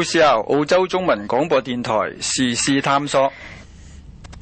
午後，澳洲中文廣播電台時事探索。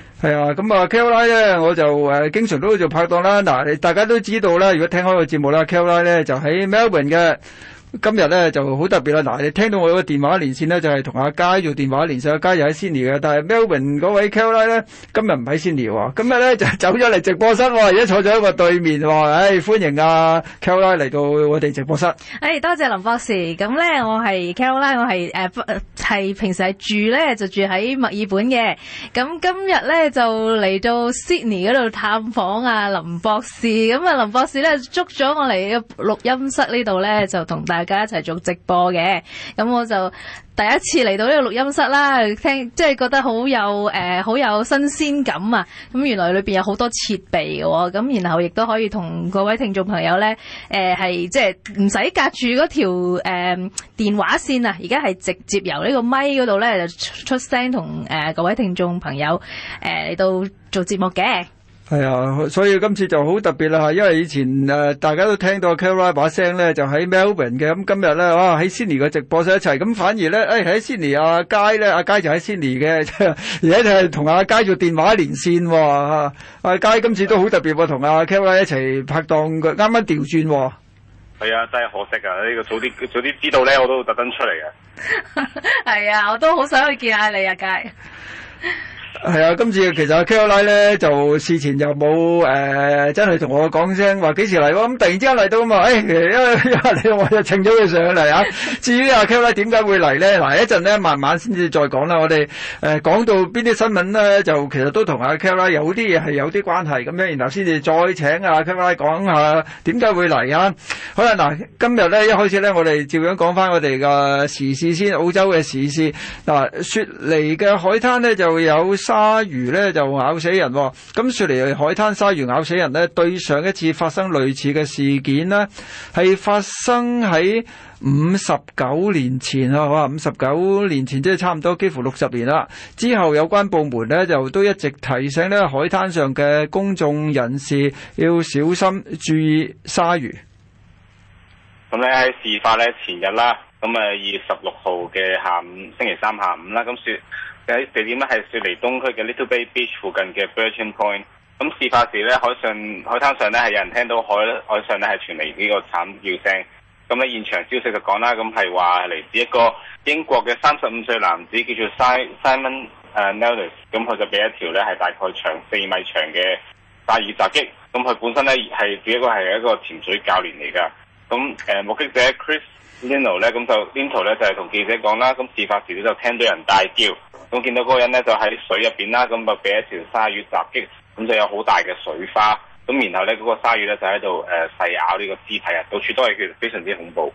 係啊，咁啊 Kelley 咧，我就誒經常都做拍檔啦。嗱，大家都知道啦，如果聽開個節目啦，Kelley 咧就喺 Melbourne 嘅。今日咧就好特別啦！嗱、啊，你聽到我個電話連線呢，就係、是、同阿佳做電話連線，阿佳又喺悉尼嘅。但係 Melbourne 嗰位 Kelly 咧，今日唔喺悉尼喎，今日咧就走咗嚟直播室，而家坐咗喺個對面喎。唉、哎，歡迎阿、啊、Kelly 嚟到我哋直播室。誒，hey，多謝林博士。咁咧，我係 Kelly，我係誒，係、呃、平時係住咧就住喺墨爾本嘅。咁今日咧就嚟到 Sydney 嗰度探訪啊林博士。咁啊，林博士咧捉咗我嚟嘅錄音室呢度咧，就同大大家一齊做直播嘅，咁我就第一次嚟到呢個錄音室啦，聽即係覺得好有誒，好、呃、有新鮮感啊！咁原來裏邊有好多設備嘅、哦，咁然後亦都可以同各位聽眾朋友呢，誒、呃、係即係唔使隔住嗰條誒電話線啊，而家係直接由呢個咪嗰度呢，就出聲同誒各位聽眾朋友誒嚟、呃、到做節目嘅。係啊、哎，所以今次就好特別啦，因為以前誒、呃、大家都聽到 Kelly 把聲咧，就喺 Melbourne 嘅，咁、嗯、今日咧，哇喺 Sydney 個直播室一齊，咁、嗯、反而咧，誒、哎、喺 Sydney 阿佳咧，阿佳、啊、就喺 Sydney 嘅，而家就係同阿佳做電話連線喎。阿、啊、佳、啊啊、今次都好特別喎，同阿、啊、Kelly 一齊拍檔，佢啱啱調轉。係啊，真係可惜啊！呢、這個早啲早啲知道咧，我都特登出嚟嘅。係 啊，我都好想去見下你啊，佳。 係啊，今次其實阿 Kola 咧就事前又冇誒，真係同我講聲話幾時嚟喎？咁突然之間嚟到咁嘛！誒，因為因為我又又請咗佢上嚟啊。至於阿 Kola 點解會嚟咧？嗱，一陣咧慢慢先至再講啦。我哋誒講到邊啲新聞咧，就其實都同阿 Kola 有啲嘢係有啲關係咁樣，然後先至再請阿 Kola 講下點解會嚟啊。好啦，嗱，今日咧一開始咧，我哋照樣講翻我哋嘅時事先，澳洲嘅時事嗱，雪梨嘅海灘咧就有。鯊魚咧就咬死人。哦，咁說嚟海灘鯊魚咬死人呢，對上一次發生類似嘅事件呢，係發生喺五十九年前啦，吓五十九年前即係差唔多，幾乎六十年啦。之後有關部門呢，就都一直提醒呢海灘上嘅公眾人士要小心注意鯊魚。咁咧喺事發咧前日啦，咁誒二月十六號嘅下午，星期三下午啦，咁說。喺地點咧係雪梨東區嘅 Little Bay Beach 附近嘅 Birchin Point。咁事發時咧，海上海灘上咧係有人聽到海海上咧係傳嚟呢個慘叫聲。咁咧現場消息就講啦，咁係話嚟自一個英國嘅三十五歲男子叫做 Simon a、啊、Nellis。咁佢就俾一條咧係大概長四米長嘅鯊魚襲擊。咁佢本身咧係做一個係一個潛水教練嚟㗎。咁誒目擊者 Chris Lino 咧，咁就 Linto 咧就係、是、同記者講啦。咁事發時咧就聽到人大叫。咁見到嗰個人呢，就喺水入邊啦，咁就俾一條鯊魚襲擊，咁就有好大嘅水花。咁然後呢，嗰、嗰個鯊魚呢就喺度誒細咬呢個肢體啊，到處都係血，非常之恐怖。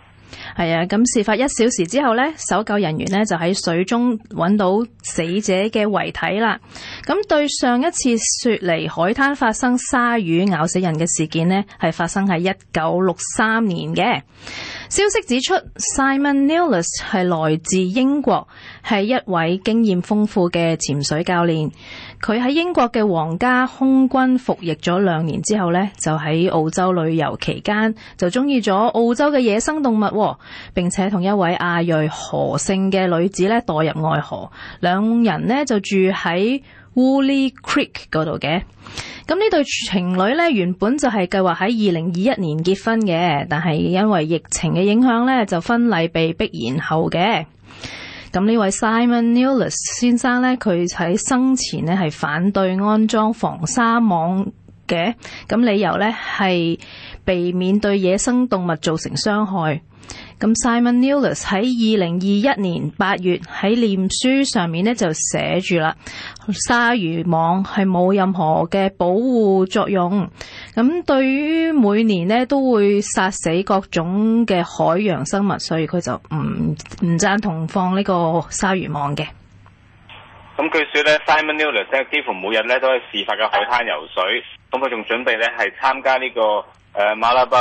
係啊，咁事發一小時之後呢，搜救人員呢，就喺水中揾到死者嘅遺體啦。咁對上一次雪梨海灘發生鯊魚咬死人嘅事件呢，係發生喺一九六三年嘅。消息指出，Simon Nellist 係來自英國，係一位經驗豐富嘅潛水教練。佢喺英國嘅皇家空軍服役咗兩年之後呢，就喺澳洲旅遊期間就鍾意咗澳洲嘅野生動物，並且同一位亞裔何姓嘅女子呢，墮入愛河，兩人呢就住喺 Woolly Creek 嗰度嘅，咁呢對情侶咧原本就係計劃喺二零二一年結婚嘅，但係因為疫情嘅影響咧，就婚禮被逼延後嘅。咁呢位 Simon Nicholas 先生咧，佢喺生前咧係反對安裝防鯊網嘅，咁理由咧係避免對野生動物造成傷害。咁 Simon Nellist 喺二零二一年八月喺臉書上面咧就寫住啦，鯊魚網係冇任何嘅保護作用。咁對於每年咧都會殺死各種嘅海洋生物，所以佢就唔唔贊同放呢個鯊魚網嘅。咁據說咧 Simon Nellist 咧幾乎每日咧都喺事發嘅海灘游水，咁佢仲準備咧係參加呢、這個。誒馬拉伯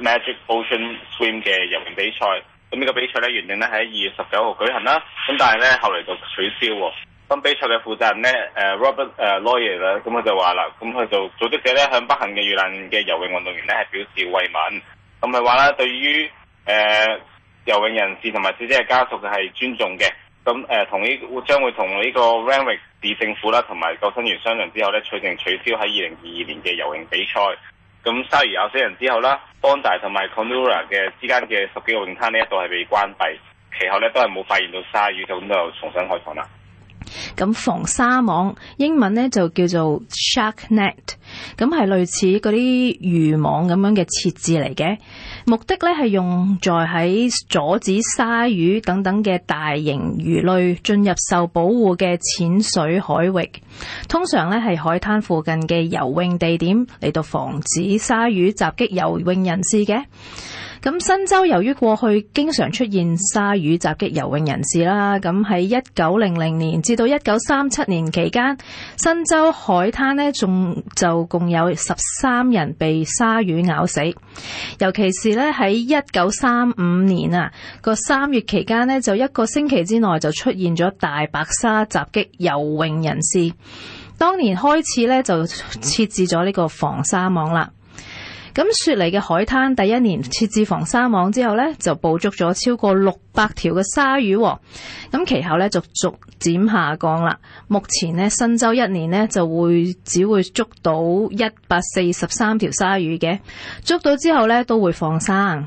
Magic Ocean Swim 嘅游泳比賽，咁呢個比賽咧原定咧喺二月十九號舉行啦，咁但係咧後嚟就取消喎。咁比賽嘅負責人咧，誒、uh, Robert 誒、uh, Lawyer 啦，咁佢就話啦，咁佢就組織者咧向不幸嘅遇難嘅游泳運動員咧係表示慰問，咁咪話啦，對於誒、呃、游泳人士同埋自己嘅家屬係尊重嘅，咁誒同呢會將會同呢個 Randwick 市政府啦同埋救生員商量之後咧，決定取消喺二零二二年嘅游泳比賽。咁鯊魚咬死人之後啦，邦大同埋 Cronulla 嘅之間嘅十幾個泳灘呢一度係被關閉，其後咧都係冇發現到鯊魚，咁就重新開放啦。咁防鯊網英文咧就叫做 shark net，咁係類似嗰啲漁網咁樣嘅設置嚟嘅。目的咧係用在喺阻止鯊魚等等嘅大型魚類進入受保護嘅淺水海域，通常呢係海灘附近嘅游泳地點嚟到防止鯊魚襲擊游泳人士嘅。咁新州由於過去經常出現鯊魚襲擊游泳人士啦，咁喺一九零零年至到一九三七年期間，新州海灘咧仲就共有十三人被鯊魚咬死，尤其是咧喺一九三五年啊個三月期間咧，就一個星期之內就出現咗大白鯊襲擊游泳人士，當年開始咧就設置咗呢個防鯊網啦。咁雪梨嘅海灘第一年設置防鯊網之後呢，就捕捉咗超過六百條嘅鯊魚，哦，咁其後呢，就逐漸下降啦。目前呢，新州一年呢，就會只會捉到一百四十三條鯊魚嘅，捉到之後呢，都會放生。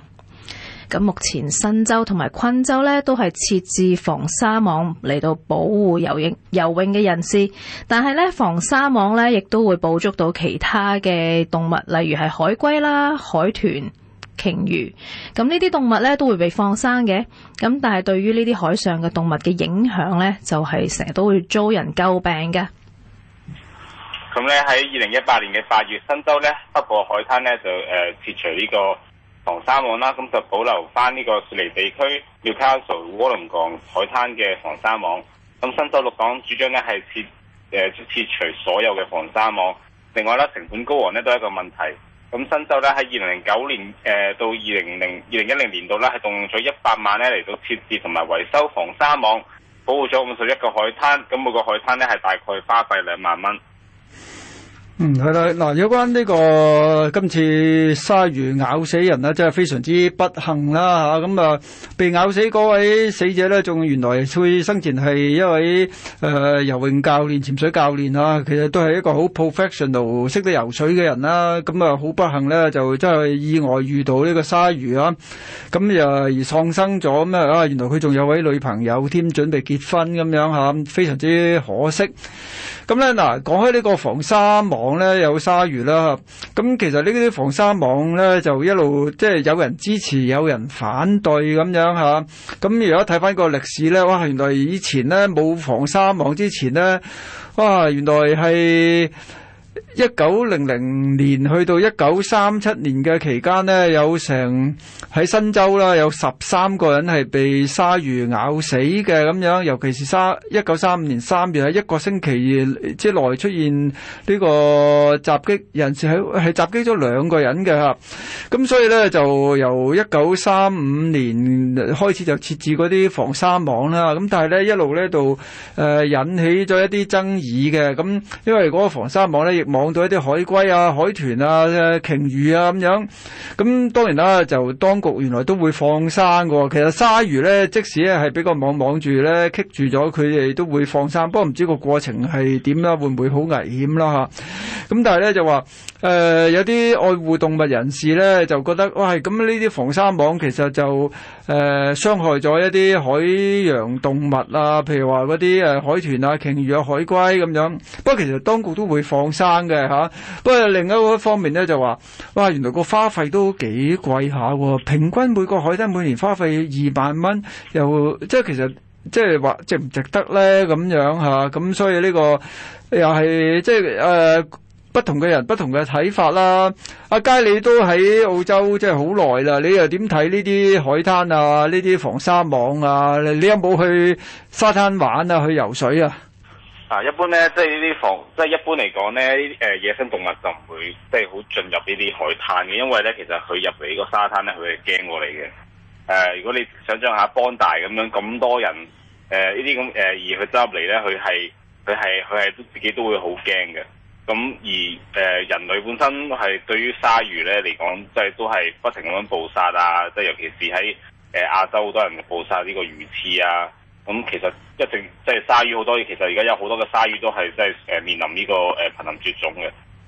咁目前新州同埋昆州咧，都係設置防鯊網嚟到保護游泳游泳嘅人士，但係咧，防鯊網咧，亦都會捕捉到其他嘅動物，例如係海龜啦、海豚、鯨魚。咁呢啲動物咧都會被放生嘅。咁但係對於呢啲海上嘅動物嘅影響咧，就係成日都會遭人詬病嘅。咁咧喺二零一八年嘅八月，新州咧北部海灘咧就誒、uh, 撤除呢、這個。防沙網啦，咁就保留翻呢個雪梨地區 Newcastle、臥龍崗海灘嘅防沙網。咁新州六黨主張咧係撤，誒、呃、撤除所有嘅防沙網。另外咧，成本高昂咧都係一個問題。咁新州咧喺二零零九年誒、呃、到二零零二零一零年度咧係動用咗一百萬咧嚟到設置同埋維修防沙網，保護咗五十一個海灘。咁每個海灘咧係大概花費兩萬蚊。嗯，係啦，嗱，有關呢個今次鯊魚咬死人咧，真係非常之不幸啦吓，咁啊，被咬死嗰位死者咧，仲原來佢生前係一位誒游泳教練、潛水教練吓，其實都係一個好 professional 識得游水嘅人啦，咁啊，好不幸咧，就真係意外遇到呢個鯊魚啊，咁又而喪生咗，咁啊，啊，原來佢仲有位女朋友添，準備結婚咁樣吓，非常之可惜。咁咧，嗱，講開呢個防鯊網。咧有鯊魚啦，咁其實呢啲防鯊網咧就一路即係、就是、有人支持，有人反對咁樣吓。咁如果睇翻個歷史咧，哇，原來以前咧冇防鯊網之前咧，哇，原來係。一九零零年去到一九三七年嘅期間咧，有成喺新州啦，有十三個人係被鯊魚咬死嘅咁樣。尤其是鯊，一九三五年三月喺一個星期之內出現呢個襲擊人士係係襲擊咗兩個人嘅嚇。咁所以咧就由一九三五年開始就設置啲防鯊網啦。咁但係咧一路咧度誒引起咗一啲爭議嘅。咁因為個防鯊網咧亦冇。講到一啲海龜啊、海豚啊、鯨魚啊咁樣，咁當然啦，就當局原來都會放生嘅。其實鯊魚咧，即使咧係俾個網網住咧，棘住咗，佢哋都會放生。不過唔知個過程係點啦，會唔會好危險啦吓？咁但係咧就話，誒、呃、有啲愛護動物人士咧就覺得，喂，咁呢啲防鯊網其實就誒傷、呃、害咗一啲海洋動物啊，譬如話嗰啲誒海豚啊、鯨魚啊、海龜咁樣。不過其實當局都會放生。嘅嚇，不過另一個方面咧就話，哇，原來個花費都幾貴下，平均每個海灘每年花費二萬蚊，又即係其實即係話值唔值得咧咁樣嚇，咁所以呢、這個又係即係誒、呃、不同嘅人不同嘅睇法啦。阿佳你都喺澳洲即係好耐啦，你又點睇呢啲海灘啊？呢啲防鯊網啊？你有冇去沙灘玩啊？去游水啊？啊，一般咧，即係呢啲防，即係一般嚟講咧，呢啲、呃、野生動物就唔會即係好進入呢啲海灘嘅，因為咧其實佢入嚟個沙灘咧，佢係驚過嚟嘅。誒、呃，如果你想象下邦大咁樣咁多人，誒、呃呃、呢啲咁誒而佢走入嚟咧，佢係佢係佢係自己都會好驚嘅。咁、嗯、而誒、呃、人類本身係對於鯊魚咧嚟講，即、就、係、是、都係不停咁樣捕殺啊，即、就、係、是、尤其是喺誒、呃、亞洲好多人捕殺呢個魚翅啊。咁、嗯、其實一定即係鯊魚好多嘢，其實而家有好多嘅鯊魚都係即係誒、呃、面臨呢、這個誒瀕臨絕種嘅。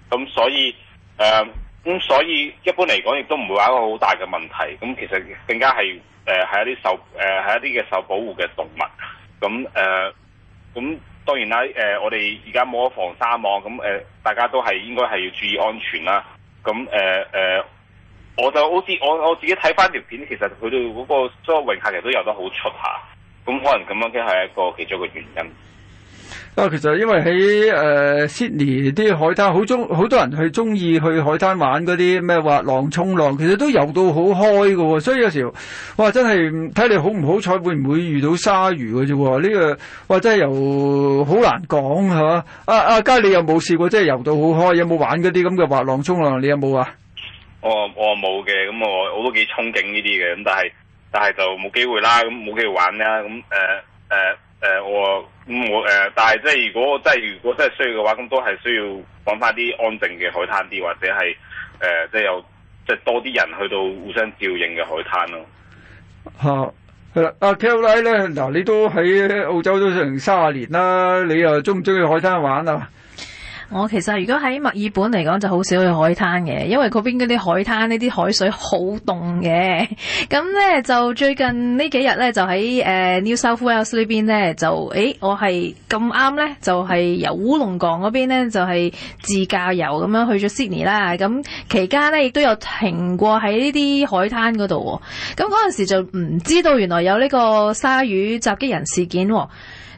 咁、嗯、所以誒，咁、呃嗯、所以一般嚟講，亦都唔會話一個好大嘅問題。咁、嗯、其實更加係誒係一啲受誒係、呃、一啲嘅受保護嘅動物。咁、嗯、誒、咁、呃嗯、當然啦，誒、呃、我哋而家冇咗防鯊網，咁、嗯、誒、呃、大家都係應該係要注意安全啦。咁誒誒，我就好似我我自己睇翻條片，其實佢哋嗰個所有泳客其實都有得好出下。咁可能咁樣嘅係一個其中一個原因。啊，其實因為喺誒 Sydney 啲海灘好中，好多人去中意去海灘玩嗰啲咩滑浪衝浪，其實都游到好開噶，所以有時哇真係睇你好唔好彩，會唔會遇到鯊魚嘅啫？呢、這個哇真係游好難講吓。阿阿佳，你、啊、有冇試過即係游到好開？有冇玩嗰啲咁嘅滑浪衝浪？你有冇啊？我我冇嘅，咁我我都幾憧憬呢啲嘅，咁但係。但係就冇機會啦，咁冇機會玩啦，咁誒誒誒我咁、嗯、我誒、呃，但係即係如果即係如果真係需要嘅話，咁都係需要揾翻啲安靜嘅海灘啲，或者係誒、呃、即係有即係多啲人去到互相照應嘅海灘咯。嚇係啦，阿 Kelley 咧，嗱、啊、你都喺澳洲都成三十年啦，你又中唔中意海灘玩啊？我其實如果喺墨爾本嚟講，就好少去海灘嘅，因為嗰邊嗰啲海灘呢啲海水好凍嘅。咁 呢，就最近呢幾日呢，就喺誒、呃、New South Wales 呢邊呢，就誒、欸、我係咁啱呢，就係、是、由烏龍江嗰邊呢，就係、是、自駕遊咁樣去咗 Sydney 啦。咁期間呢，亦都有停過喺呢啲海灘嗰度喎。咁嗰陣時就唔知道原來有呢個鯊魚襲擊人事件喎、哦。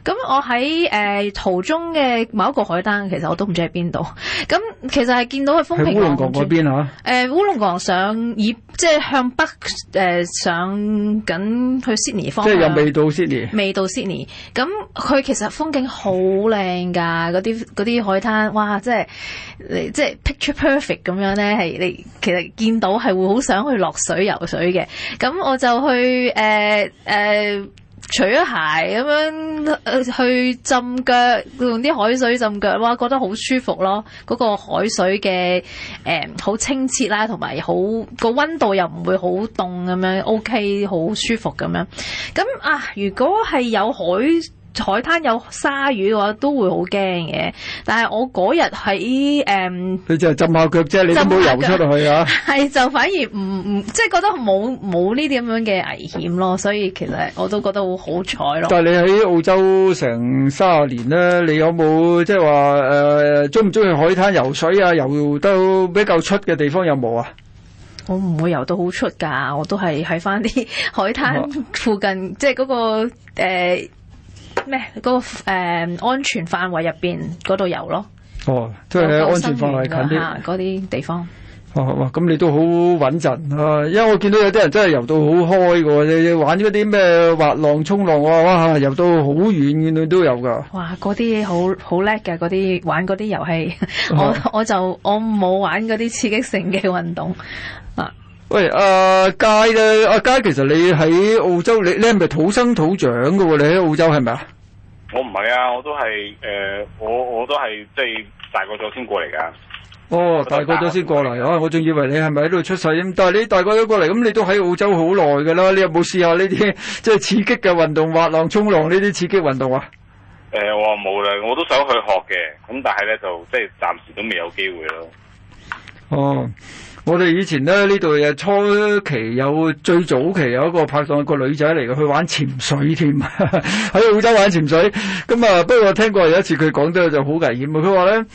咁我喺誒、呃、途中嘅某一個海灘，其實我都唔知喺邊度。咁、嗯、其實係見到佢風平浪靜。烏龍崗嗰邊啊？誒、呃，烏龍崗上，以即係向北誒、呃、上緊去 Sydney 方向，即係又未到 Sydney。未到 Sydney，咁佢其實風景好靚㗎，嗰啲嗰啲海灘，哇！即係你即係 picture perfect 咁樣咧，係你其實見到係會好想去落水游水嘅。咁、嗯、我就去誒誒。呃呃呃呃除咗鞋咁樣，誒、呃、去浸腳，用啲海水浸腳，哇，覺得好舒服咯！嗰、那個海水嘅誒好清澈啦，同埋好個溫度又唔會好凍咁樣，OK，好舒服咁樣。咁啊，如果係有海。海灘有鯊魚嘅話都會好驚嘅，但係我嗰日喺誒，um, 你就浸下腳啫，腳你都冇游出嚟去啊！係就反而唔唔，即係、就是、覺得冇冇呢啲咁樣嘅危險咯，所以其實我都覺得好好彩咯。但係你喺澳洲成卅年咧，你有冇即係話誒，鍾唔鍾意海灘游水啊？游到比較出嘅地方有冇啊？我唔會游到好出㗎，我都係喺返啲海灘附近，即係嗰個、呃咩？嗰、那個誒、呃、安全範圍入邊嗰度游咯。哦，都係喺安全範圍近啲啲地方。哦、啊，咁你都好穩陣啊！因為我見到有啲人真係游到好開嘅，你玩嗰啲咩滑浪沖浪啊？哇，游到好遠遠都有噶。哇，嗰啲好好叻嘅嗰啲玩嗰啲遊戲，我我就我冇玩嗰啲刺激性嘅運動啊。喂，阿佳咧，阿佳、啊，其實你喺澳洲，你你係咪土生土長嘅？你喺澳洲係咪啊？是我唔係啊，我都係誒、呃，我我都係即係大個咗先過嚟噶。哦，大個咗先過嚟啊！我仲以為你係咪喺度出世咁，但係你大個咗過嚟，咁你都喺澳洲好耐噶啦。你有冇試下呢啲即係刺激嘅運動，滑浪、衝浪呢啲刺激運動啊？誒、呃，我冇啦，我都想去學嘅，咁但係咧就即係暫時都未有機會咯。哦。我哋以前咧呢度又初期有最早期有一個拍檔個女仔嚟嘅，去玩潛水添，喺 澳洲玩潛水。咁啊，不過我聽過有一次佢講得就好危險，佢話咧，誒、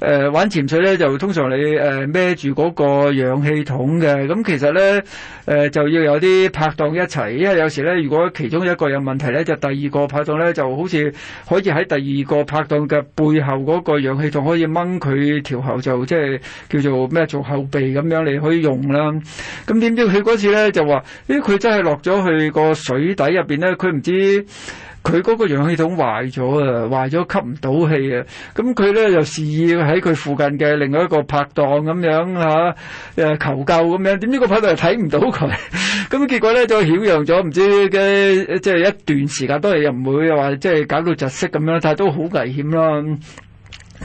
呃、玩潛水咧就通常你誒孭住嗰個氧氣筒嘅。咁其實咧誒、呃、就要有啲拍檔一齊，因為有時咧如果其中一個有問題咧，就第二個拍檔咧就好似可以喺第二個拍檔嘅背後嗰個氧氣筒可以掹佢條喉，就即係叫做咩做後備咁。你可以用啦，咁點知佢嗰次咧就話，咦，佢真係落咗去個水底入邊咧，佢唔知佢嗰個氧氣筒壞咗啊，壞咗吸唔到氣啊！咁佢咧就示意喺佢附近嘅另外一個拍檔咁樣嚇誒、啊、求救咁樣，點知個拍檔又睇唔到佢，咁 結果咧就曉揚咗，唔知嘅即係一段時間都係又唔會話即係搞到窒息咁樣，但係都好危險咯。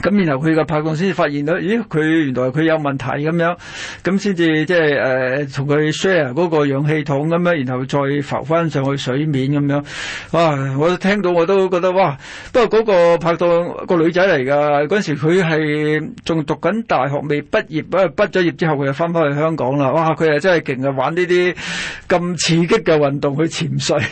咁然後佢嘅拍檔先至發現到，咦，佢原來佢有問題咁樣，咁先至即係誒同佢 share 嗰個氧氣筒咁樣，然後再浮翻上去水面咁樣。哇！我都聽到我都覺得哇，不過嗰個拍檔個女仔嚟㗎，嗰陣時佢係仲讀緊大學未畢業，不過畢咗業之後佢就翻返去香港啦。哇！佢係真係勁啊，玩呢啲咁刺激嘅運動去潛水。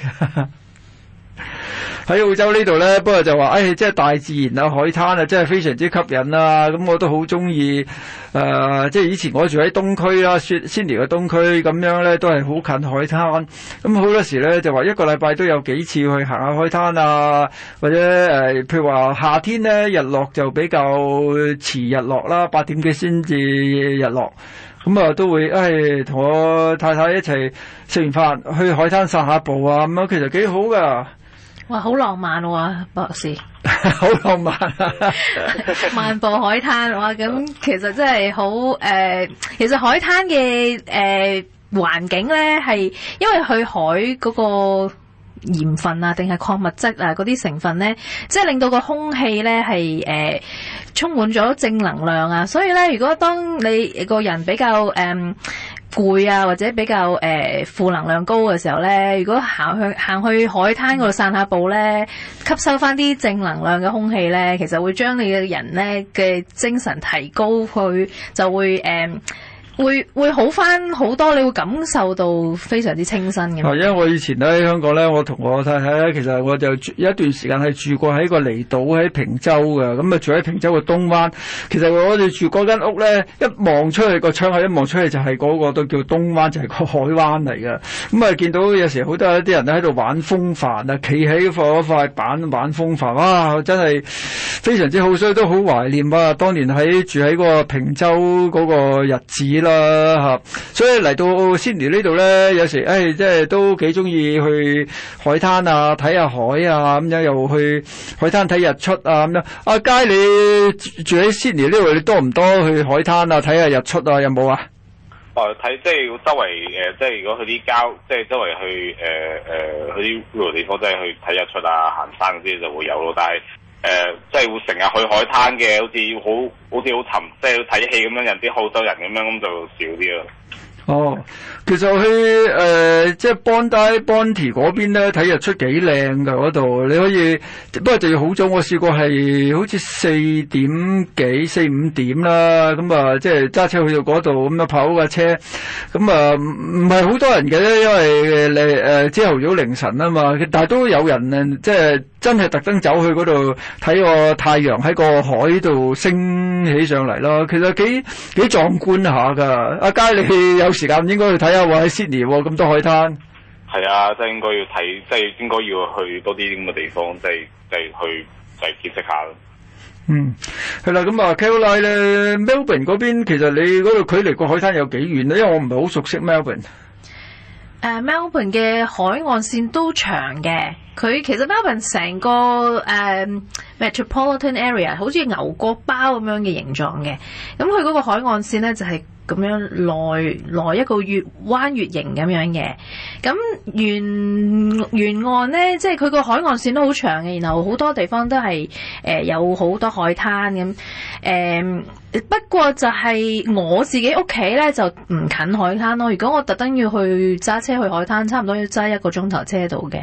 喺澳洲呢度咧，不過就話，唉，即係大自然啊，海灘啊，真係非常之吸引啦。咁我都好中意，誒，即係以前我住喺東區啊，雪仙尼嘅東區咁樣咧，都係好近海灘。咁好多時咧，就話一個禮拜都有幾次去行下海灘啊，或者誒，譬如話夏天咧，日落就比較遲日落啦，八點幾先至日落。咁啊，都會唉同我太太一齊食完飯去海灘散下步啊，咁啊，其實幾好㗎。哇，好浪漫喎，博士！好浪漫，漫步海灘哇，咁其實真係好誒。其實海灘嘅誒環境咧，係因為去海嗰個鹽分啊，定係礦物質啊嗰啲成分咧，即係令到個空氣咧係誒充滿咗正能量啊。所以咧，如果當你個人比較誒，攰啊，或者比較誒、呃、負能量高嘅時候呢，如果行去行去海灘嗰度散下步呢，吸收翻啲正能量嘅空氣呢，其實會將你嘅人呢嘅精神提高去，就會誒。呃會會好返好多，你會感受到非常之清新嘅。係因為我以前咧喺香港咧，我同我太太咧，其實我就住有一段時間係住過喺個離島喺平洲嘅，咁啊住喺平洲嘅東灣，其實我哋住間屋咧，一望出去個窗口，一望出去就係、嗰個都叫東灣就係、是、個海灣嚟嘅。咁啊見到有時好多啲人咧喺度玩風帆啊，企喺塊板玩風帆，啊真係非常之好，所以都好懷念啊。當年喺住喺嗰平洲個日子啦。啊， 所以嚟到 Sydney 呢度咧，有時誒、哎，即係都幾中意去海灘啊，睇下海啊，咁樣又去海灘睇日出啊，咁樣。阿、啊、佳，你住喺 Sydney 呢度，你多唔多去海灘啊，睇下日出啊，有冇啊？誒、啊，睇即係周圍誒、呃，即係如果去啲郊，即、就、係、是、周圍去誒誒、呃呃，去啲呢度地方，即、就、係、是、去睇日出啊，行山嗰啲就會有咯，但係。誒、呃，即係會成日去海灘嘅，好似好好似好沉，即係睇戲咁樣，人啲澳洲人咁樣，咁就少啲咯。哦，其實去誒、呃，即係 Bondi、Bondi 嗰邊咧，睇日出幾靚噶嗰度，你可以，不過就要好早。我試過係好似四點幾、四五點啦，咁啊，即係揸車去到嗰度，咁樣跑架車，咁啊，唔係好多人嘅，因為你誒朝頭早凌晨啊嘛，但係都有人咧，即係。真係特登走去嗰度睇個太陽喺個海度升起上嚟咯，其實幾幾壯觀下噶。阿佳，你有時間應該去睇下喎，Sydney 咁多海灘。係啊，即係應該要睇，即係應該要去多啲咁嘅地方，即係即係去再見識下咯。嗯，係啦，咁啊，Kailai 咧，Melbourne 嗰邊其實你嗰度距離個海灘有幾遠咧？因為我唔係好熟悉 Melbourne。誒、uh, Melbourne 嘅海岸線都長嘅，佢其實 Melbourne 成個誒、uh, metropolitan area 好似牛角包咁樣嘅形狀嘅，咁佢嗰個海岸線呢，就係、是、咁樣嚟嚟一個月彎月形咁樣嘅，咁、嗯、沿沿岸呢，即係佢個海岸線都好長嘅，然後好多地方都係誒、呃、有好多海灘咁誒。嗯。不過就係我自己屋企咧就唔近海灘咯。如果我特登要去揸車去海灘，差唔多要揸一個鐘頭車到嘅。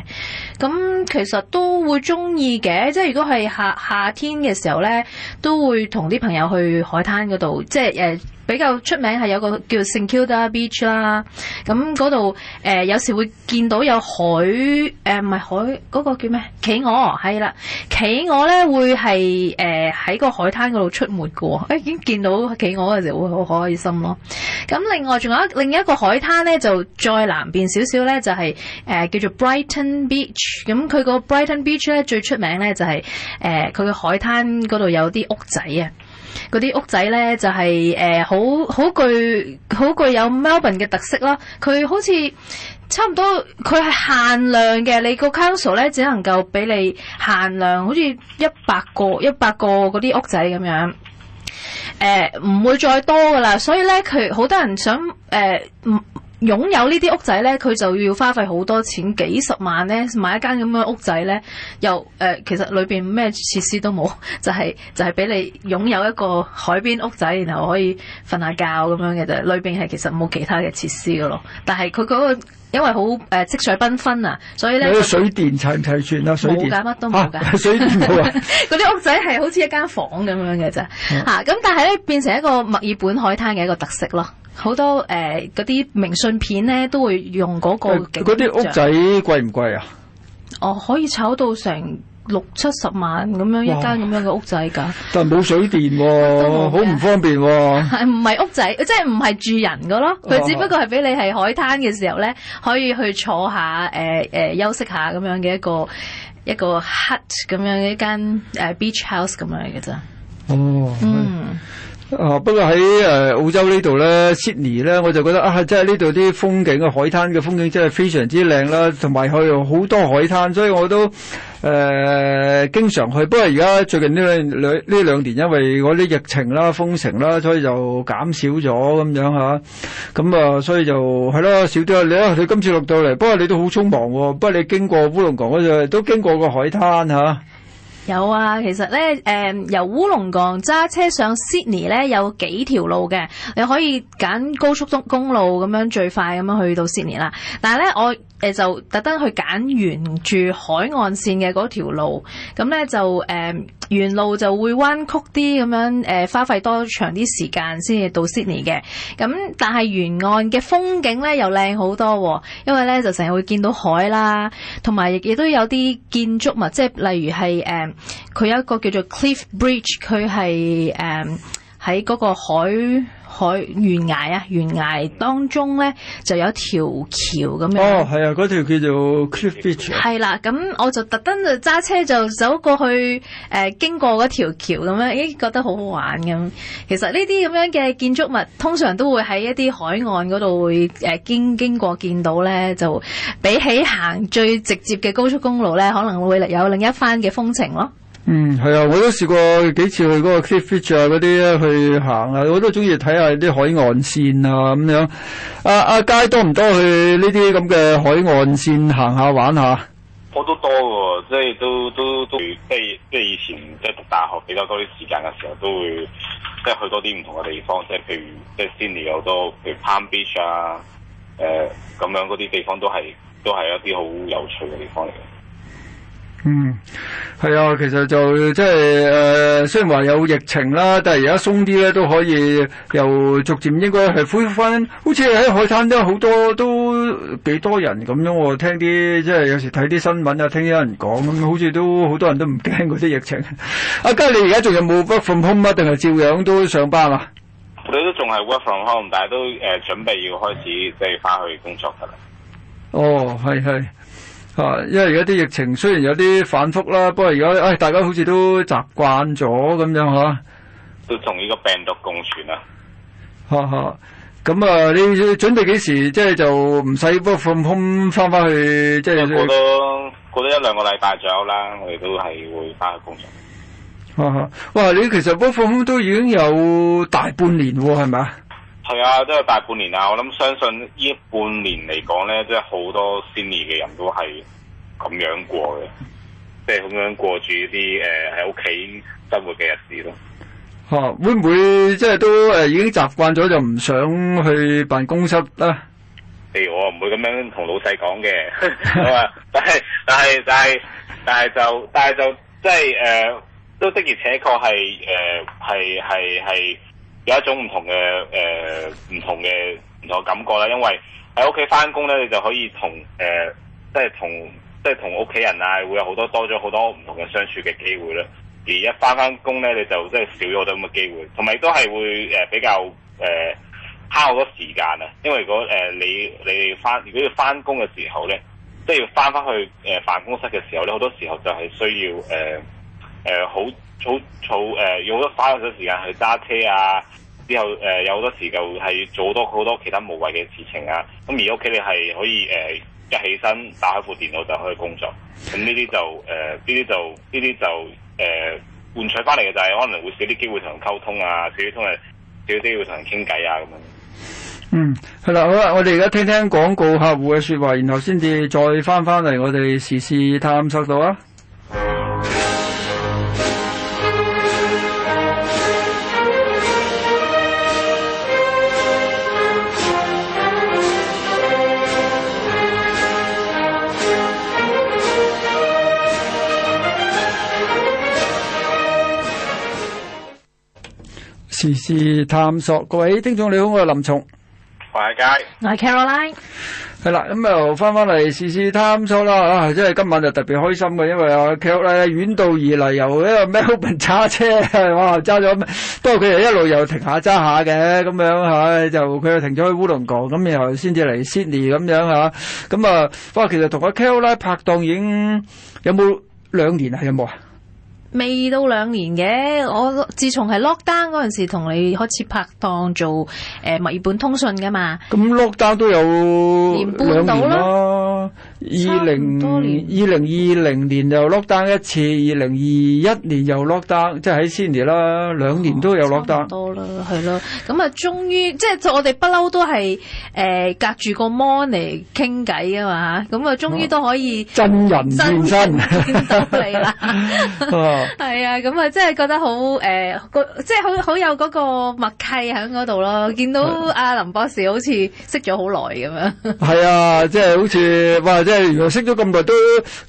咁、嗯、其實都會中意嘅，即係如果係夏夏天嘅時候咧，都會同啲朋友去海灘嗰度。即係誒、呃、比較出名係有個叫 St Kilda Beach 啦。咁嗰度誒有時會見到有海誒唔係海嗰、嗰個叫咩企鵝係啦。企鵝咧會係誒喺個海灘嗰度出沒嘅見到企鵝嗰陣時，會好開心咯。咁另外仲有另一個海灘呢，就再南邊少少呢，就係、是、誒、呃、叫做 Brighton Beach、嗯。咁佢個 Brighton Beach 呢，最出名呢就係誒佢嘅海灘嗰度有啲屋仔啊。嗰啲屋仔呢，就係誒好好具好具有 Melbourne 嘅特色啦。佢好似差唔多，佢係限量嘅。你個 council 呢，只能夠俾你限量好，好似一百個一百個嗰啲屋仔咁樣。誒，唔會再多噶啦，所以咧佢好多人想誒擁有呢啲屋仔咧，佢就要花費好多錢，幾十萬咧買一間咁嘅屋仔咧，又誒其實裏邊咩設施都冇，就係就係俾你擁有一個海邊屋仔，然後可以瞓下覺咁樣嘅就係，裏邊係其實冇其他嘅設施噶咯，但係佢嗰個。因為好誒、呃、色彩繽紛啊，所以咧水電齊唔齊全啊，水電冇㗎，乜都冇㗎，水電冇啊！嗰啲屋仔係好似一間房咁樣嘅啫，嚇、嗯！咁、啊、但係咧變成一個墨爾本海灘嘅一個特色咯，好多誒嗰啲明信片咧都會用嗰個景嗰啲、呃、屋仔貴唔貴啊？哦，可以炒到成。六七十萬咁樣哇一間咁樣嘅屋仔㗎，但係冇水電喎、啊，好唔方便喎、啊。係唔係屋仔？即係唔係住人嘅咯？佢哇只不過係俾你係海灘嘅時候咧，可以去坐下誒誒、呃呃、休息下咁樣嘅一個一個 hut 咁樣嘅一間誒 beach house 咁樣嘅咋。哦，嗯啊，不過喺誒、呃、澳洲呢度咧，Sydney 咧，我就覺得啊，即係呢度啲風景啊海灘嘅風景真係非常之靚啦、啊，同埋佢好多海灘，所以我都。誒、呃，經常去，不過而家最近呢兩呢兩年，因為嗰啲疫情啦、封城啦，所以就減少咗咁樣吓，咁啊、嗯、啊，所以就係咯，少啲啦。你啊，你今次落到嚟，不過你都好匆忙喎、哦。不過你經過烏龍港嗰度，都經過個海灘吓。啊。有啊，其實咧，誒、嗯、由烏龍崗揸車上 Sydney 咧有幾條路嘅，你可以揀高速公公路咁樣最快咁樣去到 Sydney 啦。但係咧，我誒就特登去揀沿住海岸線嘅嗰條路，咁咧就誒。嗯沿路就會彎曲啲咁樣，誒、呃、花費多長啲時間先至到 Sydney 嘅，咁、嗯、但係沿岸嘅風景咧又靚好多。哦，因為咧就成日會見到海啦，同埋亦都有啲建築物，即係例如係誒，佢、呃、有一個叫做 Cliff Bridge，佢係誒喺嗰個海。海懸崖啊，懸崖當中咧就有條橋咁樣。哦，係啊，嗰條叫做 Cliff Beach。係啦，咁我就特登就揸車就走過去，誒、呃、經過嗰條橋咁樣，咦，覺得好好玩咁。其實呢啲咁樣嘅建築物，通常都會喺一啲海岸嗰度會誒經經過見到咧，就比起行最直接嘅高速公路咧，可能會有另一番嘅風情咯。嗯，係啊，我都試過幾次去嗰個 Kitty Beach 啊，嗰啲去行啊，我都中意睇下啲海岸線啊咁樣。阿阿佳多唔多去呢啲咁嘅海岸線行下玩下？我都多嘅，即係都都都即係即係以前即係讀大學比較多啲時間嘅時候，都會即係去多啲唔同嘅地方，即係譬如即係 Sydney 有好多，譬如 Palm Beach 啊，誒、呃、咁樣嗰啲地方都係都係一啲好有趣嘅地方嚟嘅。嗯，係啊，其實就即係誒，雖然話有疫情啦，但係而家鬆啲咧都可以，又逐漸應該係恢復翻。好似喺海灘都好多都幾多人咁樣，我聽啲即係有時睇啲新聞啊，聽啲人講咁樣，好似都好多人都唔驚嗰啲疫情。阿、啊、嘉，你而家仲有冇 work from home 啊？定係照樣都上班啊？我哋都仲係 work from home，但係都誒、呃、準備要開始即係翻去工作噶啦。哦，係係。啊，因為而家啲疫情雖然有啲反覆啦，不過而家，哎，大家好似都習慣咗咁樣吓，啊、都同呢個病毒共存啊。哈哈、啊，咁啊，你準備幾時？即係就唔使波放空翻翻去，即係過多過多一兩個禮拜左右啦，我哋都係會翻去工作。哈哈、啊啊，哇！你其實波放空都已經有大半年喎，係咪？係啊，都係大半年啦。我諗相信呢半年嚟講咧，即係好多 Senior 嘅人都係咁樣過嘅，就是呃啊，即係咁樣過住啲誒喺屋企生活嘅日子咯。哦、呃，會唔會即係都誒已經習慣咗就唔想去辦公室啦？譬如我唔會咁樣同老細講嘅。係嘛， 但係但係但係但係就但係就即係誒，都的而且確係誒係係係，呃有一種唔同嘅誒唔同嘅唔同嘅感覺啦，因為喺屋企返工咧，你就可以同誒即係同即係、就是、同屋企人啊，會有好多多咗好多唔同嘅相處嘅機會啦。而一返返工咧，你就即係少咗好多咁嘅機會，同埋亦都係會誒比較誒慳好多時間啊。因為如果誒、呃、你你返如果要返工嘅時候咧，即、就、係、是、要返返去誒辦公室嘅時候咧，好多時候就係需要誒誒好。呃呃措措誒，用咗、呃、花咗時間去揸車啊，之後誒、呃、有好多時就係做多好多其他無謂嘅事情啊。咁而屋企你係可以誒、呃，一起身打開部電腦就可以工作。咁呢啲就誒，呢、呃、啲就呢啲、呃、就誒，換取翻嚟嘅就係可能會少啲機會同人溝通啊，少啲同人少啲機會同人傾偈啊咁樣。嗯，係啦，好啦，我哋而家聽聽廣告客戶嘅說話，然後先至再翻翻嚟我哋時事探索到啊。時事探索，各位聽眾你好，我係林松，我係佳，我係 Caroline，係啦，咁又翻翻嚟時事探索啦，啊，即係今晚就特別開心嘅，因為我、啊、Caroline 遠道而嚟，由一個 Melbourne 揸車，哇、啊，揸咗，不過佢又一路又停下揸下嘅，咁樣，唉、啊，就佢又停咗喺烏龍港，咁然後先至嚟 Sydney 咁樣吓，咁啊，不過、啊啊、其實同阿、啊、Caroline 拍檔已經有冇兩年啊，有冇啊？未到兩年嘅，我自從係 lockdown 嗰陣時同你開始拍檔做誒墨爾本通訊噶嘛。咁 lockdown 都有年半到啦。二零二零二零年又 lock down 一次，二零二一年又 lock down，即係喺先年啦，兩年都有 lock down。多啦，係咯，咁啊，終於即係我哋不嬲都係誒、呃、隔住個 mon 嚟傾偈啊嘛，咁啊，終於都可以、哦、真人現身。真人見到你啦。係啊， 咁啊、呃，即係覺得好誒，即係好好有嗰個默契喺嗰度咯。見到阿林博士好似識咗好耐咁樣。係啊的， 即係好似即係原來識咗咁耐都，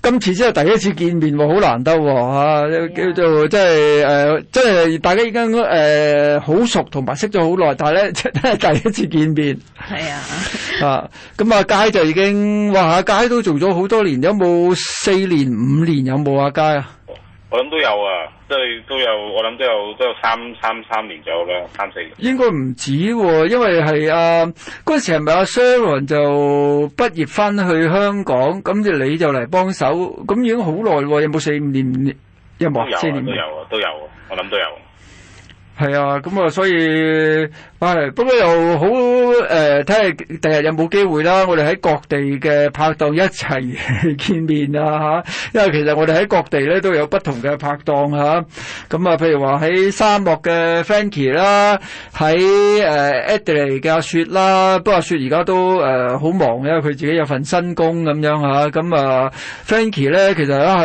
今次真係第一次見面喎，好難得喎，叫做即係誒，即係大家已經誒好熟同埋識咗好耐，但係咧第一次見面。係啊，啊咁阿、嗯啊、佳就已經哇，阿佳都做咗好多年，有冇四年、五年有冇阿、啊、佳啊？我諗都有啊。都都有，我諗都有，都有三三三年左右啦，三四。應該唔止喎，因為係啊，嗰時係咪阿 Sharon 就畢業翻去香港，咁就你就嚟幫手，咁已經好耐，有冇四五年？有冇四年都有啊，四年左右？都有啊，都有啊，我諗都有啊。係啊，咁、嗯、啊，所以，係、哎，不過又好，誒、呃，睇下第日有冇機會啦。我哋喺各地嘅拍檔一齊 見面啊，吓，因為其實我哋喺各地咧都有不同嘅拍檔啊，嚇。咁啊，譬如話喺沙漠嘅 Frankie 啦，喺誒 Adley 嘅阿雪啦，不、啊、過阿雪而家都誒好、呃、忙，嘅，佢自己有份新工咁樣嚇、啊。咁啊 Frankie 咧其實啊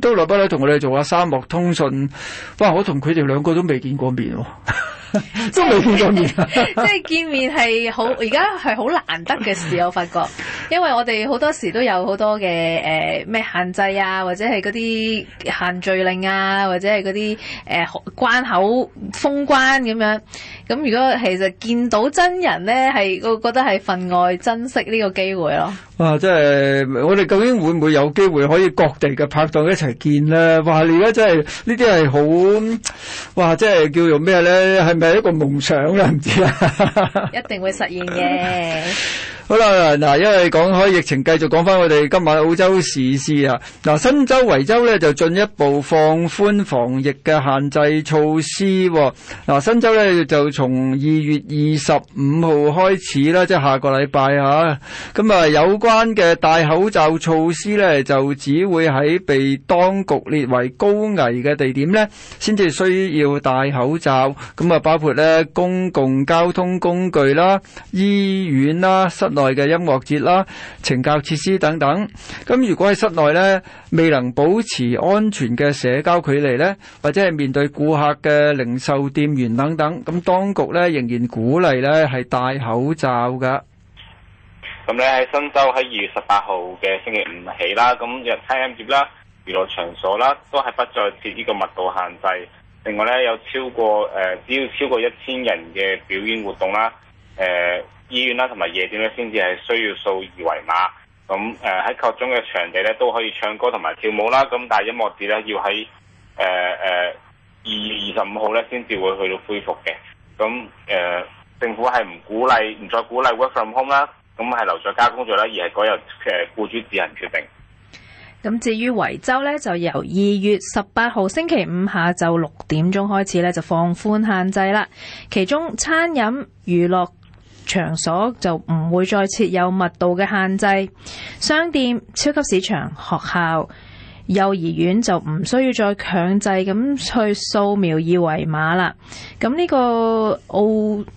都落不拉同我哋做阿沙漠通訊，不過我同佢哋兩個都未見過面。 都冇見過面，即係見面係好，而家係好難得嘅事。我發覺，因為我哋好多時都有好多嘅誒咩限制啊，或者係嗰啲限聚令啊，或者係嗰啲誒關口封關咁樣。咁如果其實見到真人咧，係我覺得係份外珍惜呢個機會咯。哇！即係我哋究竟會唔會有機會可以各地嘅拍檔一齊見咧？哇！你而家真係呢啲係好哇！即係叫做咩咧？係咪一個夢想咧？唔知啊！一定會實現嘅。 好啦，嗱，因為講開疫情，繼續講翻我哋今晚澳洲時事啊。嗱，新州維州呢，就進一步放寬防疫嘅限制措施。嗱，新州呢，就從二月二十五號開始啦，即係下個禮拜嚇。咁啊，有關嘅戴口罩措施呢，就只會喺被當局列為高危嘅地點呢，先至需要戴口罩。咁啊，包括呢公共交通工具啦、醫院啦、室內。內嘅音樂節啦、懲教設施等等。咁如果喺室內咧，未能保持安全嘅社交距離咧，或者係面對顧客嘅零售店員等等，咁當局咧仍然鼓勵咧係戴口罩嘅。咁咧喺新州喺二月十八號嘅星期五起啦，咁餐飲業啦、娛樂場所啦，都係不再設呢個密度限制。另外咧有超過誒，只要超過一千人嘅表演活動啦，誒。醫院啦，同埋夜店咧，先至係需要掃二維碼。咁誒，喺各種嘅場地咧，都可以唱歌同埋跳舞啦。咁但係音樂節咧，要喺誒誒二月二十五號咧，先至會去到恢復嘅。咁誒，政府係唔鼓勵，唔再鼓勵 work from home 啦。咁係留在家工作啦，而係改由誒雇主自行決定。咁至於維州咧，就由二月十八號星期五下晝六點鐘開始咧，就放寬限制啦。其中餐飲娛樂。場所就唔會再設有密度嘅限制，商店、超級市場、學校、幼兒園就唔需要再強制咁去掃描二維碼啦。咁呢個澳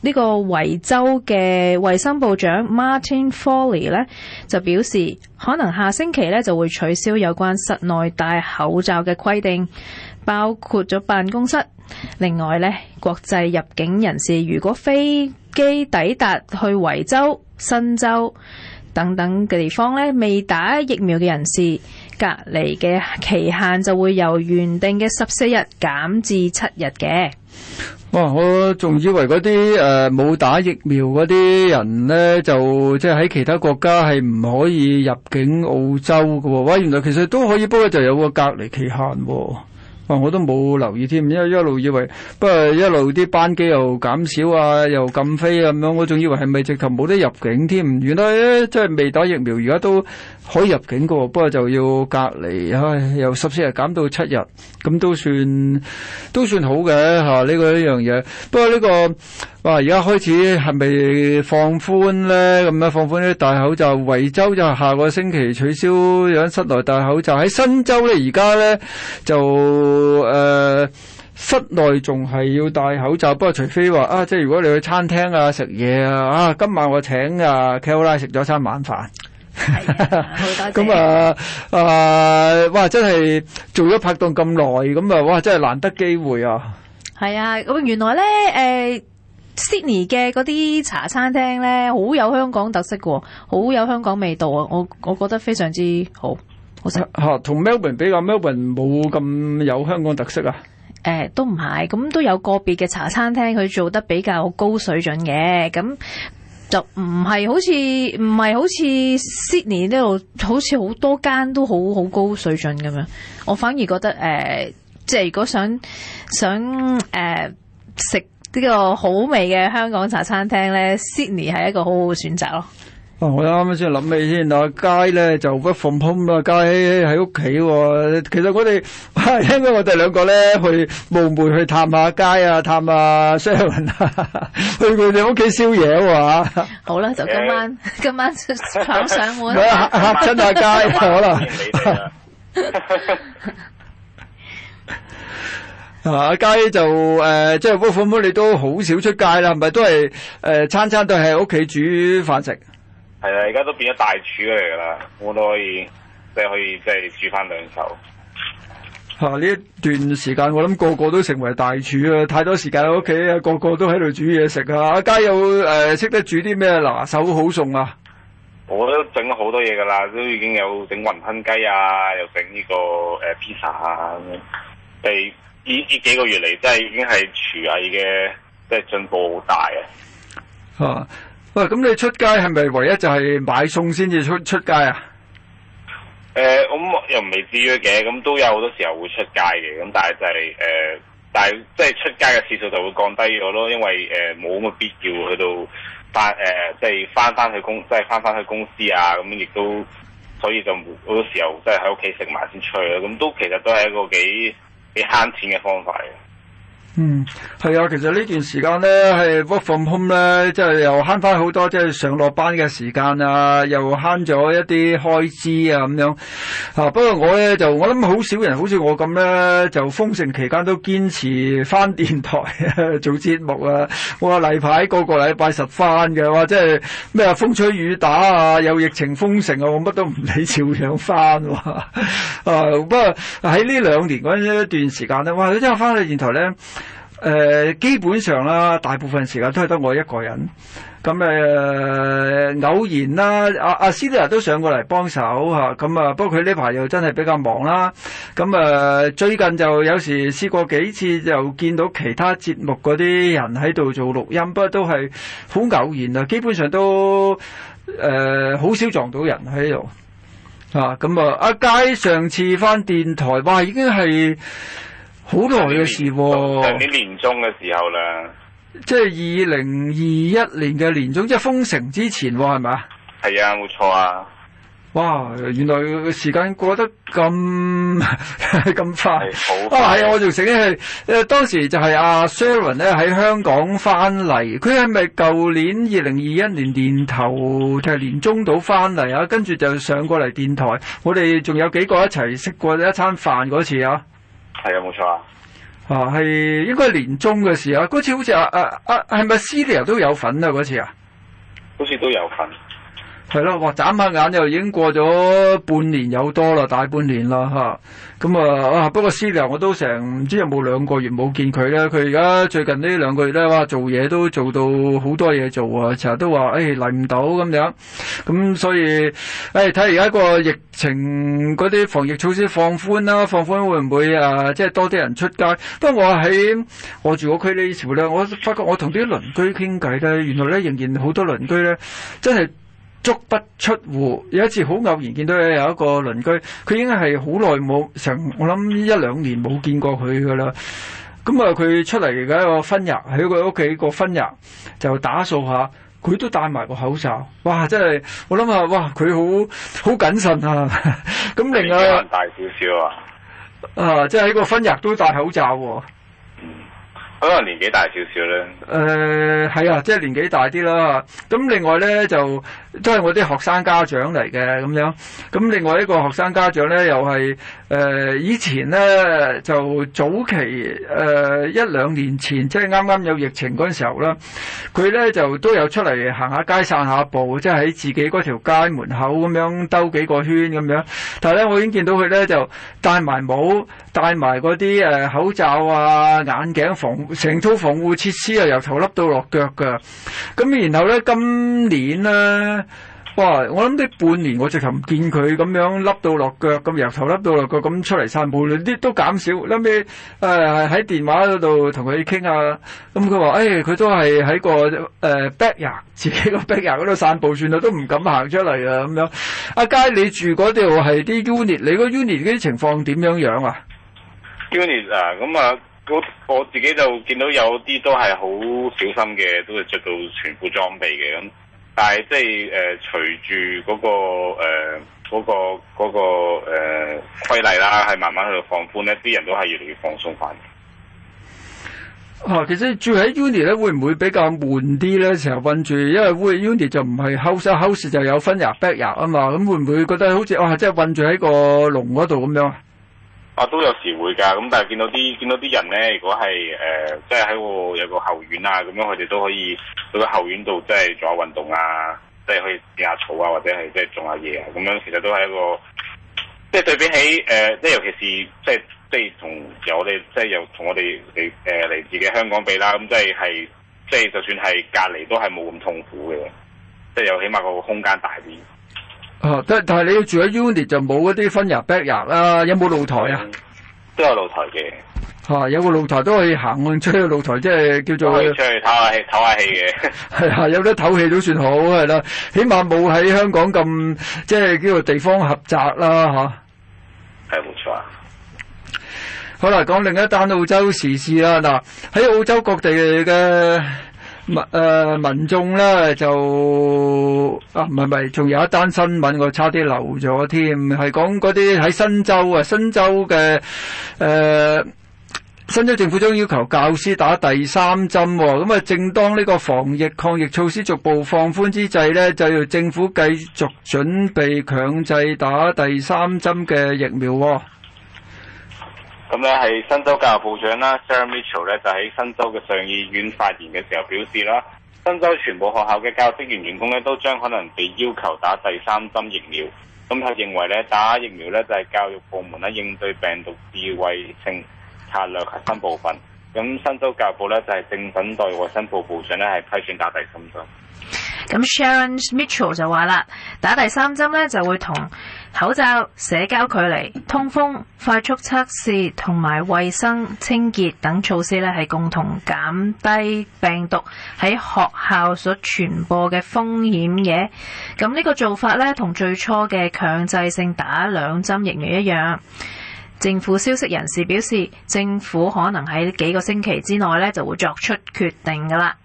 呢個維州嘅衞生部長 Martin Foley 呢，就表示，可能下星期呢就會取消有關室內戴口罩嘅規定。包括咗辦公室，另外呢，國際入境人士如果飛機抵達去維州、新州等等嘅地方呢，未打疫苗嘅人士隔離嘅期限就會由原定嘅十四日減至七日嘅。哇！我仲以為嗰啲誒，冇打疫苗嗰啲人呢，就即係喺其他國家係唔可以入境澳洲㗎喎。喂，原來其實都可以，不過就有個隔離期限喎。哇、哦！我都冇留意添，因為一路以為，不過一路啲班機又減少啊，又禁飛啊咁樣，我仲以為係咪直頭冇得入境添，啊？原來咧，即係未打疫苗而家都。可以入境噶，不過就要隔離。唉，由十四日減到七日，咁都算都算好嘅吓。呢、啊這個一樣嘢，不過呢個哇，而家開始係咪放寬咧？咁啊，放寬啲戴口罩。維州就下個星期取消有室內戴口罩。喺新州咧，而家咧就誒、呃、室內仲係要戴口罩。不過除非話啊，即係如果你去餐廳啊食嘢啊，啊今晚我請啊 Kelvin 食咗餐晚飯。咁啊啊！哇，真係做咗拍檔咁耐，咁啊哇，真係難得機會啊！係啊，咁原來咧，誒，Sydney 嘅嗰啲茶餐廳咧，好有香港特色嘅，哦，好有香港味道啊，哦！我我覺得非常之好，好食。啊，同 Melbourne 比較，Melbourne 冇咁有，有香港特色啊？誒，都唔係，咁都有個別嘅茶餐廳佢做得比較高水準嘅，咁。就唔係好似唔係好似 Sydney 呢度，好似好多間都好好高水準咁樣，我反而覺得誒、呃、即係如果想想誒、呃、食呢個好味嘅香港茶餐廳咧，Sydney 係一個好好嘅選擇咯。我啱啱先諗起先，阿佳咧就不放空啦，佳喺屋企。其實我哋聽講我哋兩個咧去冒昧去探下佳探 aren，啊，探下 Sherwin 去佢哋屋企宵夜喎。好啦，就今晚 今晚出上門我吓吓親阿佳就可能。阿佳、 啊、就誒，即係不放空，你都好少出街啦，咪都係誒、呃、餐餐都係喺屋企煮飯食。係啊，而家都變咗大廚嚟噶啦，我都可以即係、就是、可以即係、就是、煮翻兩手。吓呢、啊、一段時間，我諗個個都成為大廚啊！太多時間喺屋企啊，個個都喺度煮嘢食啊！阿佳又誒識得煮啲咩拿手好餸啊？我都整咗好多嘢噶啦，都已經有整雲吞雞啊，又整呢、這個誒披薩啊。誒，呢呢幾個月嚟，真係已經係廚藝嘅即係進步好大啊！啊！喂，咁你出街係咪唯一就係買餸先至出出街啊？誒、呃，咁、嗯、又未至於嘅，咁、嗯、都有好多時候會出街嘅，咁但係就係誒，但係即係出街嘅次數就會降低咗咯，因為誒冇咁嘅必要去、呃就是、到翻誒，即係翻翻去公，即係翻翻去公司啊，咁、嗯、亦都所以就好多時候即係喺屋企食埋先出去啦，咁、嗯、都其實都係一個幾幾慳錢嘅方法嚟。嗯，係啊，其實呢段時間咧，係 work from home 咧，即係又慳翻好多，即係上落班嘅時間啊，又慳咗一啲開支啊，咁樣啊。不過我咧就我諗好少人好似我咁咧，就封城期間都堅持翻電台呵呵做節目啊。我話，例牌個個禮拜實翻嘅哇，即係咩啊，風吹雨打啊，有疫情封城啊，我乜都唔理，照樣翻，啊。啊，不過喺呢兩年嗰一段時間咧，哇，真係翻到電台咧。誒基本上啦，大部分時間都係得我一個人。咁誒、呃、偶然啦，阿、啊、阿斯蒂亞都上過嚟幫手嚇。咁啊，不過佢呢排又真係比較忙啦。咁啊，最近就有時試過幾次，就見到其他節目嗰啲人喺度做錄音，不過都係好偶然啊。基本上都誒好、啊、少撞到人喺度。嚇咁啊，阿、啊、佳上次返電台，哇已經係～好耐嘅事喎，上年年中嘅時候啦，即係二零二一年嘅年中，即係封城之前，係咪？係啊，冇錯啊！哇，原來時間過得咁咁快啊！係啊，我仲醒起，因為當時就係阿 Sharon 咧喺香港翻嚟，佢係咪舊年二零二一年年頭就係年中到翻嚟啊？跟住就上過嚟電台，我哋仲有幾個一齊食過一餐飯嗰次啊！係啊，冇錯啊，啊，啊。啊，係應該係年中嘅時候，嗰次好似啊，啊，阿係咪 Celia 都有份啊？嗰次啊，好似都有份。係咯，我眨下眼又已經過咗半年有多啦，大半年啦嚇。咁啊啊，不過思良我都成唔知有冇兩個月冇見佢咧。佢而家最近呢兩個月咧，哇！做嘢都做到好多嘢做啊、哎、啊，成日都話誒嚟唔到咁樣。咁所以誒，睇下而家個疫情嗰啲防疫措施放寬啦、啊，放寬會唔會誒、啊、即係多啲人出街？不過我喺我住嗰區時呢，思良，我發覺我同啲鄰居傾偈嘅，原來咧仍然好多鄰居咧真係。足不出戶，有一次好偶然見到有一個鄰居，佢已經係好耐冇成，我諗一兩年冇見過佢噶啦。咁啊，佢出嚟嘅一個分日，喺佢屋企個分日，就打掃下，佢都戴埋個口罩。哇！真係我諗下，哇！佢好好謹慎啊。咁另外大少少啊，啊，即係喺個分日都戴口罩喎，啊。可能年紀大少少咧，誒係、呃、啊，即係年紀大啲啦。咁、嗯、另外咧就都係我啲學生家長嚟嘅咁樣。咁、嗯、另外一個學生家長咧，又係誒以前咧就早期誒、呃、一兩年前，即係啱啱有疫情嗰陣時候啦。佢咧就都有出嚟行下街散下步，即係喺自己嗰條街門口咁樣兜幾個圈咁樣。但係咧，我已經見到佢咧就戴埋帽、戴埋嗰啲誒口罩啊、眼鏡防。成套防護設施啊，由頭笠到落腳㗎。咁然後咧，今年咧，哇！我諗呢半年我直頭唔見佢咁樣笠到落腳，咁由頭笠到落腳咁出嚟散步。啲都減少。後尾誒喺電話嗰度同佢傾下，咁佢話，誒，佢、哎、都係喺個誒、呃、backyard 自己個 backyard 嗰度散步了算啦，都唔敢行出嚟啊咁樣。阿、啊、佳，Guy，你住嗰度係啲 unit，你個 unit 嗰啲情況點樣樣啊？unit 啊，咁啊～我自己就見到有啲都係好小心嘅，都係着到全副裝備嘅咁。但係即係誒，隨住嗰個誒，呃嗰個嗰個誒規例啦，係慢慢喺度放寬咧，啲人都係越嚟越放鬆翻。啊，其實住喺 Uni 咧會唔會比較悶啲咧？成日困住，因為 Uni 就唔係 house，house 就有分入 back 入啊嘛。咁會唔會覺得好似哇，啊，即係困住喺個籠嗰度咁樣啊？啊，都有時會噶，咁但係見到啲見到啲人咧，如果係誒，即係喺個有個後院啊，咁樣佢哋都可以去個後院度，即係做下運動啊，即係去剪下草啊，或者係即係種下嘢啊，咁樣其實都係一個，即係對比起誒，即係尤其是即係即係同有我哋即係由同我哋嚟、誒嚟自嘅香港比啦，咁即係係即係就算係隔離都係冇咁痛苦嘅，即係有起碼個空間大啲。啊、但但係你要住喺 unit 就冇一啲 front yard、backyard 啦，有冇露台啊？嗯，都有露台嘅。吓，啊，有個露台都可以行去出去露台，即係叫做出去透下、啊、氣、透下氣嘅。係啊，有得透氣都算好，係啦，啊，起碼冇喺香港咁即係叫做地方狹窄啦，吓。係冇錯啊！錯好啦，講另一單澳洲時事啦，啊。嗱，喺澳洲各地嘅。民誒、呃、民眾咧就啊，唔係唔係，仲有一單新聞我差啲漏咗添，係講嗰啲喺新州啊，新州嘅誒、呃、新州政府將要求教師打第三針。咁啊，正當呢個防疫抗疫措施逐步放寬之際呢，就要政府繼續準備強制打第三針嘅疫苗、哦。咁咧係新州教育部長啦，Sharon Mitchell 咧就喺新州嘅上議院發言嘅時候表示啦，新州全部學校嘅教職員員工咧都將可能被要求打第三針疫苗。咁佢認為咧打疫苗咧就係、是、教育部門咧應對病毒智慧性策略核心部分。咁新州教育部咧就係、是、正等待衛生部部長咧係批准打第三針。咁 Sharon Mitchell 就話啦，打第三針咧就會同口罩、社交距離、通風、快速測試同埋衛生清潔等措施咧，係共同減低病毒喺學校所傳播嘅風險嘅。咁呢個做法咧，同最初嘅強制性打兩針疫苗一樣。政府消息人士表示，政府可能喺幾個星期之內咧就會作出決定噶啦。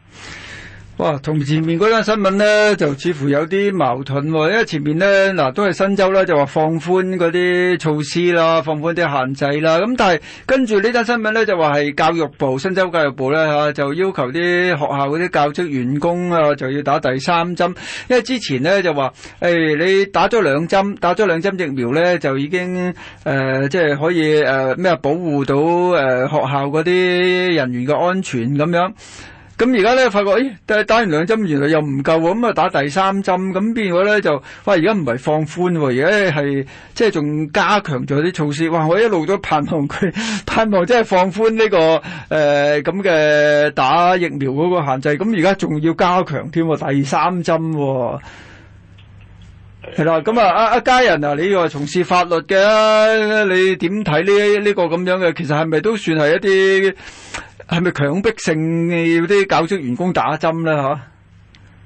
哇，同前面嗰單新聞呢，就似乎有啲矛盾喎、哦，因為前面呢，嗱、啊、都係新州呢就話放寬嗰啲措施啦，放寬啲限制啦，咁但係跟住呢單新聞呢，就話係教育部，新州教育部呢，嚇、啊、就要求啲學校啲教職員工啊就要打第三針，因為之前呢，就話誒、哎、你打咗兩針，打咗兩針疫苗呢，就已經誒即係可以誒咩、呃、保護到誒、呃、學校嗰啲人員嘅安全咁樣。咁而家咧，發覺，咦？但係打完兩針，原來又唔夠喎，咁啊打第三針，咁變咗咧就，喂，而家唔係放寬喎，而家咧係即係仲加強咗啲措施。哇！我一路都盼望佢，盼望即係放寬呢、這個誒咁嘅打疫苗嗰個限制。咁而家仲要加強添，第三針喎、哦。係啦，咁啊，一、啊、一家人啊，你又係從事法律嘅，你點睇呢？呢、這個咁樣嘅，其實係咪都算係一啲？係咪強迫性要啲教職員工打針咧？嗬，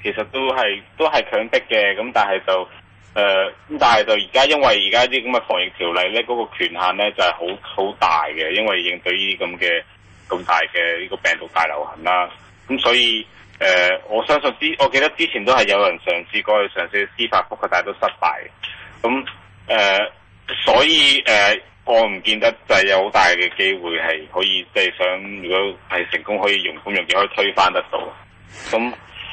其實都係都係強迫嘅，咁但係就誒，咁、呃、但係就而家因為而家啲咁嘅防疫條例咧，嗰、那個權限咧就係好好大嘅，因為應對呢啲咁嘅咁大嘅呢個病毒大流行啦。咁所以誒、呃，我相信之，我記得之前都係有人嘗試過去嘗試司法復核，但係都失敗咁誒、呃，所以誒。呃我唔見得就係有好大嘅機會係可以即係、就是、想如果係成功可以用咁樣嘅可以推翻得到，咁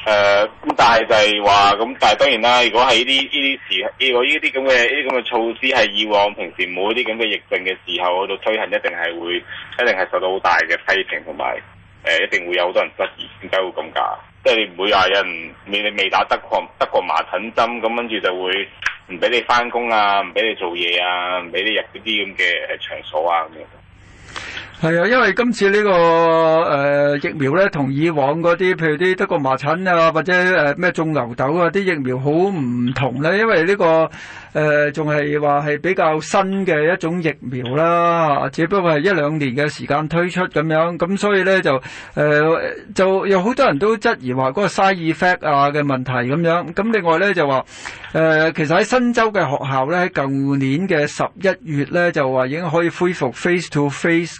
誒咁但係就係話咁但係當然啦，如果喺呢啲呢啲時，如果呢啲咁嘅呢啲咁嘅措施係以往平時冇啲咁嘅疫症嘅時候去到推行一，一定係會一定係受到好大嘅批評同埋誒，一定會有好多人質疑點解會咁噶？即係你唔會話有人未未打德國德國麻疹針，咁跟住就會唔俾你翻工啊，唔俾你做嘢啊，唔俾你入嗰啲咁嘅誒場所啊咁樣。係啊，因為今次呢個誒疫苗咧，同以往嗰啲譬如啲德國麻疹啊，或者誒咩種牛痘啊啲疫苗好唔同咧，因為呢個誒仲係話係比較新嘅一種疫苗啦，只不過係一兩年嘅時間推出咁樣，咁所以咧就誒就有好多人都質疑話嗰個 side effect 啊嘅問題咁樣，咁另外咧就話誒其實喺新州嘅學校咧，喺舊年嘅十一月咧就話已經可以恢復 face to face。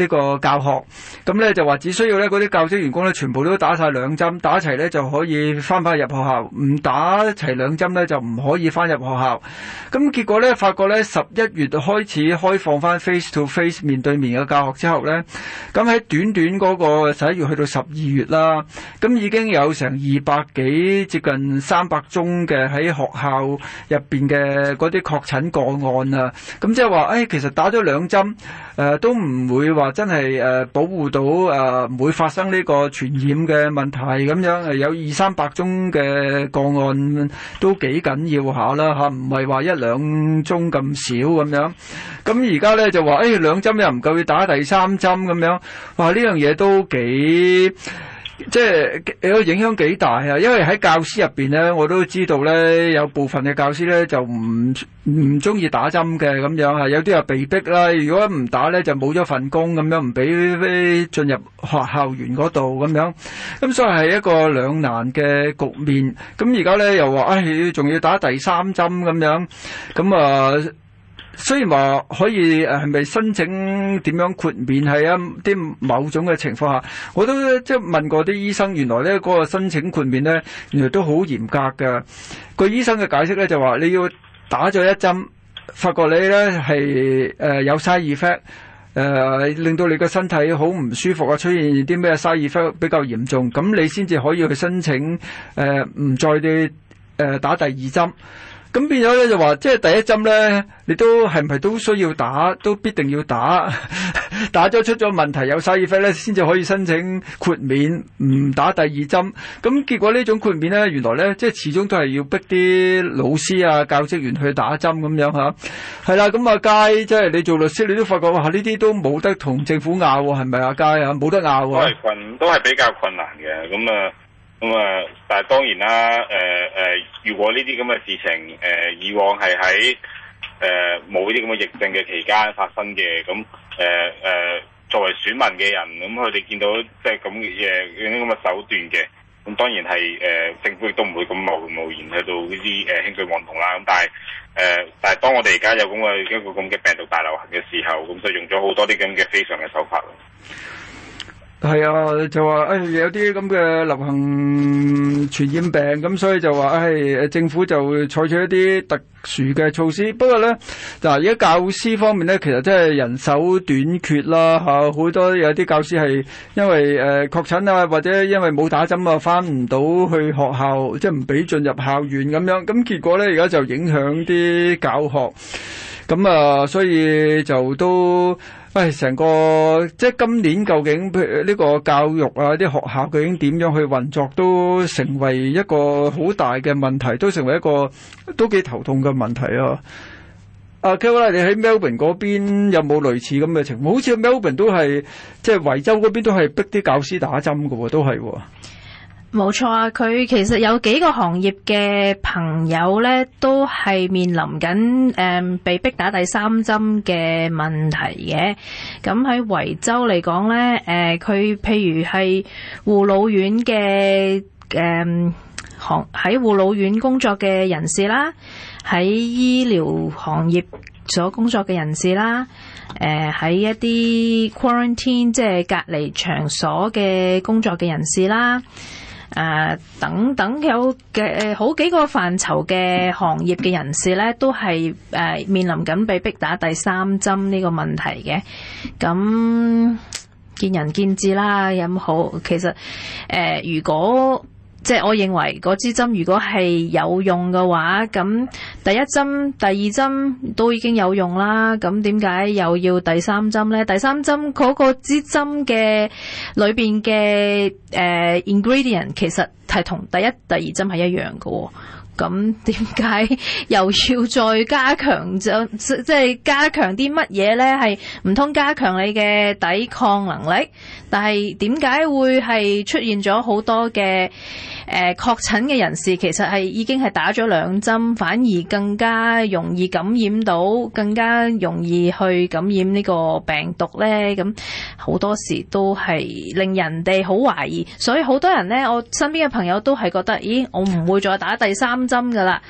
呢個教學咁咧就話只需要咧啲教職員工咧全部都打晒兩針打齊咧就可以翻返入學校，唔打齊兩針咧就唔可以翻入學校。咁結果咧發覺咧十一月開始開放翻 face to face 面對面嘅教學之後咧，咁喺短短個十一月去到十二月啦，咁已經有成二百幾接近三百宗嘅喺學校入邊嘅啲確診個案啊。咁即係話誒其實打咗兩針誒、呃、都唔會話。真係誒保護到誒，唔會發生呢個傳染嘅問題咁樣，誒有二三百宗嘅個案都幾緊要下啦嚇，唔係話一兩宗咁少咁樣。咁而家咧就話誒兩針又唔夠，要打第三針咁樣，哇！呢樣嘢都幾～即係有影響幾大啊！因為喺教師入邊咧，我都知道咧，有部分嘅教師咧就唔唔中意打針嘅咁樣嚇，有啲又被逼啦。如果唔打咧，就冇咗份工咁樣，唔俾進入學校園嗰度咁樣。咁所以係一個兩難嘅局面。咁而家咧又話啊，要仲要打第三針咁樣，咁啊～雖然話可以誒，係咪申請點樣豁免係啊，啲某種嘅情況下，我都即係問過啲醫生，原來咧嗰、嗰個申請豁免咧，原來都好嚴格嘅。嗰個醫生嘅解釋咧就話，你要打咗一針，發覺你咧係誒有 side effect 誒、呃、令到你個身體好唔舒服啊，出現啲咩 side effect 比較嚴重，咁你先至可以去申請誒唔、呃、再啲誒、呃、打第二針。咁變咗咧就話，即係第一針咧，你都係唔係都需要打，都必定要打， 打咗出咗問題有晒醫費咧，先至可以申請豁免唔打第二針。咁結果呢種豁免咧，原來咧即係始終都係要逼啲老師啊、教職員去打針咁樣嚇。係啦，咁阿佳即係你做律師，你都發覺話，呢啲都冇得同政府拗喎，係咪啊佳啊？冇得拗喎。困都係比較困難嘅，咁啊。咁啊、嗯！但係當然啦，誒、呃、誒，如果呢啲咁嘅事情，誒、呃、以往係喺誒冇呢啲咁嘅疫症嘅期間發生嘅，咁誒誒，作為選民嘅人，咁佢哋見到即係咁嘅嘢，用啲咁嘅手段嘅，咁、嗯、當然係誒、呃、政府亦都唔會咁貿貿然去到呢啲誒輕舉妄動啦。咁但係誒，但係、呃、當我哋而家有咁嘅一個咁嘅病毒大流行嘅時候，咁、嗯、就用咗好多啲咁嘅非常嘅手法。係啊，就話誒，有啲咁嘅流行傳染病，咁所以就話誒，政府就採取一啲特殊嘅措施。不過咧，嗱，而家教師方面咧，其實真係人手短缺啦，吓好多有啲教師係因為誒確診啊，或者因為冇打針啊，翻唔到去學校，即係唔俾進入校園咁樣。咁結果咧，而家就影響啲教學。咁啊，所以就都。誒，成、哎、個即係今年究竟呢個教育啊，啲學校究竟點樣去運作，都成為一個好大嘅問題，都成為一個都幾頭痛嘅問題啊！阿、啊、k e 你喺 Melbourne 嗰邊有冇類似咁嘅情況？好似 Melbourne 都係即係惠州嗰邊都係逼啲教師打針嘅，都係、哦。冇錯啊！佢其實有幾個行業嘅朋友呢，都係面臨緊誒、呃、被逼打第三針嘅問題嘅。咁喺維州嚟講呢，誒、呃、佢譬如係護老院嘅誒、呃、行喺護老院工作嘅人士啦，喺醫療行業所工作嘅人士啦，誒、呃、喺一啲 quarantine 即係隔離場所嘅工作嘅人士啦。誒、啊、等等有嘅誒、呃，好幾個範疇嘅行業嘅人士咧，都係誒、呃、面臨緊被逼打第三針呢個問題嘅。咁、嗯、見仁見智啦，有、嗯、冇好？其實誒、呃，如果即係我認為嗰支針如果係有用嘅話，咁第一針、第二針都已經有用啦。咁點解又要第三針呢？第三針嗰個支針嘅裏邊嘅誒、呃、ingredient 其實係同第一、第二針係一樣㗎、哦。咁點解又要再加強，就即係加強啲乜嘢呢？係唔通加強你嘅抵抗能力？但係點解會係出現咗好多嘅？誒、呃、確診嘅人士其實係已經係打咗兩針，反而更加容易感染到，更加容易去感染呢個病毒呢，咁，嗯，好多時都係令人哋好懷疑，所以好多人呢，我身邊嘅朋友都係覺得，咦，我唔會再打第三針噶啦。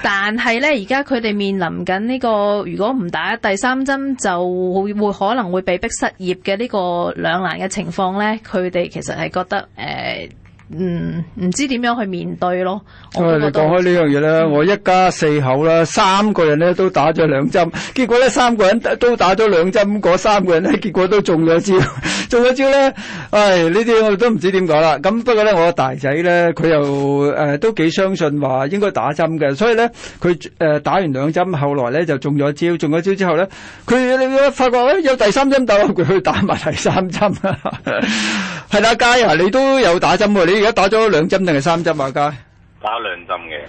但係呢，而家佢哋面臨緊呢個，如果唔打第三針，就會、會可能會被逼失業嘅呢個兩難嘅情況呢，佢哋其實係覺得誒。呃嗯，唔知點樣去面對咯。我哋講、啊、開呢樣嘢咧，嗯、我一家四口啦，三個人咧都打咗兩針，結果咧三個人都打咗兩針，嗰三個人咧結果都中咗招，中咗招咧，唉、哎，呢啲我哋都唔知點講啦。咁不過咧，我大仔咧，佢又誒、呃、都幾相信話應該打針嘅，所以咧佢誒打完兩針，後來咧就中咗招，中咗招之後咧，佢咧發覺、哎、有第三針打，佢去打埋第三針啦。係 啦，佳啊，你都有打針啊，你。而家打咗兩針定係三針啊？家打兩針嘅，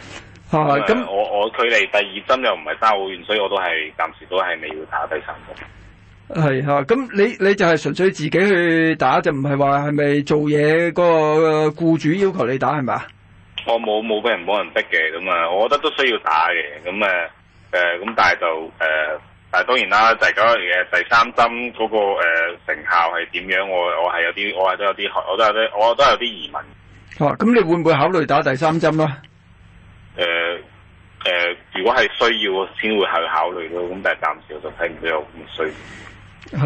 咁我我距離第二針又唔係打好遠，所以我都係暫時都係未要打第三針。係啊，咁你你就係純粹自己去打，就唔係話係咪做嘢個僱主要求你打係咪？我冇冇俾人冇人逼嘅，咁啊，我覺得都需要打嘅，咁啊誒，咁但係就誒，但係當然啦，九家嘅第三針嗰個誒成效係點樣？我我係有啲，我都有啲，我都有啲，我都有啲疑問。哇！咁、啊、你會唔會考慮打第三針咯？誒誒、呃呃，如果係需要先會去考慮咯。咁但係暫時我都睇唔到有咁需要。吓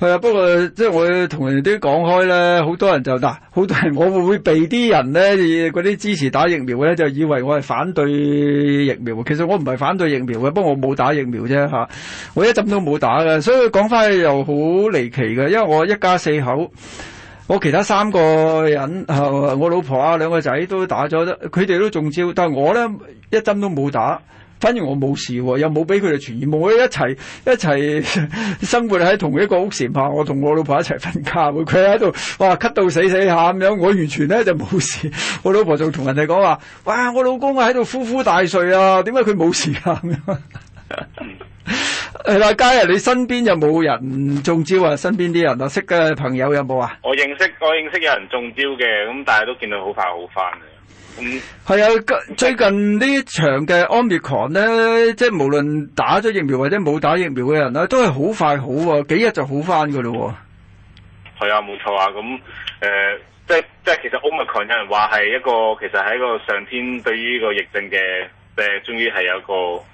係啊，啊，不過即係我同人哋都講開咧，好多人就嗱，好、啊、多人我會唔會被啲人咧？嗰啲支持打疫苗咧，就以為我係反對疫苗。其實我唔係反對疫苗嘅，不過我冇打疫苗啫吓、啊，我一針都冇打嘅。所以講翻去又好離奇嘅，因為我一家四口。我其他三個人，啊、我老婆啊兩個仔都打咗，佢哋都中招，但係我咧一針都冇打，反而我冇事喎，又冇俾佢哋傳染，冇一齊一齊生活喺同一個屋檐下，我同我老婆一齊瞓覺，佢喺度哇咳到死死喊。咁樣，我完全咧就冇事，我老婆仲同人哋講，話哇我老公啊喺度呼呼大睡啊，點解佢冇事啊咁樣？ 誒，大家啊，你身邊有冇人中招啊？身邊啲人啊，識嘅朋友有冇啊？我認識，我認識有人中招嘅，咁大家都見到好快好翻嘅。咁係啊，最近呢場嘅 Omicron 咧，即係無論打咗疫苗或者冇打疫苗嘅人咧，都係好快好，好啊，幾日就好翻噶啦。係啊，冇錯啊。咁誒，即係即係，其實 Omicron 有人話係一個，其實係一個上天對於呢個疫症嘅誒，終於係有一個。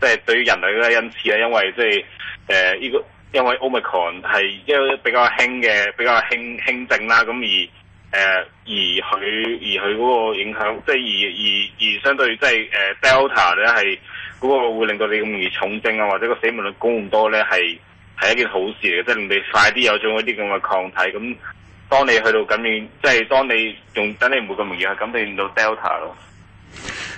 即係對於人類嘅因此咧，因為即係誒，呢個因為 omicron 係一比較輕嘅，比較輕輕症啦，咁而誒、呃、而佢而佢嗰個影響，即係而而而相對即係誒 delta 咧係嗰個會令到你咁容易重症啊，或者個死亡率高咁多咧，係係一件好事嚟嘅，即係令你快啲有咗嗰啲咁嘅抗體。咁當你去到感染，即係當你用等你唔會咁容易去感染到 delta 咯。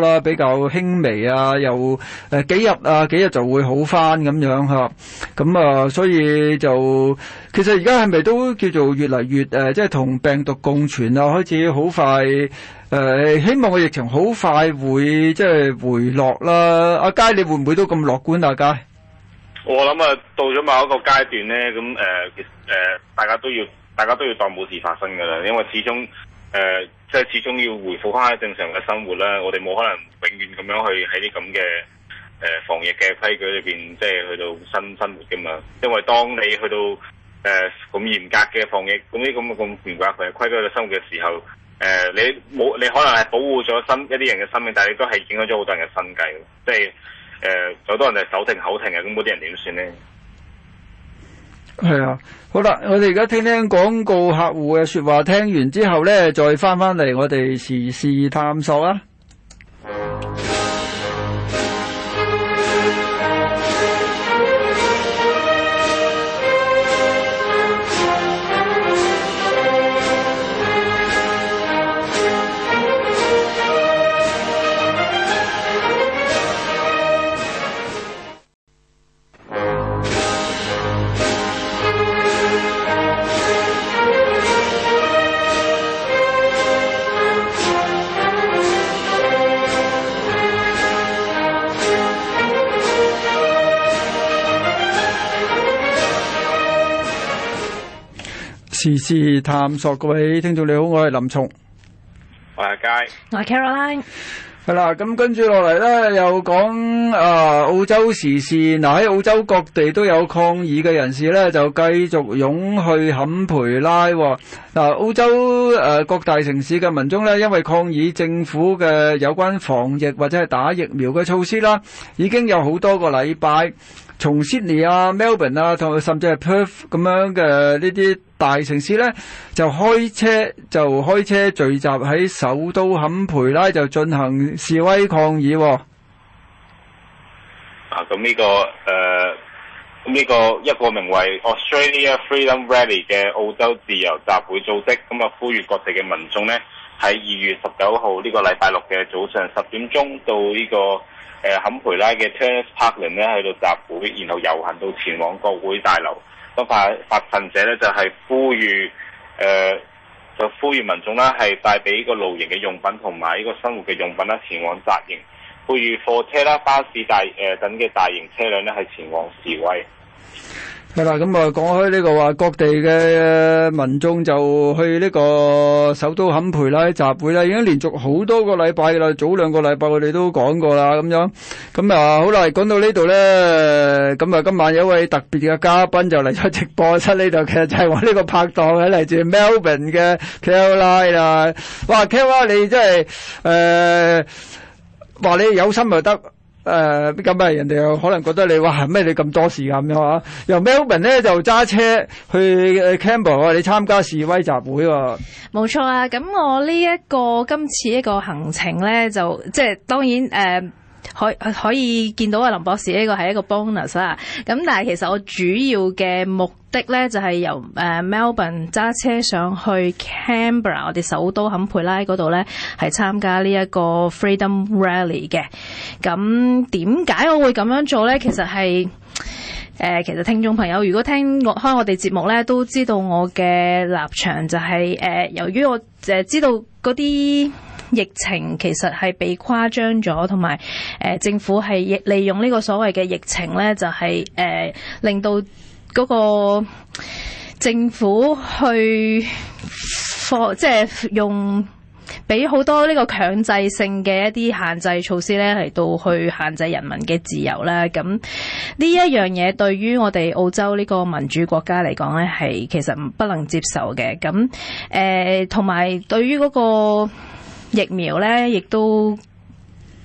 啦，比較輕微啊，又誒幾日啊，幾日就會好翻咁樣吓，咁啊，所以就其實而家係咪都叫做越嚟越誒，即係同病毒共存啊，開始好快誒，希望個疫情好快會即係回落啦。阿佳，你會唔會都咁樂觀啊？阿佳，我諗啊，到咗某一個階段咧，咁誒，其實誒，大家都要大家都要當冇事發生噶啦，因為始終。誒、呃，即係始終要回復翻喺正常嘅生活啦。我哋冇可能永遠咁樣去喺啲咁嘅誒防疫嘅規矩裏邊，即係去到新生活噶嘛。因為當你去到誒咁、呃、嚴格嘅防疫，咁啲咁嘅咁嚴格嘅規矩嘅生活嘅時候，誒、呃，你冇、呃、你可能係保護咗生一啲人嘅生命，但係亦都係影響咗好多人嘅生計。即係誒，好、呃、多人係手停口停嘅，咁嗰啲人點算咧？係啊。好啦，我哋而家聽聽廣告客戶嘅說話，聽完之後呢，再翻返嚟我哋時事探索啊。時事探索，各位聽眾你好，我係林松。我係佳，我係 Caroline。係啦，咁、 嗯、跟住落嚟咧，又講啊，澳洲時事。嗱、啊、喺澳洲各地都有抗議嘅人士咧、啊，就繼續湧去堪培拉。嗱、啊，澳洲誒、啊、各大城市嘅民眾咧，因為抗議政府嘅有關防疫或者係打疫苗嘅措施啦、啊，已經有好多個禮拜，從 Sydney 啊、Melbourne 啊，同甚至係 Perth 咁樣嘅呢啲。大城市咧，就開車就開車，聚集喺首都堪培拉，就進行示威抗議、哦。啊，咁呢、呢個誒呢、呃、個一個名為 Australia Freedom Rally 嘅澳洲自由集會組織，咁啊呼籲各地嘅民眾呢，喺二月十九號呢個禮拜六嘅早上十點鐘到呢個誒堪培拉嘅 Charles Parkland 咧喺度集會，然後遊行到前往國會大樓。嗰班發憤者咧就係、是、呼籲誒、呃，就呼籲民眾啦，係帶俾呢個露營嘅用品同埋呢個生活嘅用品啦，前往紮營。呼籲貨車啦、巴士大誒、呃、等嘅大型車輛咧，係前往示威。係啦，咁啊，講開呢個話，各地嘅民眾就去呢個首都堪培拉集會啦，已經連續好多個禮拜啦。早兩個禮拜我哋都講過啦，咁樣。咁啊，好啦，講到呢度咧，咁啊，今晚有一位特別嘅嘉賓就嚟咗直播室呢度，其實就係我呢個拍檔，喺嚟自 Melbourne 嘅 Kelly 啦。哇，Kelly，你真係誒，話你有心就得。誒咁啊！人哋又可能覺得你哇咩你咁多事㗎咁樣啊？由 Melbourne 咧就揸車去 Canberra 你參加示威集會喎、啊。冇錯啊！咁我呢一個今次一個行程咧，就即係當然誒。呃可可以見到啊，林博士呢個係一個 bonus 啦。咁但係其實我主要嘅目的呢，就係由誒 Melbourne 揸車上去 Canberra，我哋首都堪佩拉嗰度呢，係參加呢一個 Freedom Rally 嘅。咁點解我會咁樣做呢？其實係誒、呃，其實聽眾朋友如果聽開我哋節目呢，都知道我嘅立場就係、是、誒、呃，由於我誒知道嗰啲。疫情其實係被誇張咗，同埋誒政府係利用呢個所謂嘅疫情咧，就係、是、誒、呃、令到嗰個政府去放即係用俾好多呢個強制性嘅一啲限制措施咧，嚟到去限制人民嘅自由啦。咁呢一樣嘢對於我哋澳洲呢個民主國家嚟講咧，係其實不能接受嘅。咁誒同埋對於嗰、那個。疫苗咧，亦都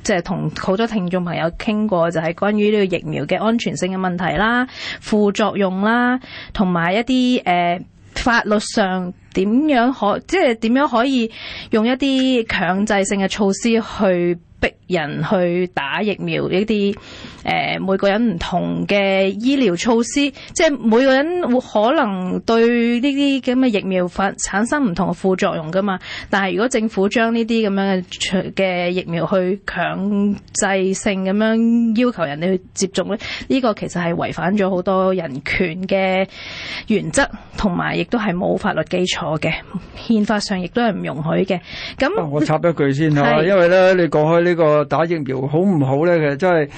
即係同好多聽眾朋友傾過，就係、是、關於呢個疫苗嘅安全性嘅問題啦、副作用啦，同埋一啲誒、呃、法律上點樣可，即係點樣可以用一啲強制性嘅措施去逼。人去打疫苗呢啲，誒、呃、每個人唔同嘅醫療措施，即係每個人會可能對呢啲咁嘅疫苗發產生唔同嘅副作用㗎嘛。但係如果政府將呢啲咁樣嘅嘅疫苗去強制性咁樣要求人哋去接種咧，呢、呢個其實係違反咗好多人權嘅原則，同埋亦都係冇法律基礎嘅，憲法上亦都係唔容許嘅。咁我插一句先嚇，是因為咧你講開呢、呢個。打疫苗好唔好咧？其實真係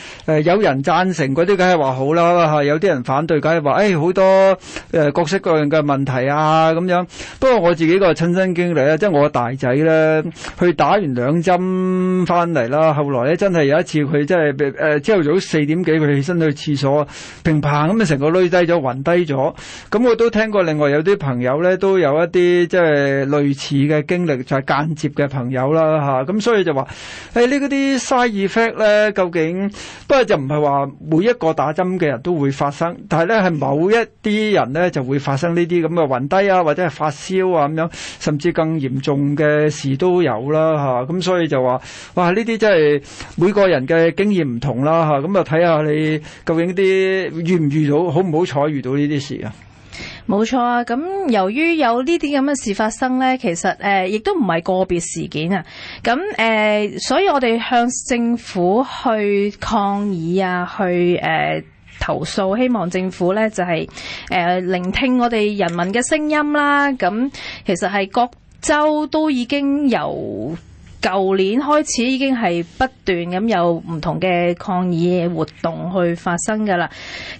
誒有人贊成嗰啲，梗係話好啦嚇。有啲人反對，梗係話誒好多誒各式各樣嘅問題啊咁樣。不過我自己個親身經歷咧，即係我大仔咧去打完兩針翻嚟啦。後來咧真係有一次佢真係誒朝頭早四點幾，佢起身去廁所，砰棒咁啊成個累低咗，暈低咗。咁我都聽過另外有啲朋友咧都有一啲即係類似嘅經歷，就係間接嘅朋友啦嚇。咁所以就話誒呢嗰啲。哎啲 side effect 咧，究竟不過就唔係話每一個打針嘅人都會發生，但係咧係某一啲人咧就會發生呢啲咁嘅暈低啊，或者係發燒啊咁樣，甚至更嚴重嘅事都有啦、啊、吓。咁、啊、所以就話，哇呢啲真係每個人嘅經驗唔同啦、啊、吓。咁啊睇下、啊啊啊啊、你究竟啲遇唔遇到，好唔好彩遇到呢啲事啊？冇錯啊！咁由於有呢啲咁嘅事發生呢，其實誒、呃、亦都唔係個別事件啊。咁、呃、誒，所以我哋向政府去抗議啊，去誒、呃、投訴，希望政府呢就係、係、誒、呃、聆聽我哋人民嘅聲音啦。咁、啊、其實係各州都已經由舊年開始已經係不斷咁有唔同嘅抗議活動去發生㗎啦，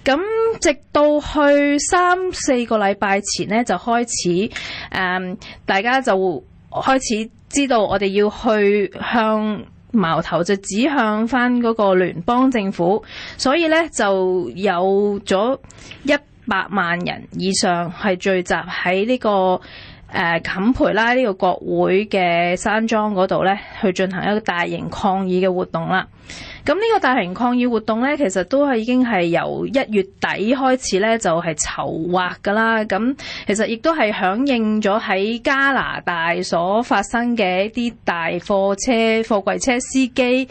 咁直到去三四個禮拜前呢，就開始，誒、嗯、大家就開始知道我哋要去向矛頭就指向返嗰個聯邦政府，所以呢，就有咗一百萬人以上係聚集喺呢、這個。誒，堪培拉呢個國會嘅山莊嗰度咧，去進行一個大型抗議嘅活動啦。咁呢個大型抗議活動呢，其實都係已經係由一月底開始呢，就係、是、籌劃噶啦。咁、嗯、其實亦都係響應咗喺加拿大所發生嘅一啲大貨車貨櫃車司機，誒、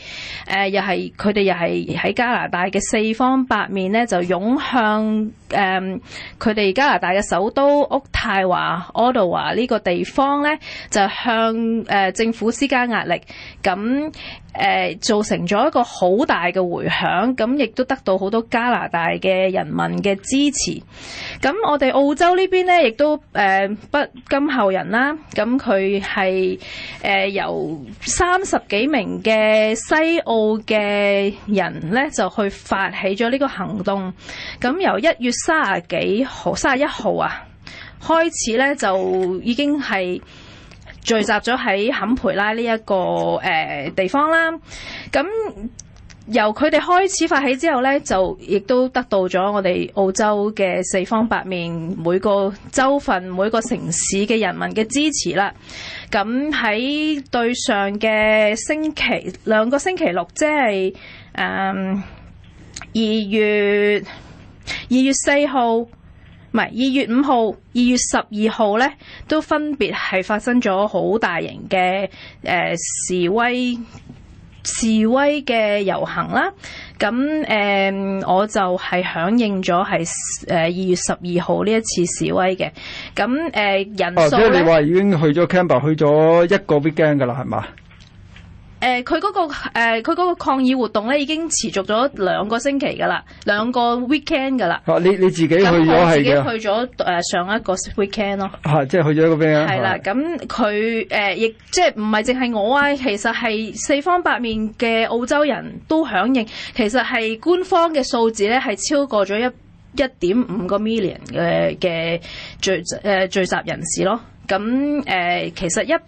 呃、又係佢哋又係喺加拿大嘅四方八面呢，就湧向誒佢哋加拿大嘅首都渥太華 Ottawa 呢個地方呢，就向誒、呃、政府施加壓力。咁、嗯誒、呃、造成咗一個好大嘅迴響，咁、呃、亦都得到好多加拿大嘅人民嘅支持。咁、呃、我哋澳洲呢邊呢，亦都誒、呃、不今後人不甘後人啦。咁佢係誒由三十幾名嘅西澳嘅人呢，就去發起咗呢個行動。咁、呃、由一月三十幾號三十一號啊開始呢，就已經係聚集咗喺堪培拉呢、這、一個誒、呃、地方啦，咁由佢哋開始發起之後咧，就亦都得到咗我哋澳洲嘅四方八面每個州份每個城市嘅人民嘅支持啦。咁喺對上嘅星期兩個星期六，即係誒二月二月四號。唔係，二月五號、二月十二號咧，都分別係發生咗好大型嘅誒、呃、示威示威嘅遊行啦。咁誒、呃，我就係響應咗係誒二月十二號呢一次示威嘅。咁誒、呃、人數咧，即、啊就係、你話已經去咗 Canberra 去咗一個 weekend 噶啦，係嘛？誒佢嗰個佢嗰個、呃、抗議活動咧已經持續咗兩個星期㗎啦，兩個 weekend 㗎啦、啊。你你自己去咗自己去咗誒、呃、上一個 weekend 咯。嚇、啊，即係去咗一個邊啊？係啦的，咁佢誒亦即係唔係淨係我啊？其實係四方八面嘅澳洲人都響應。其實係官方嘅數字咧係超過咗一一點五個 million 嘅嘅、呃、聚誒、呃、聚集人士咯。咁、呃、誒其實一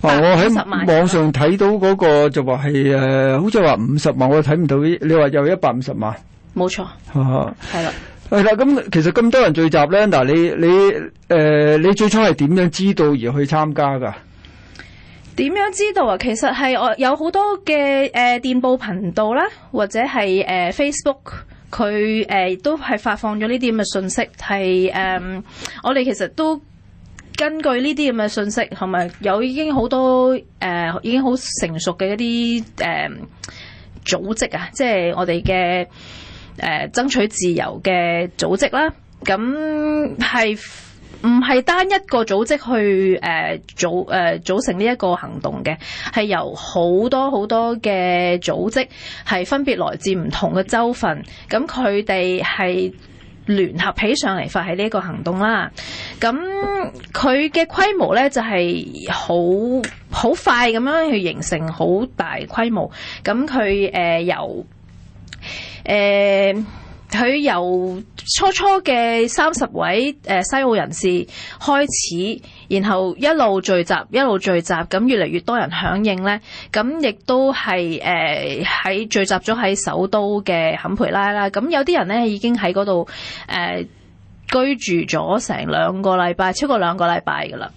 嗱，我喺網上睇到嗰個就話係誒，好似話五十萬，我睇唔到。你話有一百五十萬，冇錯。吓係啦，係啦。咁其實咁多人聚集咧，嗱，你你誒、呃，你最初係點樣知道而去參加噶？點樣知道啊？其實係我有好多嘅誒、呃、電報頻道啦，或者係誒、呃、Facebook，佢誒、呃、都係發放咗呢啲咁嘅信息，係誒、呃、我哋其實都。根據呢啲咁嘅信息係咪有已經好多誒、呃、已經好成熟嘅一啲誒、呃、組織啊，即係我哋嘅誒爭取自由嘅組織啦、啊。咁係唔係單一個組織去誒、呃、組誒、呃、組成呢一個行動嘅？係由好多好多嘅組織係分別來自唔同嘅州份，咁佢哋係。聯合起上嚟發起呢一個行動啦，咁佢嘅規模呢，就係好好快咁樣去形成好大規模，咁佢誒由誒。呃佢由初初嘅三十位誒、呃、西澳人士開始，然後一路聚集，一路聚集，咁越嚟越多人響應咧，咁亦都係誒喺聚集咗喺首都嘅堪培拉啦。咁有啲人咧已經喺嗰度誒居住咗成兩個禮拜，超過兩個禮拜噶啦。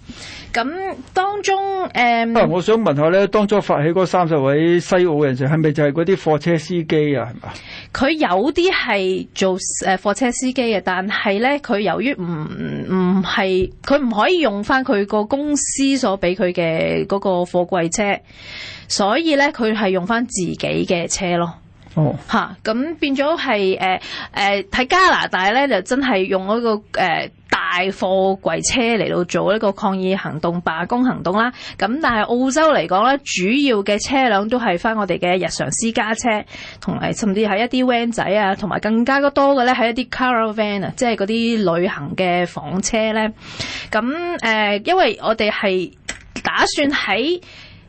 咁當中誒、嗯啊，我想問下咧，當初發起嗰三十位西澳人士係咪就係嗰啲貨車司機啊？係嘛？佢有啲係做誒貨車司機嘅，但係咧佢由於唔唔係，佢唔可以用翻佢個公司所俾佢嘅嗰個貨櫃車，所以咧佢係用翻自己嘅車咯。哦，嚇、啊！咁變咗係誒誒喺加拿大咧就真係用嗰個誒、呃、大貨櫃車嚟到做一個抗議行動、罷工行動啦。咁但係澳洲嚟講咧，主要嘅車輛都係翻我哋嘅日常私家車，同埋甚至係一啲 van 仔啊，同埋更加多嘅咧係一啲 caravan 啊，即係嗰啲旅行嘅房車咧。咁誒、呃，因為我哋係打算喺。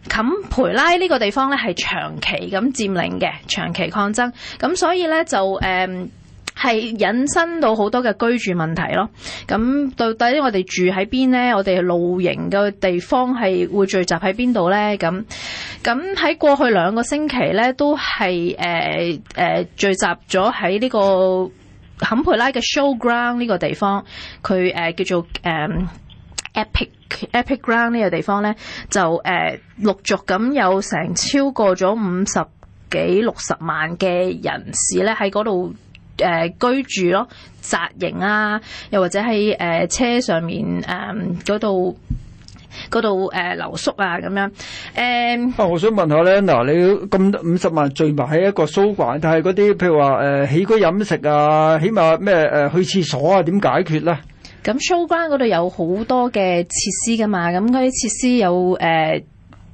坎培拉呢個地方咧係長期咁佔領嘅，長期抗爭，咁所以咧就誒係、嗯、引申到好多嘅居住問題咯。咁、嗯、到底我哋住喺邊咧？我哋露營嘅地方係會聚集喺邊度咧？咁咁喺過去兩個星期咧都係誒誒聚集咗喺呢個坎培拉嘅 showground 呢個地方，佢誒、呃、叫做誒、呃、Epic。Epic Ground 呢個地方咧，就誒、呃、陸續咁有成超過咗五十幾六十萬嘅人士咧，喺嗰度誒居住咯，扎營啊，又或者喺誒、呃、車上面誒嗰度度誒留宿啊咁樣誒。呃、啊，我想問下咧，嗱，你咁五十萬聚埋喺一個蘇格蘭，但係嗰啲譬如話誒、呃、起居飲食啊，起碼咩誒、呃、去廁所啊，點解決咧？咁 showground 嗰度有好多嘅設施㗎嘛，咁嗰啲設施有誒，呃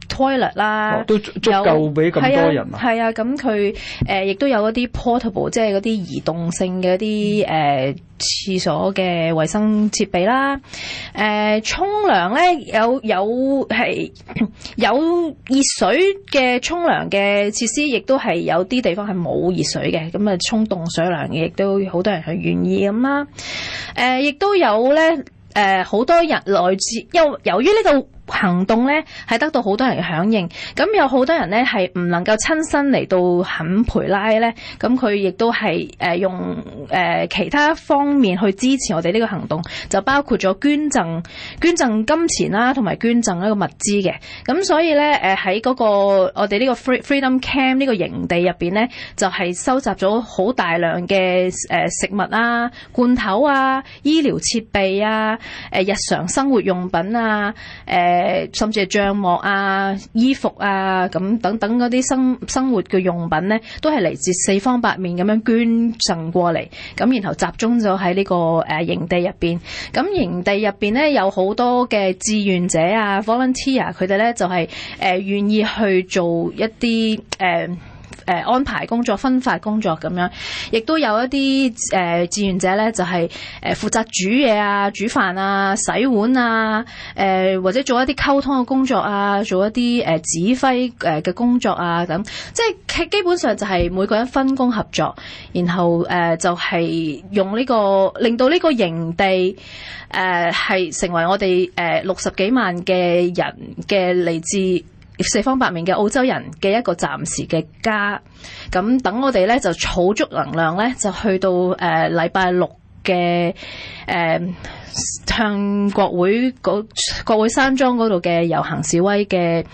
toilet 啦、哦，都足夠俾咁多人。係啊，咁佢誒亦都有嗰啲 portable，即係嗰啲移動性嘅啲誒廁所嘅衛生設備啦。誒沖涼咧有有係有熱水嘅沖涼嘅設施，亦都係有啲地方係冇熱水嘅，咁啊沖凍水涼，亦都好多人係願意咁啦。誒、嗯、亦都有咧誒，好、嗯、多人來自由由於呢、這、度、個。行動呢係得到好多人嘅響應，咁有好多人呢係唔能夠親身嚟到肯培拉呢，咁佢亦都係誒用誒、呃、其他方面去支持我哋呢個行動，就包括咗捐贈捐贈金錢啦、啊，同埋捐贈一個物資嘅。咁所以呢，誒喺嗰個我哋呢個 freedom camp 呢個營地入邊呢，就係、是、收集咗好大量嘅誒、呃、食物啊、罐頭啊、醫療設備啊、誒、呃、日常生活用品啊、誒、呃。誒甚至係帳幕啊、衣服啊咁等等嗰啲生生活嘅用品呢，都係嚟自四方八面咁樣捐贈過嚟，咁然後集中咗喺呢個誒、呃、營地入邊。咁、呃、營地入邊呢，有好多嘅志願者啊 ，volunteer，佢哋呢就係誒願意去做一啲誒。呃誒、嗯、安排工作、分發工作咁樣，亦都有一啲誒、呃、志願者呢，就係、是、誒、呃、負責煮嘢啊、煮飯啊、洗碗啊，誒或者做一啲溝通嘅工作啊，做一啲誒、呃、指揮誒嘅工作啊，咁，即係基本上就係每個人分工合作，然後誒、呃、就係、是、用呢、這個令到呢個營地誒係、呃、成為我哋誒六十幾萬嘅人嘅嚟自四方八面嘅澳洲人嘅一個暫時嘅家，咁等我哋咧就儲足能量咧，就去到誒禮拜六嘅誒、呃、向國會嗰國國會山莊嗰度嘅遊行示威嘅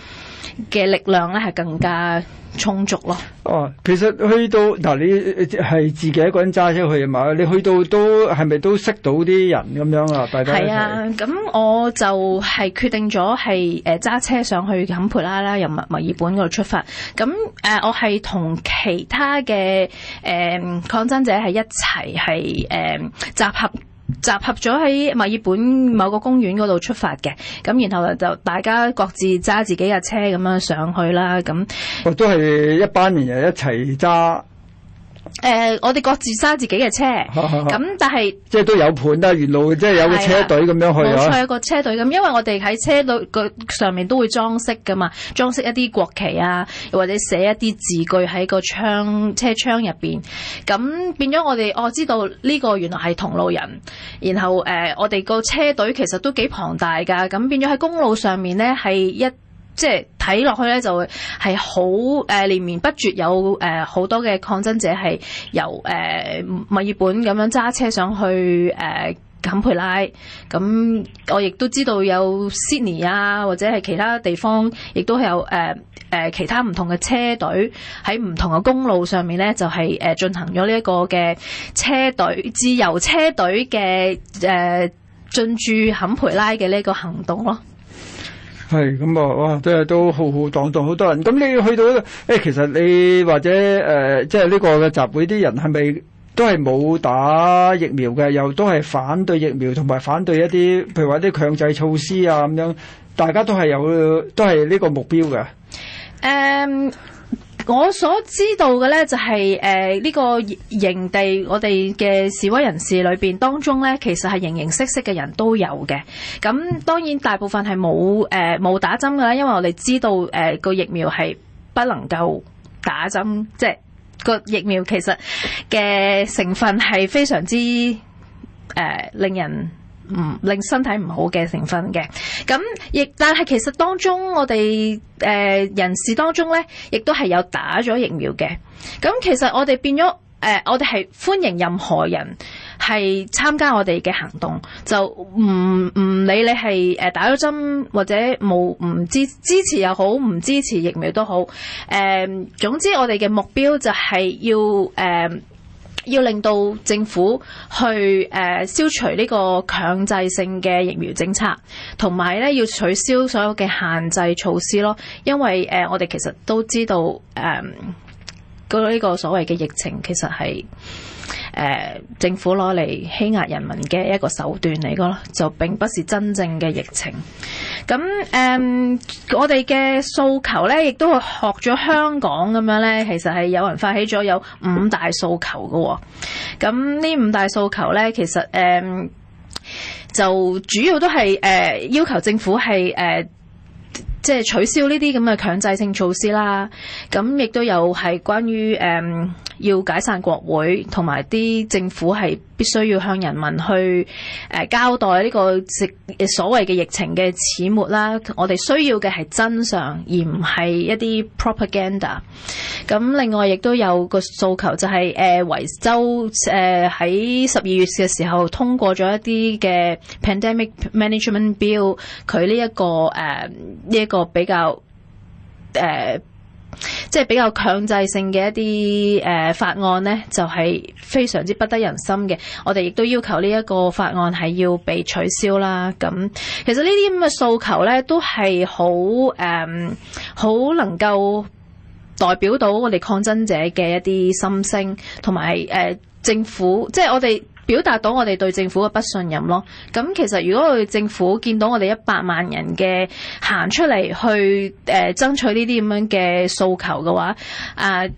嘅力量咧係更加。充足咯。哦，其實去到嗱、啊，你係自己一個人揸車去啊嘛？你去到都係咪都識到啲人咁樣啊？大家係啊，咁我就係決定咗係誒揸車上去堪培拉啦，由墨墨爾本嗰度出發。咁誒、呃，我係同其他嘅誒、呃、抗爭者係一齊係誒集合。集合咗喺墨爾本某個公園嗰度出發嘅，咁然後就大家各自揸自己嘅車咁樣上去啦，咁都係一班人一齊揸。誒、呃，我哋各自揸自己嘅車，咁但係是即係都有伴啦，啊，沿路即係有個車隊咁樣去咯。冇的錯，有個車隊咁，因為我哋喺車隊個上面都會裝飾噶嘛，裝飾一啲國旗啊，又或者寫一啲字句喺個窗車窗入邊。咁變咗我哋我知道呢個原來係同路人，然後誒、呃，我哋個車隊其實都幾龐大噶，咁變咗喺公路上面咧係一。即係睇落去咧，就會係好誒連綿不絕有，有誒好多嘅抗爭者係由誒墨、呃、爾本咁樣揸車上去誒堪、呃、培拉。咁、嗯、我亦都知道有 Sydney 啊，或者係其他地方，亦都係有誒誒其他唔同嘅車隊喺唔同嘅公路上面咧，就係、是、誒、呃、進行咗呢一個嘅車隊自由車隊嘅誒、呃、進駐堪培拉嘅呢個行動咯。係咁啊！哇，即係都浩浩蕩蕩，好多人。咁你去到，一個、欸、誒，其實你或者誒、呃，即係呢個嘅集會啲人係咪都係冇打疫苗嘅，又都係反對疫苗，同埋反對一啲，譬如話啲強制措施啊咁樣，大家都係有，都係呢個目標嘅。誒、um。我所知道嘅咧，就係誒呢個營地，我哋嘅示威人士裏邊當中咧，其實係形形色色嘅人都有嘅。咁、嗯、當然大部分係冇誒冇打針嘅啦，因為我哋知道誒個、呃、疫苗係不能夠打針，即、就、係、是這個疫苗其實嘅成分係非常之誒、呃、令人。唔、嗯、令身體唔好嘅成分嘅，咁、嗯、亦但係其實當中我哋誒、呃、人士當中呢，亦都係有打咗疫苗嘅。咁、嗯、其實我哋變咗誒、呃，我哋係歡迎任何人係參加我哋嘅行動，就唔唔理你係誒打咗針或者冇唔支支持又好，唔支持疫苗都好。誒、呃，總之我哋嘅目標就係要誒、呃要令到政府去誒、呃、消除呢個強制性嘅疫苗政策，同埋咧要取消所有嘅限制措施咯。因為誒、呃、我哋其實都知道誒，嗰、呃、呢、這個所謂嘅疫情其實，係、呃、誒政府攞嚟欺壓人民嘅一個手段嚟噶咯，就並不是真正嘅疫情。咁誒、嗯，我哋嘅訴求咧，亦都學咗香港咁樣咧，其實係有人發起咗有五大訴求嘅喎、哦。咁、嗯、呢五大訴求咧，其實誒、嗯、就主要都係誒、呃、要求政府係誒。呃即係取消呢啲咁嘅強制性措施啦，咁亦都有係關於誒、嗯、要解散國會同埋啲政府係必須要向人民去誒、呃、交代呢、呢個疫所謂嘅疫情嘅始末啦。我哋需要嘅係真相，而唔係一啲 propaganda。咁另外亦都有個訴求就係、是、誒、呃、維州誒喺十二月嘅時候通過咗一啲嘅 pandemic management bill，佢呢一個誒呢一個。呃呢個個比較誒、呃，即係比較強制性嘅一啲誒、呃、法案呢，就係、是、非常之不得人心嘅。我哋亦都要求呢一個法案係要被取消啦。咁其實呢啲咁嘅訴求呢，都係好誒，好、呃、能夠代表到我哋抗爭者嘅一啲心聲，同埋誒政府，即係我哋。表達到我哋對政府嘅不信任咯。咁、嗯、其實如果佢哋政府見到我哋一百萬人嘅行出嚟去誒、呃、爭取呢啲咁樣嘅訴求嘅話，誒、呃、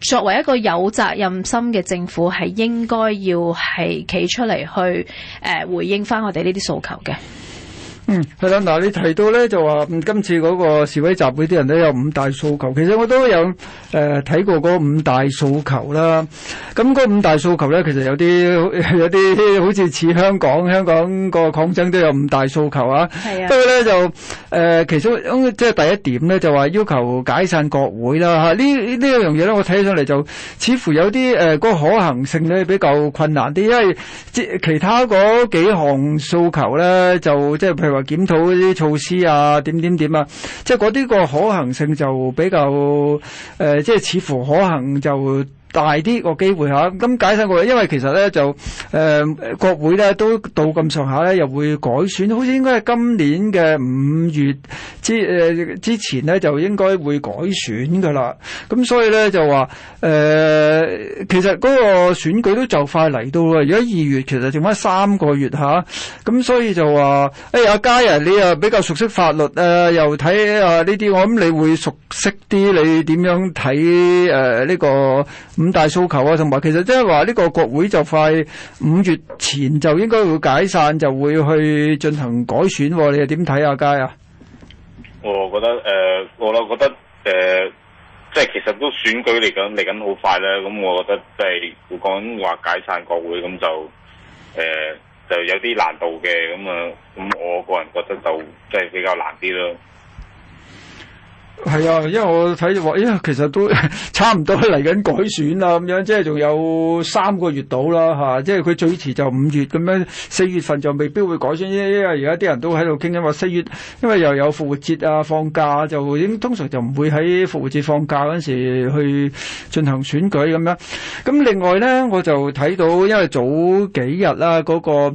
作為一個有責任心嘅政府係應該要係企出嚟去誒、呃、回應返我哋呢啲訴求嘅。嗯，係啦，嗱，你提到咧，就話今次嗰個示威集會啲人咧有五大訴求，其實我都有誒睇過嗰五大訴求啦。咁嗰五大訴求咧，其實有啲有啲好似似香港，香港個抗爭都有五大訴求啊。係啊。不過咧就誒，其中即係第一點咧就話要求解散國會啦。吓，呢呢一樣嘢咧，我睇起上嚟就似乎有啲誒個可行性咧比較困難啲，因為即係其他嗰幾項訴求咧就即係譬如。話檢討嗰啲措施啊，點點點啊，即係嗰啲個可行性就比較誒、呃，即係似乎可行就。大啲個機會嚇，咁解釋過因為其實咧就誒、呃、國會咧都到咁上下咧，又會改選，好似應該係今年嘅五月之誒、呃、之前咧，就應該會改選噶啦。咁所以咧就話誒、呃，其實嗰個選舉都就快嚟到啦。而家二月其實剩翻三個月嚇，咁、啊、所以就話誒、欸、阿嘉啊，你又比較熟悉法律啊、呃，又睇啊呢啲，我諗你會熟悉啲，你點樣睇誒呢個？五大訴求啊，同埋其實即係話呢個國會就快五月前就應該會解散，就會去進行改選，啊。你又點睇啊佳？家啊、呃，我覺得誒，我諗覺得誒，即係其實都選舉嚟緊，嚟緊好快咧。咁我覺得即係會講話解散國會咁就誒、呃，就有啲難度嘅。咁啊，咁我個人覺得就即係比較難啲咯。係啊，因為我睇話，其實都差唔多嚟緊改選啊，咁樣即係仲有三個月到啦吓，即係佢最遲就五月咁樣，四月份就未必會改選，因為而家啲人都喺度傾緊話，因為四月因為又有復活節啊放假，就通常就唔會喺復活節放假嗰時去進行選舉咁樣。咁另外呢，我就睇到因為早幾日啦，嗰個。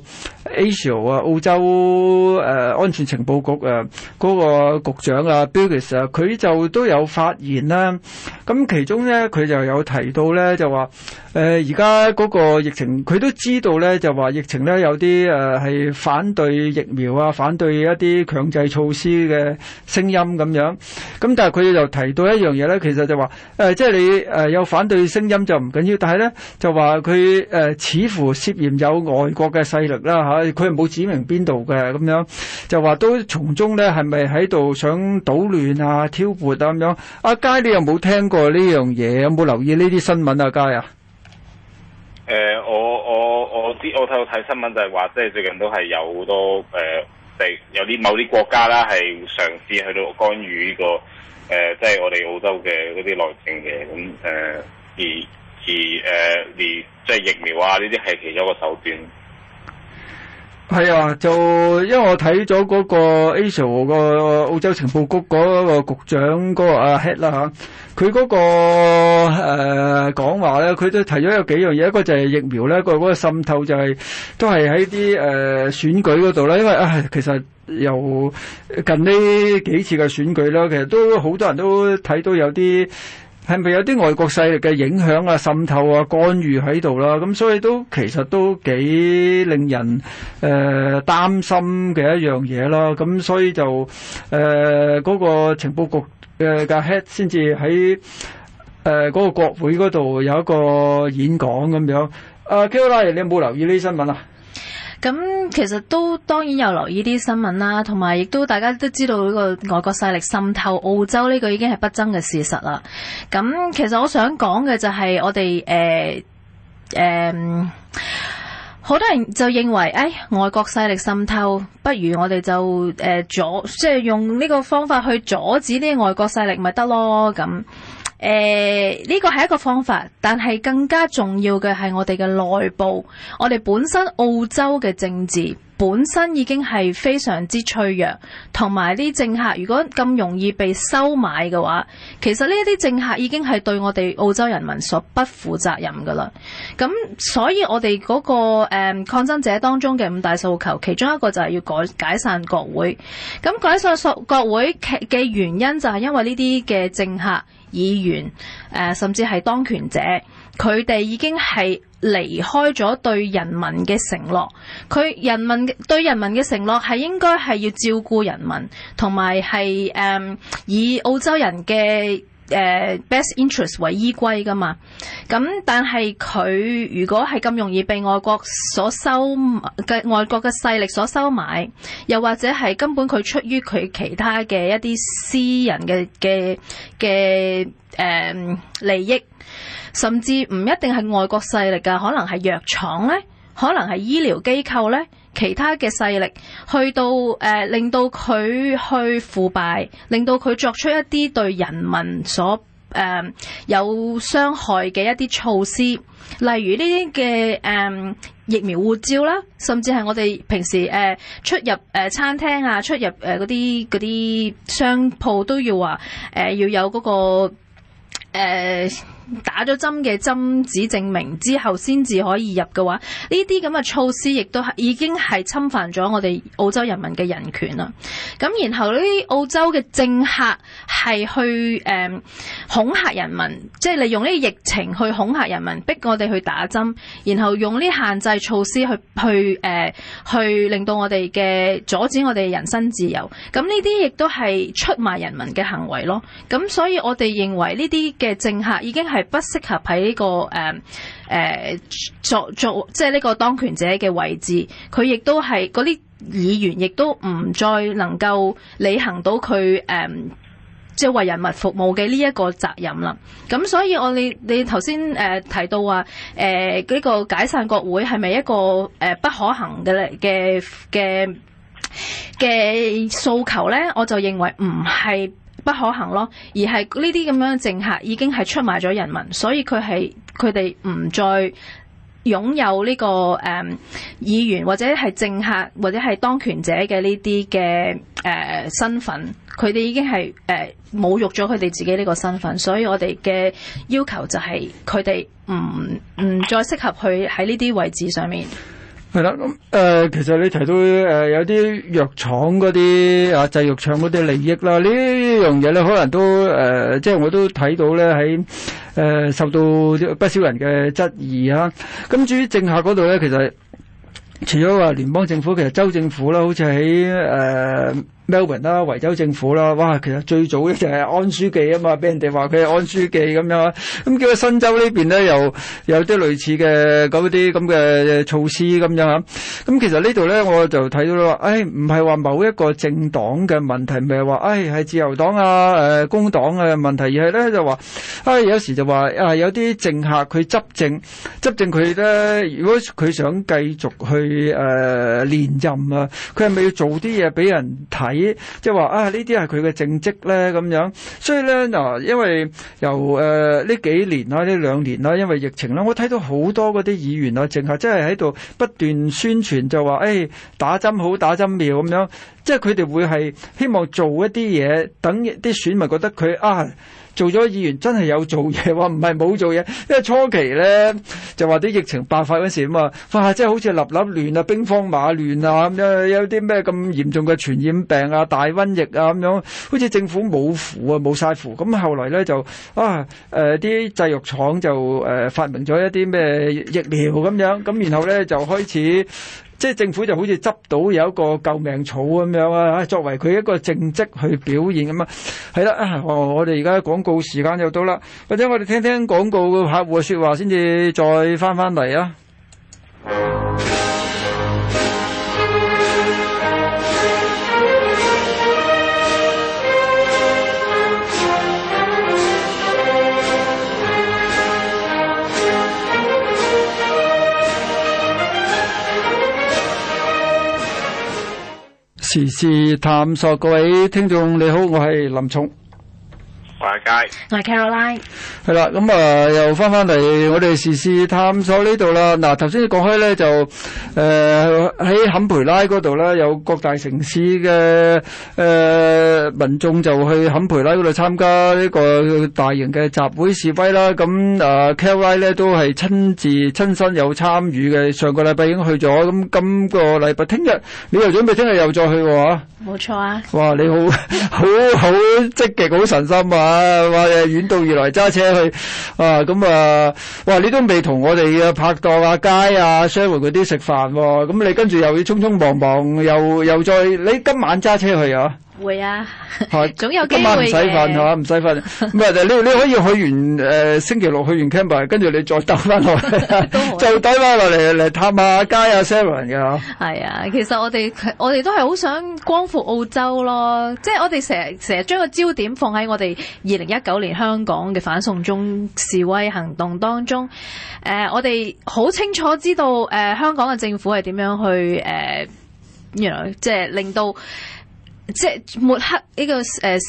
ASIO 啊，澳洲誒、呃、安全情報局誒、呃嗰個局長啊 Burgess 啊，佢就都有發言啦。咁其中咧，佢就有提到咧，就話誒而家個疫情，佢都知道咧，就話疫情咧有啲誒係反對疫苗啊，反對一啲強制措施嘅聲音咁樣，咁但係佢又提到一樣嘢咧，其實就話誒、呃、即係你誒有反對聲音就唔緊要，但係咧就話佢誒似乎涉嫌有外國嘅勢力啦吓。啊佢又冇指明邊度嘅咁樣，就話都從中咧係咪喺度想搗亂啊、挑撥啊咁樣？阿、啊、佳，你有冇聽過呢樣嘢？有冇留意呢啲新聞啊？佳啊？誒、呃，我我我啲我睇我睇新聞就係話，即係最近都係有好多即第、呃就是、有啲某啲國家啦，係嘗試去到干預呢、這個誒，即、呃、係、就是、我哋澳洲嘅嗰啲內政嘅咁誒，而而誒而即係疫苗啊呢啲係其中一個手段。係啊，就因為我睇咗嗰個 ASIO 個澳洲情報局嗰個局長嗰個阿 Head 啦嚇，佢嗰個誒講話咧，佢都提咗有幾樣嘢，一個就係疫苗咧，一個嗰個滲透就係都係喺啲誒選舉嗰度啦，因為啊，其實由近呢幾次嘅選舉啦，其實都好多人都睇到有啲。係咪有啲外國勢力嘅影響啊、滲透啊、干預喺度啦？咁所以都其實都幾令人誒擔心嘅一樣嘢啦。咁所以就誒嗰個情報局嘅 head 先至喺誒嗰個國會嗰度有一個演講咁樣。阿 Kelly，你有冇留意呢啲新聞啊？咁、嗯、其實都當然有留意啲新聞啦，同埋亦都大家都知道呢個外國勢力滲透澳洲呢個已經係不爭嘅事實啦。咁、嗯、其實我想講嘅就係我哋誒誒好多人就認為誒外國勢力滲透，不如我哋就誒、呃、阻即係用呢個方法去阻止啲外國勢力咪得咯咁。嗯誒呢個係一個方法，但係更加重要嘅係我哋嘅內部，我哋本身澳洲嘅政治本身已經係非常之脆弱，同埋啲政客如果咁容易被收買嘅話，其實呢一啲政客已經係對我哋澳洲人民所不負責任㗎啦。咁所以我哋嗰個誒抗爭者當中嘅五大訴求，其中一個就係要改解散國會。咁解散國會嘅原因就係因為呢啲嘅政客。議員誒、呃，甚至係當權者，佢哋已經係離開咗對人民嘅承諾。佢人民對人民嘅承諾，係應該係要照顧人民，同埋係誒以澳洲人嘅。誒、uh, best interest 為依歸噶嘛。咁但係佢如果係咁容易被外國所收嘅外國嘅勢力所收買，又或者係根本佢出於佢其他嘅一啲私人嘅嘅嘅誒利益，甚至唔一定係外國勢力嘅，可能係藥廠咧，可能係醫療機構咧。其他嘅勢力去到誒、呃，令到佢去腐敗，令到佢作出一啲對人民所誒、呃、有傷害嘅一啲措施，例如呢啲嘅誒疫苗護照啦，甚至係我哋平時誒、呃、出入誒、呃、餐廳啊，出入誒嗰啲嗰啲商鋪都要話誒、呃、要有嗰、嗰個、呃打咗針嘅針紙證明之後先至可以入嘅話，呢啲咁嘅措施亦都係已經係侵犯咗我哋澳洲人民嘅人權啦。咁然後呢啲澳洲嘅政客係去誒、嗯、恐嚇人民，即係利用呢個疫情去恐嚇人民，逼我哋去打針，然後用呢限制措施去去誒、呃、去令到我哋嘅阻止我哋人身自由。咁呢啲亦都係出賣人民嘅行為咯。咁、嗯、所以我哋認為呢啲嘅政客已經係，係不適合喺呢個誒誒作作即係呢個當權者嘅位置，佢亦都係嗰啲議員亦都唔再能夠履行到佢誒即係為人民服務嘅呢一個責任啦。咁所以我哋你頭先誒提到話誒呢個解散國會係咪一個誒不可行嘅嘅嘅嘅訴求咧？我就認為唔係。不可行咯，而係呢啲咁樣嘅政客已經係出賣咗人民，所以佢係佢哋唔再擁有呢、這個誒、呃、議員或者係政客或者係當權者嘅呢啲嘅誒身份，佢哋已經係誒、呃、侮辱咗佢哋自己呢個身份，所以我哋嘅要求就係佢哋唔唔再適合去喺呢啲位置上面。係啦，咁誒，其實你提到誒有啲藥廠嗰啲啊，製藥廠嗰啲利益啦，呢樣嘢咧可能都誒，即係我都睇到咧喺誒受到不少人嘅質疑啊。咁至於政客嗰度咧，其實除咗話聯邦政府，其實州政府啦，好似喺誒。Melbourne 啦，維州政府啦，哇，其實最早咧就係安書記啊嘛，俾人哋話佢係安書記咁樣，咁結果新州呢邊咧又有啲類似嘅嗰啲咁嘅措施咁樣嚇，咁其實呢度咧我就睇到喇話，唉，唔係話某一個政黨嘅問題，咪係話唉係自由黨啊、誒工黨嘅問題，而係咧就話，唉有時就話啊有啲政客佢執政，執政佢咧如果佢想繼續去誒連任啊，佢係咪要做啲嘢俾人睇？咦，即係話啊，呢啲係佢嘅政績咧，咁樣。所以咧嗱，因為由誒呢、呃、幾年啦、呢兩年啦，因為疫情咧，我睇到好多嗰啲議員啊，政客真係喺度不斷宣傳，就話誒、哎、打針好、打針妙咁樣。即係佢哋會係希望做一啲嘢，等啲選民覺得佢啊。做咗議員真係有做嘢，話唔係冇做嘢，因為初期咧就話啲疫情爆發嗰時啊嘛，哇！即係好似立立亂啊，兵荒馬亂啊咁樣，有啲咩咁嚴重嘅傳染病啊、大瘟疫啊咁樣，好似政府冇符啊，冇晒符。咁後嚟咧就啊誒啲製藥廠就誒發明咗一啲咩疫苗咁樣，咁然後咧就開始。即係政府就好似執到有一個救命草咁樣啊，作為佢一個政績去表現咁啊，係啦，哦，我我哋而家廣告時間又到啦，或者我哋聽聽廣告嘅客戶嘅說話先至再翻翻嚟啊。時事探索，各位聽眾，你好，我係林聰。華街，我係 Caroline，係啦，咁啊，又翻翻嚟，我哋時事探索呢度啦。嗱，頭先講開咧，就，誒，喺坎培拉嗰度咧有各大城市嘅，誒民眾就去坎培拉嗰度參加呢個大型嘅集會示威啦。咁啊，Caroline 咧都係親自親身有參與嘅。上個禮拜已經去咗，咁今個禮拜聽日你又準備聽日又再去喎？吓，冇錯啊！哇，你好，好好積極，好神心啊！啊！話遠道而來揸車去啊！咁、嗯、啊，哇！你都未同我哋啊拍檔啊、街啊、share 嗰啲食飯喎，咁你跟住又要匆匆忙忙，又又再你今晚揸車去啊？會啊，係， 總有機會。唔使瞓吓，唔使瞓。唔 你你可以去完誒、呃、星期六去完 Canberra 跟住你再兜返落，嚟 以，就兜返落嚟嚟探下街啊。Seven 嘅吓。係啊，其實我哋我哋都係好想光復澳洲咯，即係我哋成日成日將個焦點放喺我哋二零一九年香港嘅反送中示威行動當中。誒、呃，我哋好清楚知道誒、呃、香港嘅政府係點樣去誒、呃，原來即係令到。即抹黑呢個誒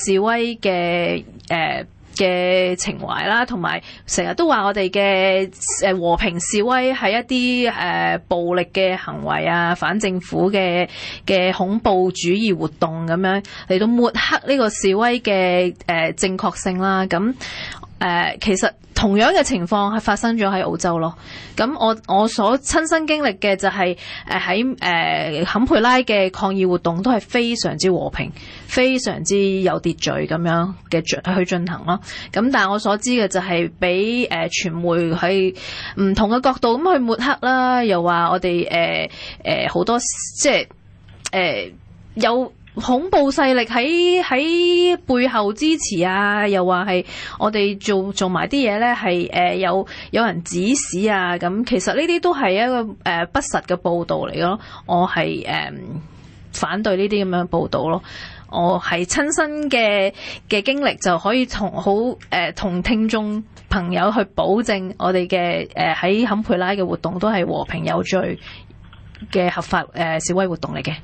示威嘅誒嘅情懷啦，同埋成日都話我哋嘅誒和平示威係一啲誒、呃、暴力嘅行為啊，反政府嘅嘅恐怖主義活動。咁樣嚟到抹黑呢個示威嘅誒、呃、正確性啦，咁、嗯。誒、呃，其實同樣嘅情況係發生咗喺澳洲咯。咁我我所親身經歷嘅就係誒喺誒堪培拉嘅抗議活動都係非常之和平、非常之有秩序咁樣嘅去進行咯。咁但係我所知嘅就係俾誒傳媒喺唔同嘅角度咁去抹黑啦，又話我哋誒誒好多即係誒、呃、有。恐怖勢力喺喺背後支持啊，又話係我哋做做埋啲嘢呢，係、呃、誒有有人指使啊咁，其實呢啲都係一個誒、呃、不實嘅報導嚟咯。我係誒、呃、反對呢啲咁樣報導咯。我係親身嘅嘅經歷就可以同好誒、呃、同聽眾朋友去保證我哋嘅誒喺堪培拉嘅活動都係和平有序嘅合法誒、呃、示威活動嚟嘅。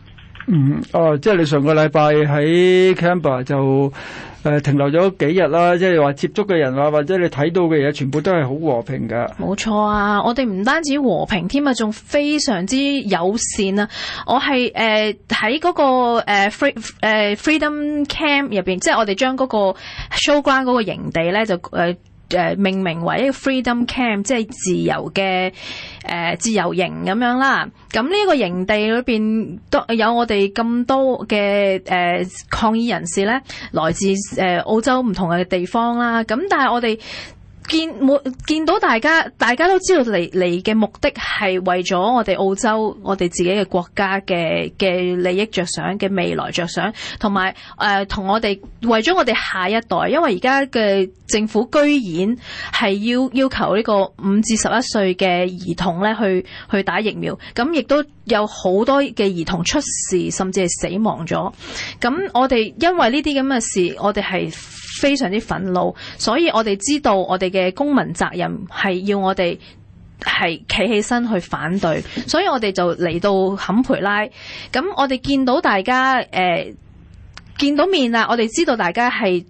嗯，哦，即係你上個禮拜喺 Canberra 就誒、呃、停留咗幾日啦，即係話接觸嘅人話，或者你睇到嘅嘢，全部都係好和平噶。冇錯啊，我哋唔單止和平添啊，仲非常之友善啊！我係誒喺嗰個誒、呃、fre 誒、呃、freedom camp 入邊，即係我哋將嗰個 show 關嗰個營地咧就誒。呃誒、呃、命名為一個 Freedom Camp，即係自由嘅誒、呃、自由營咁樣啦。咁呢一個營地裏邊都有我哋咁多嘅誒、呃、抗議人士咧，來自誒、呃、澳洲唔同嘅地方啦。咁但係我哋。見見到大家，大家都知道嚟嚟嘅目的係為咗我哋澳洲，我哋自己嘅國家嘅嘅利益着想，嘅未來着想，同埋誒同我哋為咗我哋下一代，因為而家嘅政府居然係要要求呢個五至十一歲嘅兒童咧去去打疫苗，咁亦都。有好多嘅兒童出事，甚至係死亡咗。咁我哋因為呢啲咁嘅事，我哋係非常之憤怒，所以我哋知道我哋嘅公民責任係要我哋係企起身去反對。所以我哋就嚟到坎培拉。咁我哋見到大家誒、呃、見到面啦，我哋知道大家係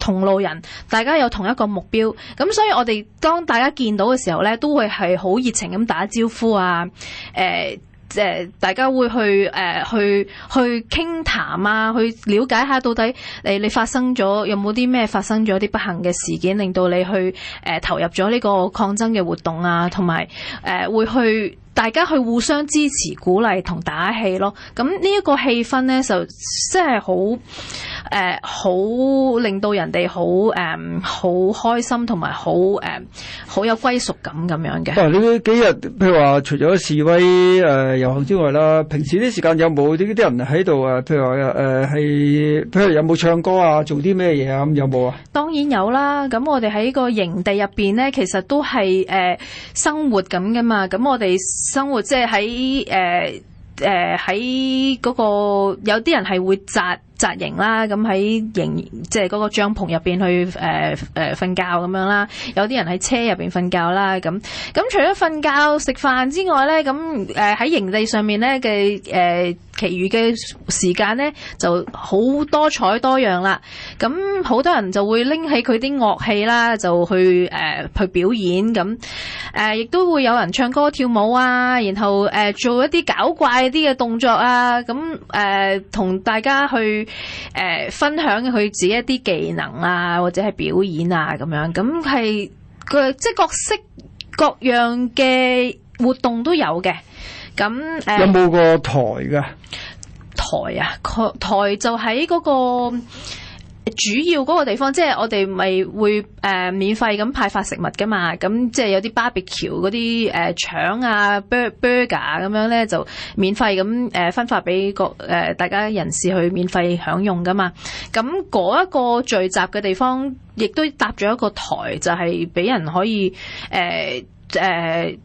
同路人，大家有同一個目標。咁所以我哋當大家見到嘅時候呢，都會係好熱情咁打招呼啊，誒、呃。即、呃、大家會去誒、呃、去去傾談，談啊，去了解下到底誒你，你發生咗有冇啲咩發生咗啲不幸嘅事件，令到你去誒、呃、投入咗呢個抗爭嘅活動啊，同埋誒會去大家去互相支持、鼓勵同打氣咯。咁呢一個氣氛呢，就真係好。誒好、呃、令到人哋好誒好開心同埋好誒好有歸屬感咁樣嘅。呢幾日譬如話除咗示威誒遊、呃、行之外啦，平時啲時間有冇呢啲人喺度啊？譬如話誒係譬如有冇唱歌啊？做啲咩嘢啊？咁、嗯、有冇啊？當然有啦。咁我哋喺個營地入邊咧，其實都係誒、呃、生活咁㗎嘛。咁我哋生活即係喺誒誒喺嗰個有啲人係會扎。紮營啦，咁、嗯、喺營即係嗰個帳篷入邊去誒誒瞓覺咁樣啦，有啲人喺車入邊瞓覺啦，咁咁除咗瞓覺食飯之外呢，咁誒喺營地上面呢嘅誒，其餘嘅時間呢，就好多彩多樣啦。咁好多人就會拎起佢啲樂器啦，就去誒、呃、去表演咁，誒亦、呃、都會有人唱歌跳舞啊，然後誒、呃、做一啲搞怪啲嘅動作啊，咁誒同大家去。誒、呃，分享佢自己一啲技能啊，或者係表演啊，咁樣咁係佢即係各式各樣嘅活動都有嘅。咁、呃、有冇個台噶台啊？台就喺嗰、那個。主要嗰個地方，即係我哋咪會誒、呃、免費咁派發食物噶嘛，咁即係有啲 barbecue 嗰啲誒、呃、腸啊、Bur, burger 咁樣咧，就免費咁誒、呃、分發俾各誒、呃、大家人士去免費享用噶嘛，咁嗰一個聚集嘅地方，亦都搭咗一個台，就係、是、俾人可以誒誒。呃呃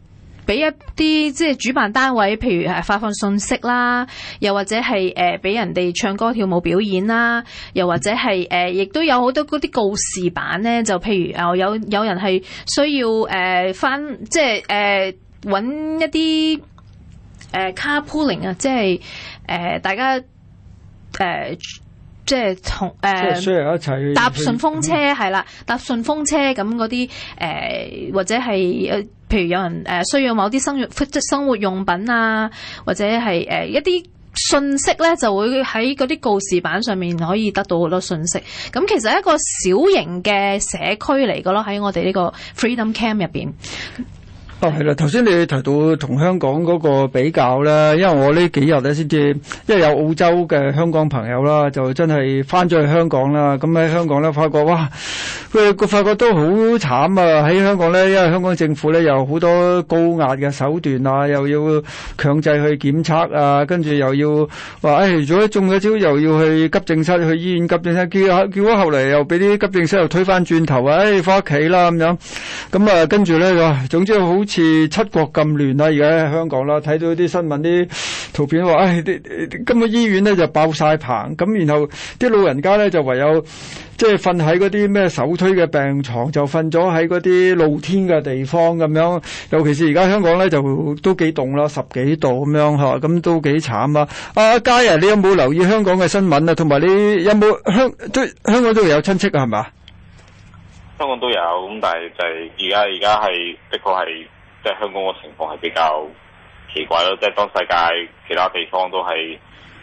俾一啲即係主辦單位，譬如誒發放信息啦，又或者係誒俾人哋唱歌跳舞表演啦，又或者係誒，亦、呃、都有好多嗰啲告示板咧，就譬如誒、呃、有有人係需要誒、呃、翻，即係誒揾一啲誒 carpooling 啊，呃、ing, 即係誒、呃、大家誒。呃即係同誒、呃、搭順風車係啦、嗯，搭順風車咁啲誒，或者係誒、呃，譬如有人誒需要某啲生活生活用品啊，或者係誒、呃、一啲信息咧，就會喺嗰啲告示板上面可以得到好多信息。咁其實一個小型嘅社區嚟噶咯，喺我哋呢個 Freedom Camp 入邊。哦，係啦！頭先你提到同香港嗰個比較咧，因為我呢幾日咧先至，因為有澳洲嘅香港朋友啦，就真係翻咗去香港啦。咁喺香港咧，發覺哇，佢個發覺都好慘啊！喺香港咧，因為香港政府咧有好多高壓嘅手段啊，又要強制去檢測啊，跟住又要話誒，如果中咗招又要去急症室，去醫院急症室。叫啊叫啊，後嚟又俾啲急症室又推翻轉頭，誒、哎，翻屋企啦咁樣。咁啊，跟住咧，總之好。好似七國咁亂啦，而家喺香港啦，睇到啲新聞啲圖片話，唉，啲今日醫院咧就爆晒棚，咁然後啲老人家咧就唯有即係瞓喺嗰啲咩手推嘅病床，就瞓咗喺嗰啲露天嘅地方咁樣。尤其是而家香港咧就都幾凍咯，十幾度咁樣吓，咁都幾慘啊，啊！阿佳啊，你有冇留意香港嘅新聞啊？同埋你有冇香都香港都有親戚係咪？香港都有，咁但係就係而家而家係的確係。即係香港嘅情況係比較奇怪咯，即係當世界其他地方都係誒、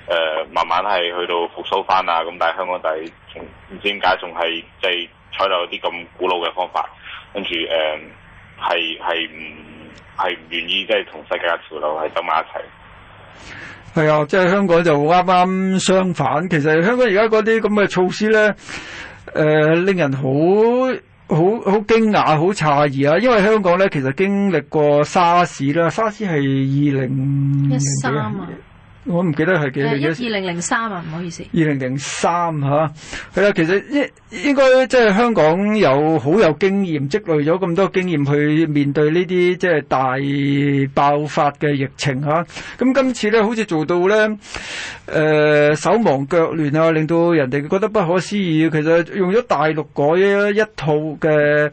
呃、慢慢係去到復甦翻啊，咁但係香港就係、是、唔知點解仲係即係採留啲咁古老嘅方法，跟住誒係係唔係唔願意即係同世界嘅潮流係走埋一齊？係啊，即、就、係、是、香港就啱啱相反。其實香港而家嗰啲咁嘅措施咧，誒、呃、令人好～好好驚訝，好詫異啊！因為香港咧，其實經歷過沙士啦，沙士係二零一三啊。我唔記得係幾年？二零零三啊，唔好意思。二零零三嚇，係啊，其實應應該即係香港有好有經驗，積累咗咁多經驗去面對呢啲即係大爆發嘅疫情嚇。咁、啊、今次咧好似做到咧誒、呃、手忙腳亂啊，令到人哋覺得不可思議。其實用咗大陸嗰一套嘅。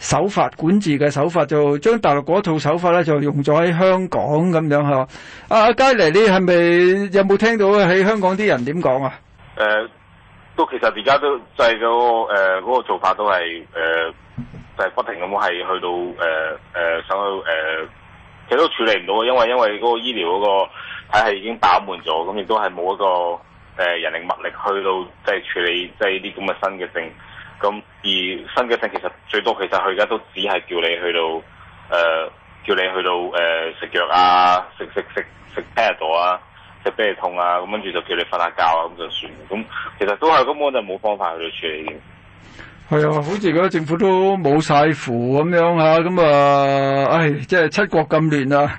手法管治嘅手法就將大陸嗰套手法咧就用咗喺香港咁樣吓，阿、啊、佳妮你係咪有冇聽到喺香港啲人點講啊？誒、呃，都其實而家都就係、是那個誒嗰、呃那個做法都係誒、呃、就係、是、不停咁係去到誒誒上去誒、呃，其實都處理唔到，因為因為嗰個醫療嗰、那個體系已經飽滿咗，咁、嗯、亦都係冇一個誒、呃、人力物力去到即係、就是、處理即係呢啲咁嘅新嘅症。咁而新嘅症其實最多，其實佢而家都只係叫你去到，誒、呃、叫你去到誒、呃、食藥啊，食食食食 paddo 啊，食必理痛啊，咁跟住就叫你瞓下覺啊，咁就算。咁、嗯、其實都係根本就冇方法去到處理嘅。係啊，好似個政府都冇曬符咁樣嚇，咁啊，唉，即係七國咁亂啊！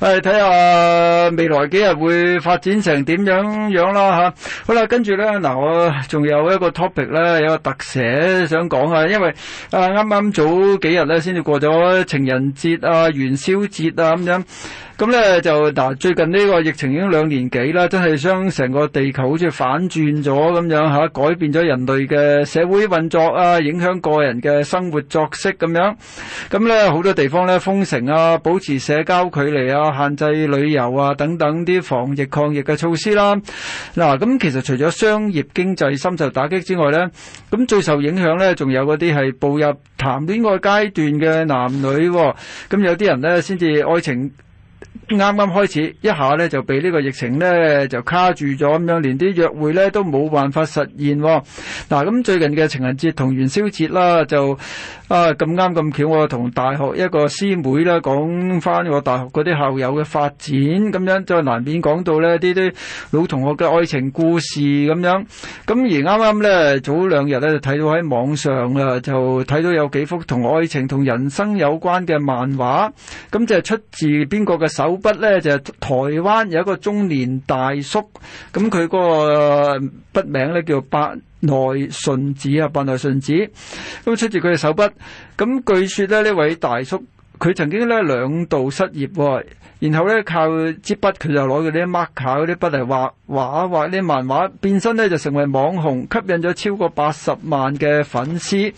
唉，睇下未來幾日會發展成點樣樣啦嚇。好啦，跟住咧，嗱，我仲有一個 topic 咧，有個特寫想講啊，因為啊，啱啱早幾日咧，先至過咗情人節啊、元宵節啊咁樣。咁咧就嗱，最近呢個疫情已經兩年幾啦，真係將成個地球好似反轉咗咁樣嚇，改變咗人類嘅社會運作啊，影響個人嘅生活作息咁樣。咁咧好多地方咧封城啊，保持社交距離啊，限制旅遊啊，等等啲防疫抗疫嘅措施啦。嗱，咁其實除咗商業經濟深受打擊之外咧，咁最受影響咧，仲有嗰啲係步入談戀愛階段嘅男女喎。咁有啲人咧先至愛情。啱啱開始一下咧就被呢個疫情咧就卡住咗咁樣，連啲約會咧都冇辦法實現，哦。嗱、啊、咁最近嘅情人節同元宵節啦、啊，就啊咁啱咁巧，我同大學一個師妹啦講翻我大學嗰啲校友嘅發展咁樣，再難免講到呢啲啲老同學嘅愛情故事咁樣。咁而啱啱咧早兩日咧就睇到喺網上啊，就睇到有幾幅同愛情同人生有關嘅漫畫，咁就係出自邊個嘅手？手筆咧就係台灣有一個中年大叔，咁佢個筆名咧叫八耐舜子啊，八耐舜子，咁出住佢嘅手筆，咁據說咧呢位大叔。佢曾經咧兩度失業、哦，然後咧靠支筆，佢就攞嗰啲 marker 嗰啲筆嚟畫畫畫啲漫畫，畫，變身咧就成為網紅，吸引咗超過八十萬嘅粉絲，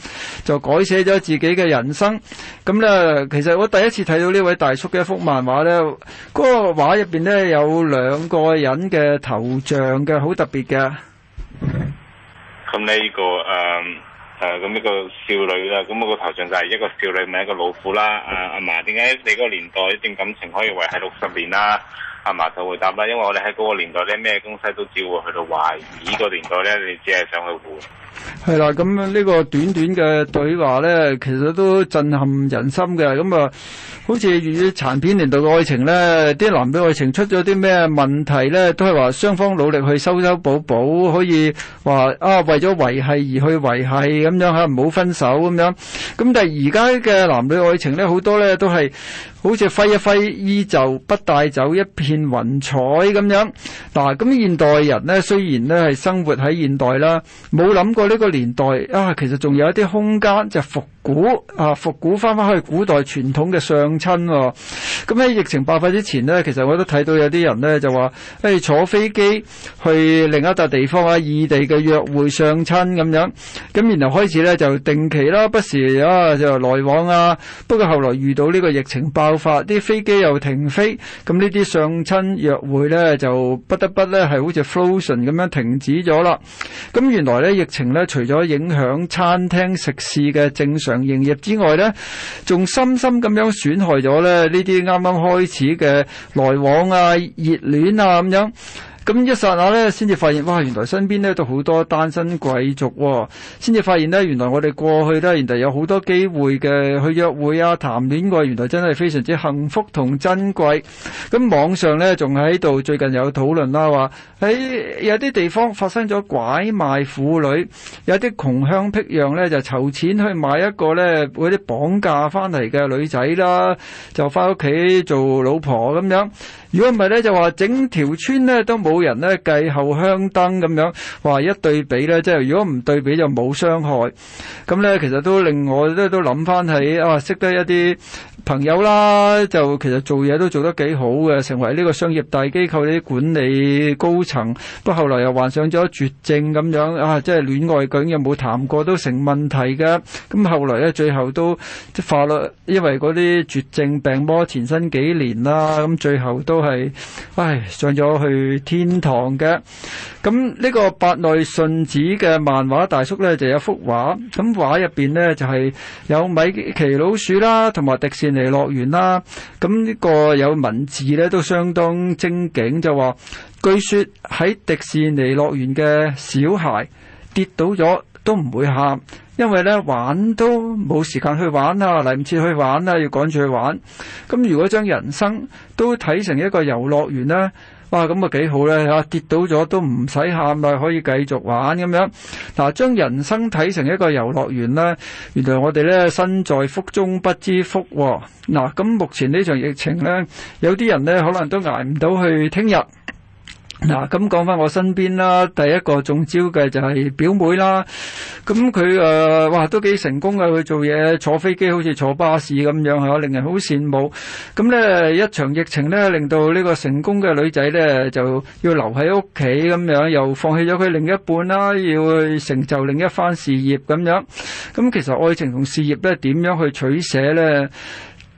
就改寫咗自己嘅人生。咁咧，其實我第一次睇到呢位大叔嘅一幅漫畫咧，嗰、嗰個畫入邊咧有兩個人嘅頭像嘅，好特別嘅。咁呢個誒？嗯嗯誒咁一個少女啦，咁我個頭像就係一個少女，咪、嗯、一,一個老虎啦。阿阿嫲，點解你嗰個年代一段感情可以維係六十年啦？阿、啊、嫲就回答啦，因為我哋喺嗰個年代咧，咩東西都只會去到懷疑，呢個年代咧，你只係想去換。係啦，咁呢個短短嘅對話呢，其實都震撼人心嘅。咁啊，好似粵語殘片年代嘅愛情呢，啲男女愛情出咗啲咩問題呢？都係話雙方努力去修修補補，可以話啊為咗維繫而去維繫咁樣吓，啊，唔好分手咁樣。咁但係而家嘅男女愛情呢，好多呢都係。好似揮一揮衣袖，不帶走一片雲彩咁樣嗱，咁、啊、現代人呢，雖然呢係生活喺現代啦，冇諗過呢個年代啊，其實仲有一啲空間就服、是。古啊，復古翻翻去古代傳統嘅相親，哦，喎。咁喺疫情爆發之前咧，其實我都睇到有啲人咧就話誒、欸、坐飛機去另一笪地方啊，異地嘅約會相親咁樣，咁然後開始咧就定期啦，不時啊就來往啊。不過後來遇到呢個疫情爆發啲飛機又停飛，咁呢啲相親約會咧就不得不咧係好似 frozen 咁樣停止咗啦。咁原來咧疫情咧除咗影響餐廳食肆嘅正常。營業之外咧，仲深深咁樣損害咗咧呢啲啱啱開始嘅來往啊、熱戀啊咁樣。咁一剎那咧，先至發現哇，原來身邊咧都好多單身貴族，哦，先至發現呢，原來我哋過去呢，原來有好多機會嘅去約會啊、談戀愛，原來真係非常之幸福同珍貴。咁網上呢，仲喺度，最近有討論啦，話喺有啲地方發生咗拐賣婦女，有啲窮鄉僻壤呢，就籌錢去買一個呢嗰啲綁架翻嚟嘅女仔啦，就翻屋企做老婆咁樣。如果唔係咧，就話整條村呢都冇人呢繼後香燈咁樣，話一對比咧，即係如果唔對比就冇傷害。咁咧其實都令我咧都諗翻起啊，識得一啲。朋友啦，就其實做嘢都做得幾好嘅，成為呢個商業大機構啲管理高層。不過後來又患上咗絕症咁樣，啊，即係戀愛究竟有冇談過都成問題嘅。咁後來咧，最後都即係發，因為嗰啲絕症病魔纏身幾年啦，咁最後都係唉上咗去天堂嘅。咁呢個八耐舜子嘅漫畫大叔呢，就有一幅畫，咁畫入邊呢，就係有米奇老鼠啦，同埋迪士尼樂園啦。咁呢個有文字呢，都相當精警，就話據說喺迪士尼樂園嘅小孩跌倒咗都唔會喊，因為呢玩都冇時間去玩啦，嚟唔切去玩啦，要趕住去玩。咁如果將人生都睇成一個遊樂園咧？哇！咁啊幾好咧吓，跌倒咗都唔使喊啦，可以繼續玩咁樣嗱，將人生睇成一個遊樂園啦。原來我哋咧身在福中不知福喎，哦。嗱，咁目前呢場疫情咧，有啲人咧可能都捱唔到去聽日。嗱，咁講返我身邊啦，第一個中招嘅就係表妹啦。咁佢誒，哇，都幾成功嘅，去做嘢，坐飛機好似坐巴士咁樣嚇，令人好羨慕。咁咧，一場疫情咧，令到呢個成功嘅女仔咧，就要留喺屋企咁樣，又放棄咗佢另一半啦，要去成就另一番事業咁樣。咁其實愛情同事業咧，點樣去取捨咧？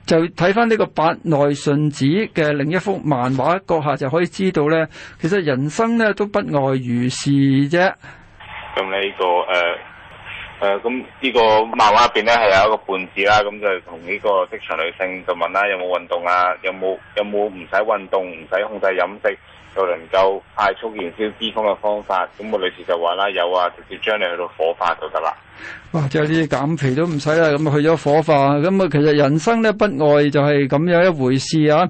就睇翻呢個八耐舜子嘅另一幅漫畫，閣下就可以知道呢，其實人生咧都不外如是啫。咁呢、呢個誒誒，咁、呃、呢、呃、個漫畫入邊咧係有一個胖子啦，咁就同呢個職場女性就問啦，有冇運動啊？有冇有冇唔使運動、唔使控制飲食，又能夠快速燃燒脂肪嘅方法？咁個女士就話啦：有啊，直接將你去到火化就得啦。哇！即係啲減肥都唔使啦，咁啊去咗火化，咁啊其實人生咧不外就係咁樣一回事啊！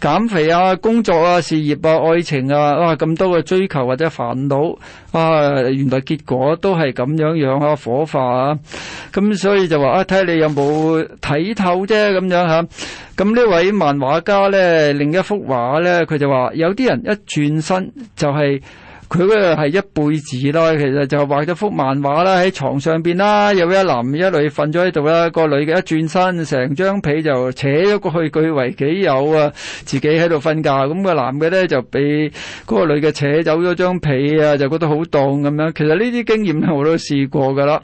減肥啊，工作啊，事業啊，愛情啊，哇咁多嘅追求或者煩惱啊，原來結果都係咁樣樣啊，火化啊，咁所以就話啊，睇下你有冇睇透啫，咁樣吓、啊。咁呢位漫畫家咧，另一幅畫咧，佢就話有啲人一轉身就係、是。佢嗰個係一輩子啦，其實就畫咗幅漫畫啦，喺床上邊啦，有一男一女瞓咗喺度啦，個女嘅一轉身，成張被就扯咗過去據為己有啊，自己喺度瞓覺，咁個男嘅咧就俾嗰個女嘅扯走咗張被啊，就覺得好凍咁樣。其實呢啲經驗咧，我都試過噶啦，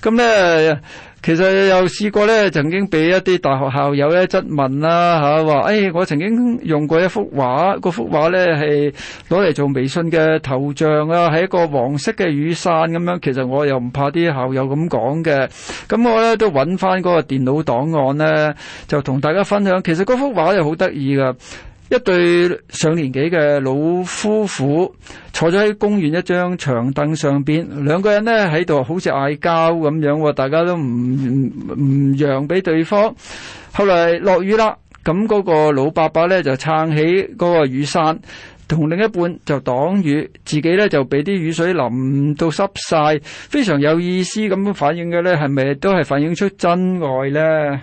咁咧。其實又試過咧，曾經俾一啲大學校友咧質問啦，嚇、啊、話：誒、哎，我曾經用過一幅畫，幅畫咧係攞嚟做微信嘅頭像啊，係一個黃色嘅雨傘咁樣。其實我又唔怕啲校友咁講嘅，咁我呢都揾翻嗰個電腦檔案呢，就同大家分享。其實嗰幅畫又好得意㗎。一對上年紀嘅老夫婦坐咗喺公園一張長凳上邊，兩個人呢喺度好似嗌交咁樣，大家都唔唔唔讓俾對方。後嚟落雨啦，咁嗰個老伯伯呢就撐起嗰個雨傘，同另一半就擋雨，自己呢就俾啲雨水淋到濕晒。非常有意思咁反映嘅呢，係咪都係反映出真愛呢？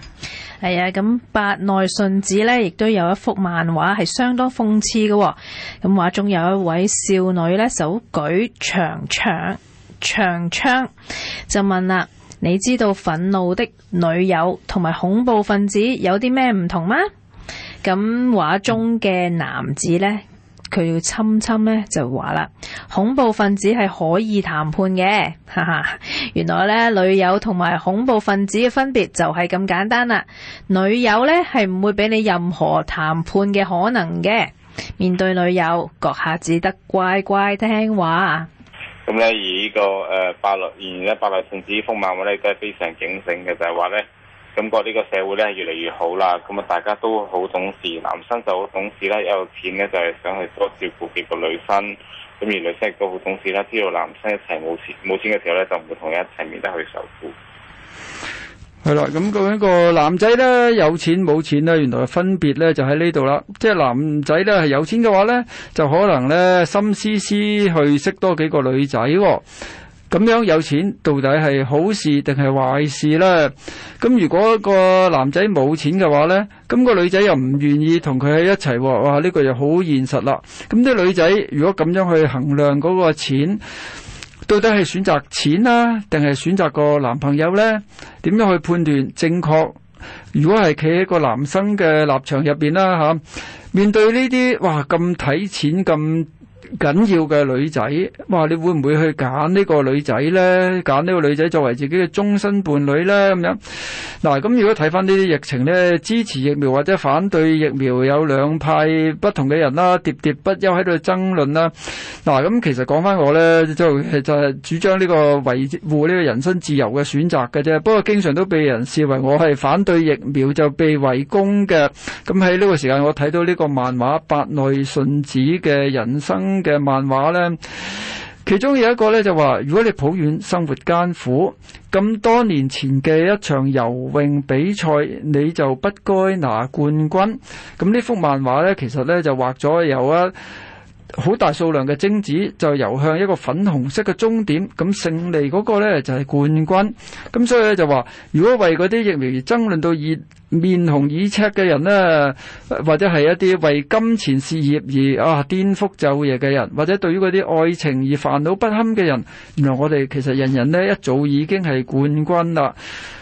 係啊，咁八耐舜子呢亦都有一幅漫畫係相當諷刺嘅，哦。咁畫中有一位少女呢，手舉長槍，長槍就問啦：你知道憤怒的女友同埋恐怖分子有啲咩唔同嗎？咁畫中嘅男子呢。佢要侵侵咧就話啦，恐怖分子係可以談判嘅，原來咧女友同埋恐怖分子嘅分別就係咁簡單啦。女友咧係唔會俾你任何談判嘅可能嘅，面對女友，閣下只得乖乖聽話。咁咧而呢、這個誒八耐，而家八耐舜子呢幅漫畫咧都係非常警醒嘅，就係話咧。感覺呢個社會咧越嚟越好啦，咁啊大家都好懂事，男生就好懂事啦，有錢咧就係想去多照顧幾個女生，咁而女生亦都好懂事啦，知道男生一齊冇錢冇錢嘅時候咧就唔會同佢一齊免得去受苦。係啦，咁究竟個男仔咧有錢冇錢咧，原來分別咧就喺呢度啦，即係男仔咧係有錢嘅話咧，就可能咧心思思去識多幾個女仔。咁樣有錢到底係好事定係壞事呢？咁如果個男仔冇錢嘅話呢，咁個女仔又唔願意同佢喺一齊喎。哇！呢個又好現實啦。咁啲女仔如果咁樣去衡量嗰個錢，到底係選擇錢啊，定係選擇個男朋友呢？點樣去判斷正確？如果係企喺個男生嘅立場入邊啦吓，面對呢啲哇咁睇錢咁～緊要嘅女仔，哇！你會唔會去揀呢個女仔呢？揀呢個女仔作為自己嘅終身伴侶呢？咁樣，嗱，咁如果睇翻呢啲疫情呢，支持疫苗或者反對疫苗有兩派不同嘅人啦、啊，喋喋不休喺度爭論啦、啊。嗱，咁其實講翻我呢，就就係主張呢個維護呢個人身自由嘅選擇嘅啫。不過經常都被人視為我係反對疫苗就被圍攻嘅。咁喺呢個時間，我睇到呢個漫畫八耐舜子嘅人生。嘅漫畫呢，其中有一個呢就話：如果你抱怨生活艱苦，咁多年前嘅一場游泳比賽，你就不該拿冠軍。咁呢幅漫畫呢，其實呢就畫咗有啊。好大數量嘅精子就游向一個粉紅色嘅終點，咁勝利嗰個咧就係、是、冠軍。咁所以咧就話，如果為嗰啲疫苗而爭論到而面紅耳赤嘅人呢，或者係一啲為金錢事業而啊顛覆晝夜嘅人，或者對於嗰啲愛情而煩惱不堪嘅人，原來我哋其實人人呢，一早已經係冠軍啦。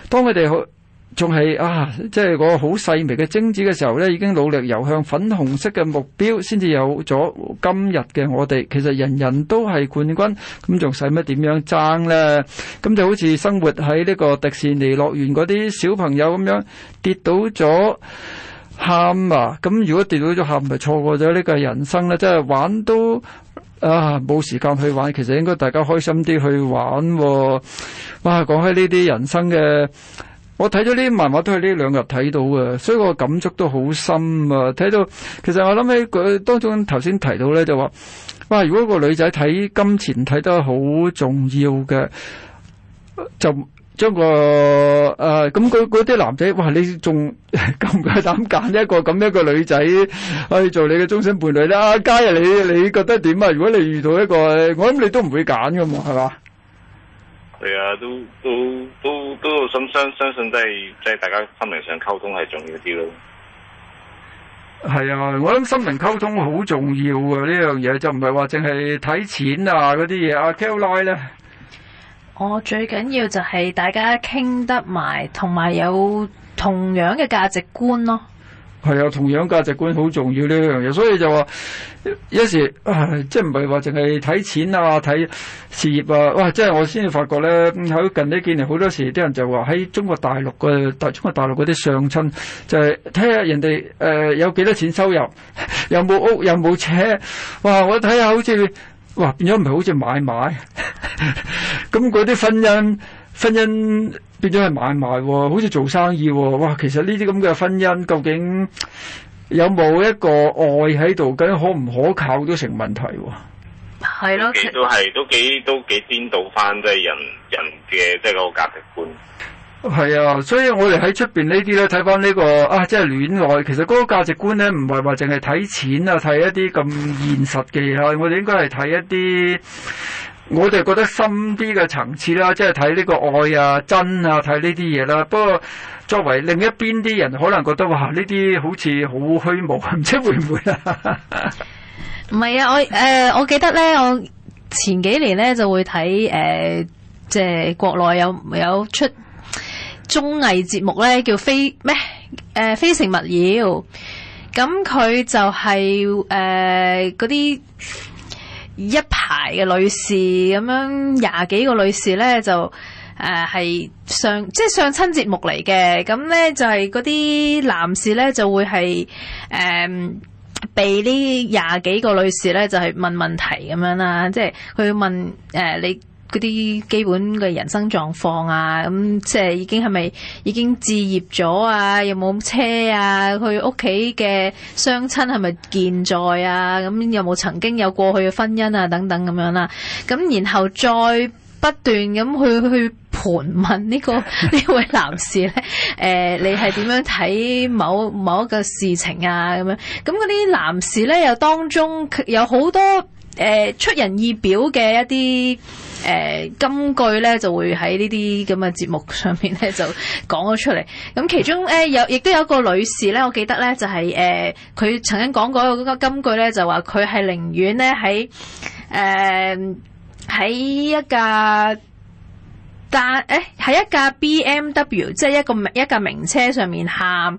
當佢哋去。仲係啊，即係嗰個好細微嘅精子嘅時候呢，已經努力游向粉紅色嘅目標，先至有咗今日嘅我哋。其實人人都係冠軍，咁仲使乜點樣爭呢？咁就好似生活喺呢個迪士尼樂園嗰啲小朋友咁樣跌倒咗，喊啊！咁如果跌倒咗喊，咪錯過咗呢個人生呢？即係玩都啊冇時間去玩，其實應該大家開心啲去玩。哇！講起呢啲人生嘅～我睇咗呢啲漫畫都係呢兩日睇到嘅，所以個感觸都好深啊！睇到，其實我諗起佢當中頭先提到咧，就話：哇！如果個女仔睇金錢，睇得好重要嘅，就將個誒咁嗰啲男仔，哇！你仲夠唔夠膽揀一個咁一個女仔去做你嘅終身伴侶啦？加啊，你你覺得點啊？如果你遇到一個，我諗你都唔會揀噶嘛，係嘛？係啊，都都都都想相相信都係即係大家心靈上溝通係重要啲咯。係啊，我諗心靈溝通好重要啊！呢樣嘢就唔係話淨係睇錢啊嗰啲嘢。阿 Kelvin 咧，我最緊要就係大家傾得埋，同埋有，有同樣嘅價值觀咯。係啊，同樣價值觀好重要呢樣嘢，所以就話有時啊，即係唔係話淨係睇錢啊、睇事業啊，哇！即係我先至發覺咧，喺近呢幾年好多時啲人就話喺中國大陸嘅大中國大陸嗰啲相親，就係睇下人哋誒、呃、有幾多錢收入，有冇屋，有冇車，哇！我睇下好似哇變咗唔係好似買賣，咁嗰啲婚姻。婚姻變咗係買賣喎，好似做生意喎。哇，其實呢啲咁嘅婚姻，究竟有冇一個愛喺度，究竟可唔可靠都成問題喎。係咯，其實都係都幾都幾顛倒翻，即係人人嘅即係個價值觀。係啊，所以我哋喺出邊呢啲咧，睇翻呢個啊，即係戀愛。其實嗰個價值觀咧，唔係話淨係睇錢啊，睇一啲咁現實嘅嘢。我哋應該係睇一啲。我哋覺得深啲嘅層次啦，即係睇呢個愛啊、真啊，睇呢啲嘢啦。不過作為另一邊啲人，可能覺得話呢啲好似好虛無，唔知會唔會啊？唔係 啊，我誒、呃，我記得咧，我前幾年咧就會睇誒，即、呃、係、就是、國內有有出綜藝節目咧，叫非、呃、非咩、誒，《非誠勿擾》就是，咁佢就係誒嗰啲。一排嘅女士咁樣，廿幾個女士呢，就誒係、呃、上即係上親節目嚟嘅，咁呢，就係嗰啲男士呢，就會係誒、呃、被呢廿幾個女士呢，就係、是、問問題咁樣啦，即係佢問誒、呃、你。嗰啲基本嘅人生狀況啊，咁、嗯、即係已經係咪已經置業咗啊？有冇車啊？佢屋企嘅雙親係咪健在啊？咁、嗯、有冇曾經有過去嘅婚姻啊？等等咁樣啦、啊。咁、嗯、然後再不斷咁去去盤問呢、這個呢 位男士咧，誒、呃，你係點樣睇某某一個事情啊？咁樣咁嗰啲男士咧，又當中有好多誒、呃、出人意表嘅一啲。誒、呃，金句咧就會喺呢啲咁嘅節目上面咧就講咗出嚟。咁其中誒、呃、有，亦都有一個女士咧，我記得咧就係、是、誒，佢、呃、曾經講過嗰個金句咧，就話佢係寧願咧喺誒喺一架。但誒喺、欸、一架 BMW，即係一個一架名車上面喊，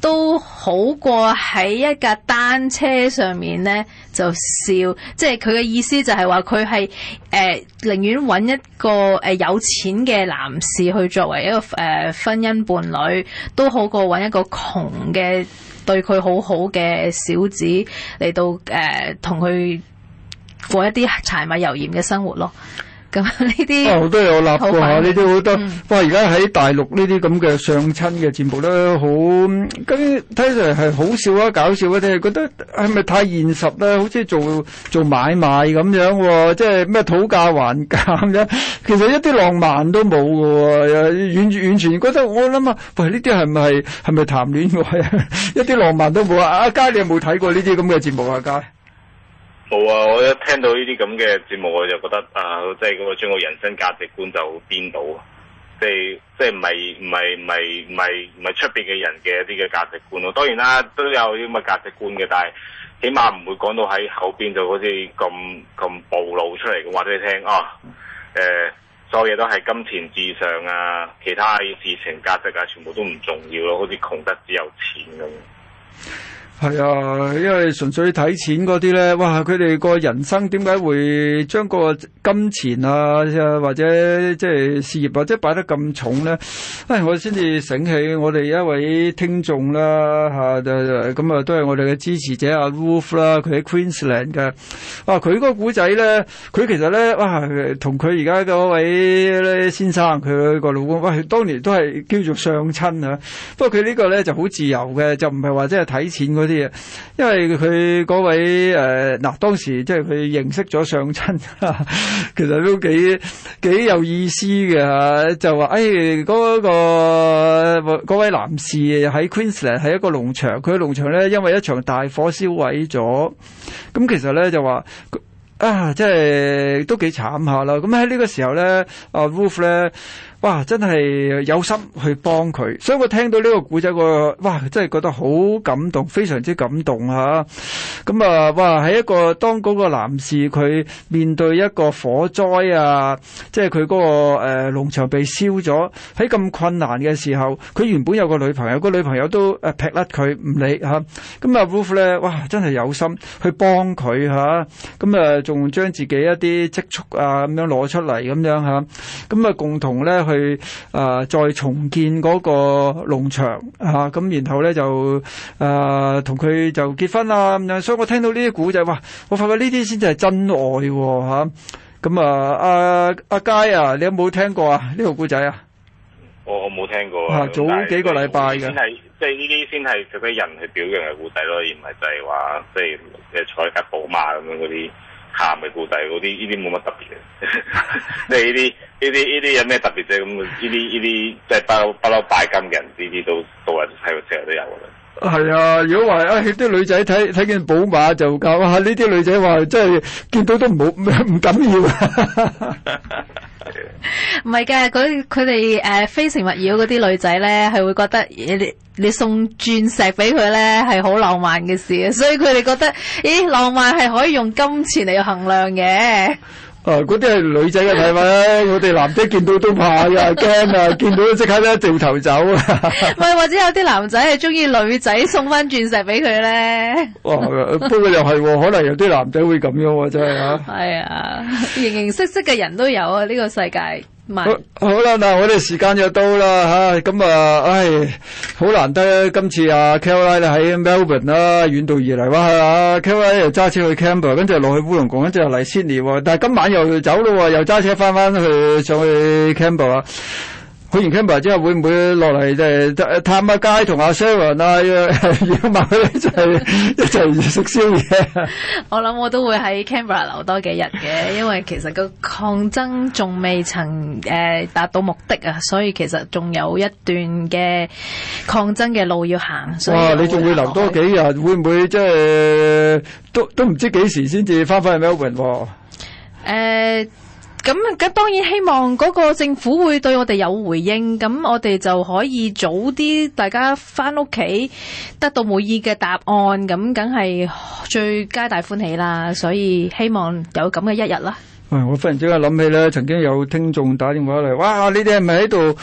都好過喺一架單車上面呢就笑。即係佢嘅意思就係話佢係誒寧願揾一個誒、呃、有錢嘅男士去作為一個誒、呃、婚姻伴侶，都好過揾一個窮嘅對佢好好嘅小子嚟到誒同佢過一啲柴米油鹽嘅生活咯。咁呢啲，我都係有立過吓。呢啲我都，喂、啊，而家喺大陸呢啲咁嘅相親嘅節目咧，好，咁睇上嚟係好笑啊，搞笑啊，你係覺得係咪太現實咧？好似做做買賣咁樣，即係咩討價還價咁樣。 其實一啲浪漫都冇嘅喎，完完全覺得我諗啊，喂，呢啲係咪係咪談戀愛啊？ 一啲浪漫都冇啊！阿佳，你有冇睇過呢啲咁嘅節目啊？佳？冇啊、哦！我一聽到呢啲咁嘅節目，我就覺得啊，即係嗰個將個人生價值觀就顛倒啊！即係即係唔係唔係唔係唔係唔係出邊嘅人嘅一啲嘅價值觀咯。當然啦，都有啲咁嘅價值觀嘅，但係起碼唔會講到喺後邊就好似咁咁暴露出嚟咁話俾你聽啊！誒、哦呃，所有嘢都係金錢至上啊，其他事情價值啊，全部都唔重要咯，好似窮得只有錢咁。係啊，因為純粹睇錢啲咧，哇！佢哋個人生點解會將個金錢啊，或者即係事業、啊、或者擺得咁重咧？唉、哎，我先至醒起我哋一位聽眾啦吓，咁啊，啊，啊都係我哋嘅支持者阿、啊、Wolf 啦、啊，佢喺 Queensland 嘅。啊佢個古仔咧，佢其實咧，哇，同佢而家位咧先生佢個老公，喂當年都係叫做相親啊，不過佢呢個咧就好自由嘅，就唔係話即係睇錢嗰啲嘢，因為佢嗰位誒嗱、呃，當時即係佢認識咗上親哈哈，其實都幾幾有意思嘅、啊、就話誒嗰個、那個、位男士喺 Queensland 係一個農場，佢嘅農場咧因為一場大火燒毀咗，咁、嗯、其實咧就話啊，即係都幾慘下啦。咁喺呢個時候咧，阿、啊、Ralph 咧。哇！真係有心去幫佢，所以我聽到呢個古仔個哇，真係覺得好感動，非常之感動吓。咁啊，哇！喺一個當嗰個男士佢面對一個火災啊，即係佢嗰個誒農場被燒咗，喺咁困難嘅時候，佢原本有個女朋友，個女朋友都誒劈甩佢唔理吓。咁啊，Roof 咧，哇！真係有心去幫佢吓，咁啊，仲將自己一啲積蓄啊咁樣攞出嚟咁樣吓，咁啊，共同咧。去啊，再重建嗰個農場啊，咁然後咧就啊，同佢就結婚啦咁樣。所以我聽到呢啲古仔，哇！我發覺呢啲先至係真愛吓。咁啊，阿阿佳啊，你有冇聽過啊？呢個古仔啊？我我冇聽過。早幾個禮拜先係，即係呢啲先係俾人去表揚嘅古仔咯，而唔係就係話即係財賈寶馬咁樣嗰啲。鹹嘅布袋嗰啲，呢啲冇乜特別嘅，即係呢啲呢啲呢啲有咩特別啫？咁呢啲呢啲即係不不嬲拜金嘅人，呢啲都都係喺社會上都有嘅。係啊、哎，如果話啊啲女仔睇睇見寶馬就夠，吓呢啲女仔話真係見到都冇唔敢要。唔係嘅，佢佢哋誒非誠勿擾嗰啲女仔咧，係會覺得你你送鑽石俾佢咧係好浪漫嘅事，所以佢哋覺得咦浪漫係可以用金錢嚟衡量嘅。嗰啲係女仔嘅睇法，係咪？ 我哋男仔見到都怕啊，驚啊！見到即刻咧掉頭走啊！唔係 或者有啲男仔係中意女仔送翻鑽石俾佢咧。 哦係咪、啊，不過又係、啊，可能有啲男仔會咁樣喎、啊，真係嚇、啊。係啊、 哎，形形色色嘅人都有啊，呢個世界。慢好，啦，嗱，我哋時間又到啦嚇，咁啊，唉、啊，好、哎、難得啊，今次啊 Kelvin 喺 Melbourne 啦、啊，遠道而嚟喎，阿 Kelvin 又揸車去 Canberra 跟住落去烏龍港，跟住又嚟 Sydney，但係今晚又要走咯喎、啊，又揸車翻翻去上去 Canberra 啊！去完 Canberra 之後會唔會落嚟誒探下街同阿 Sarah Yoh、啊，一齊一齊食宵夜？我諗我都會喺 Canberra 留多幾日嘅，因為其實個抗爭仲未曾誒、呃、達到目的啊，所以其實仲有一段嘅抗爭嘅路要行。所以哇！你仲會留多幾日？會唔會即係、呃、都都唔知幾時先至翻返去 Melbourne 誒、呃。咁咁當然希望嗰個政府會對我哋有回應，咁我哋就可以早啲大家翻屋企得到滿意嘅答案，咁梗係最皆大歡喜啦。所以希望有咁嘅一日啦。喂、哎，我忽然之間諗起咧，曾經有聽眾打電話嚟，哇！你哋係咪喺度？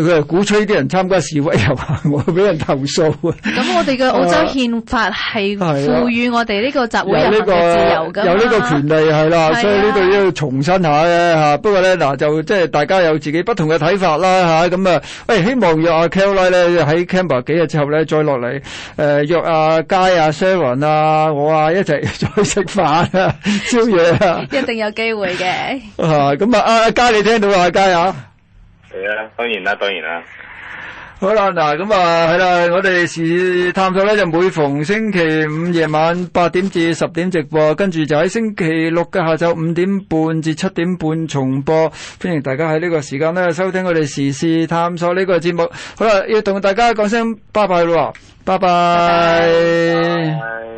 佢係鼓吹啲人參加示威遊行，俾人投訴。咁我哋嘅澳洲憲法係賦予、啊啊、我哋呢個集會遊行嘅自由嘅，有呢個權利係啦。啊、的所以呢度要重申下咧嚇。不過咧嗱就即係大家有自己不同嘅睇法啦嚇。咁啊，喂、啊哎，希望約阿 Kelly 咧喺 Canberra 幾日之後咧再落嚟誒約阿佳啊、Sharon 啊、我啊一齊再食飯 宵夜啊、燒嘢啊，一定有機會嘅。嚇咁啊，阿、啊、佳、啊、你聽到啊？阿佳嚇。係，當然啦，當然啦。然好啦，嗱咁啊，係啦，我哋時事探索呢，就每逢星期五夜晚八點至十點直播，跟住就喺星期六嘅下晝五點半至七點半重播。歡迎大家喺呢個時間呢收聽我哋時事探索呢個節目。好啦，要同大家講聲拜拜啦，拜拜。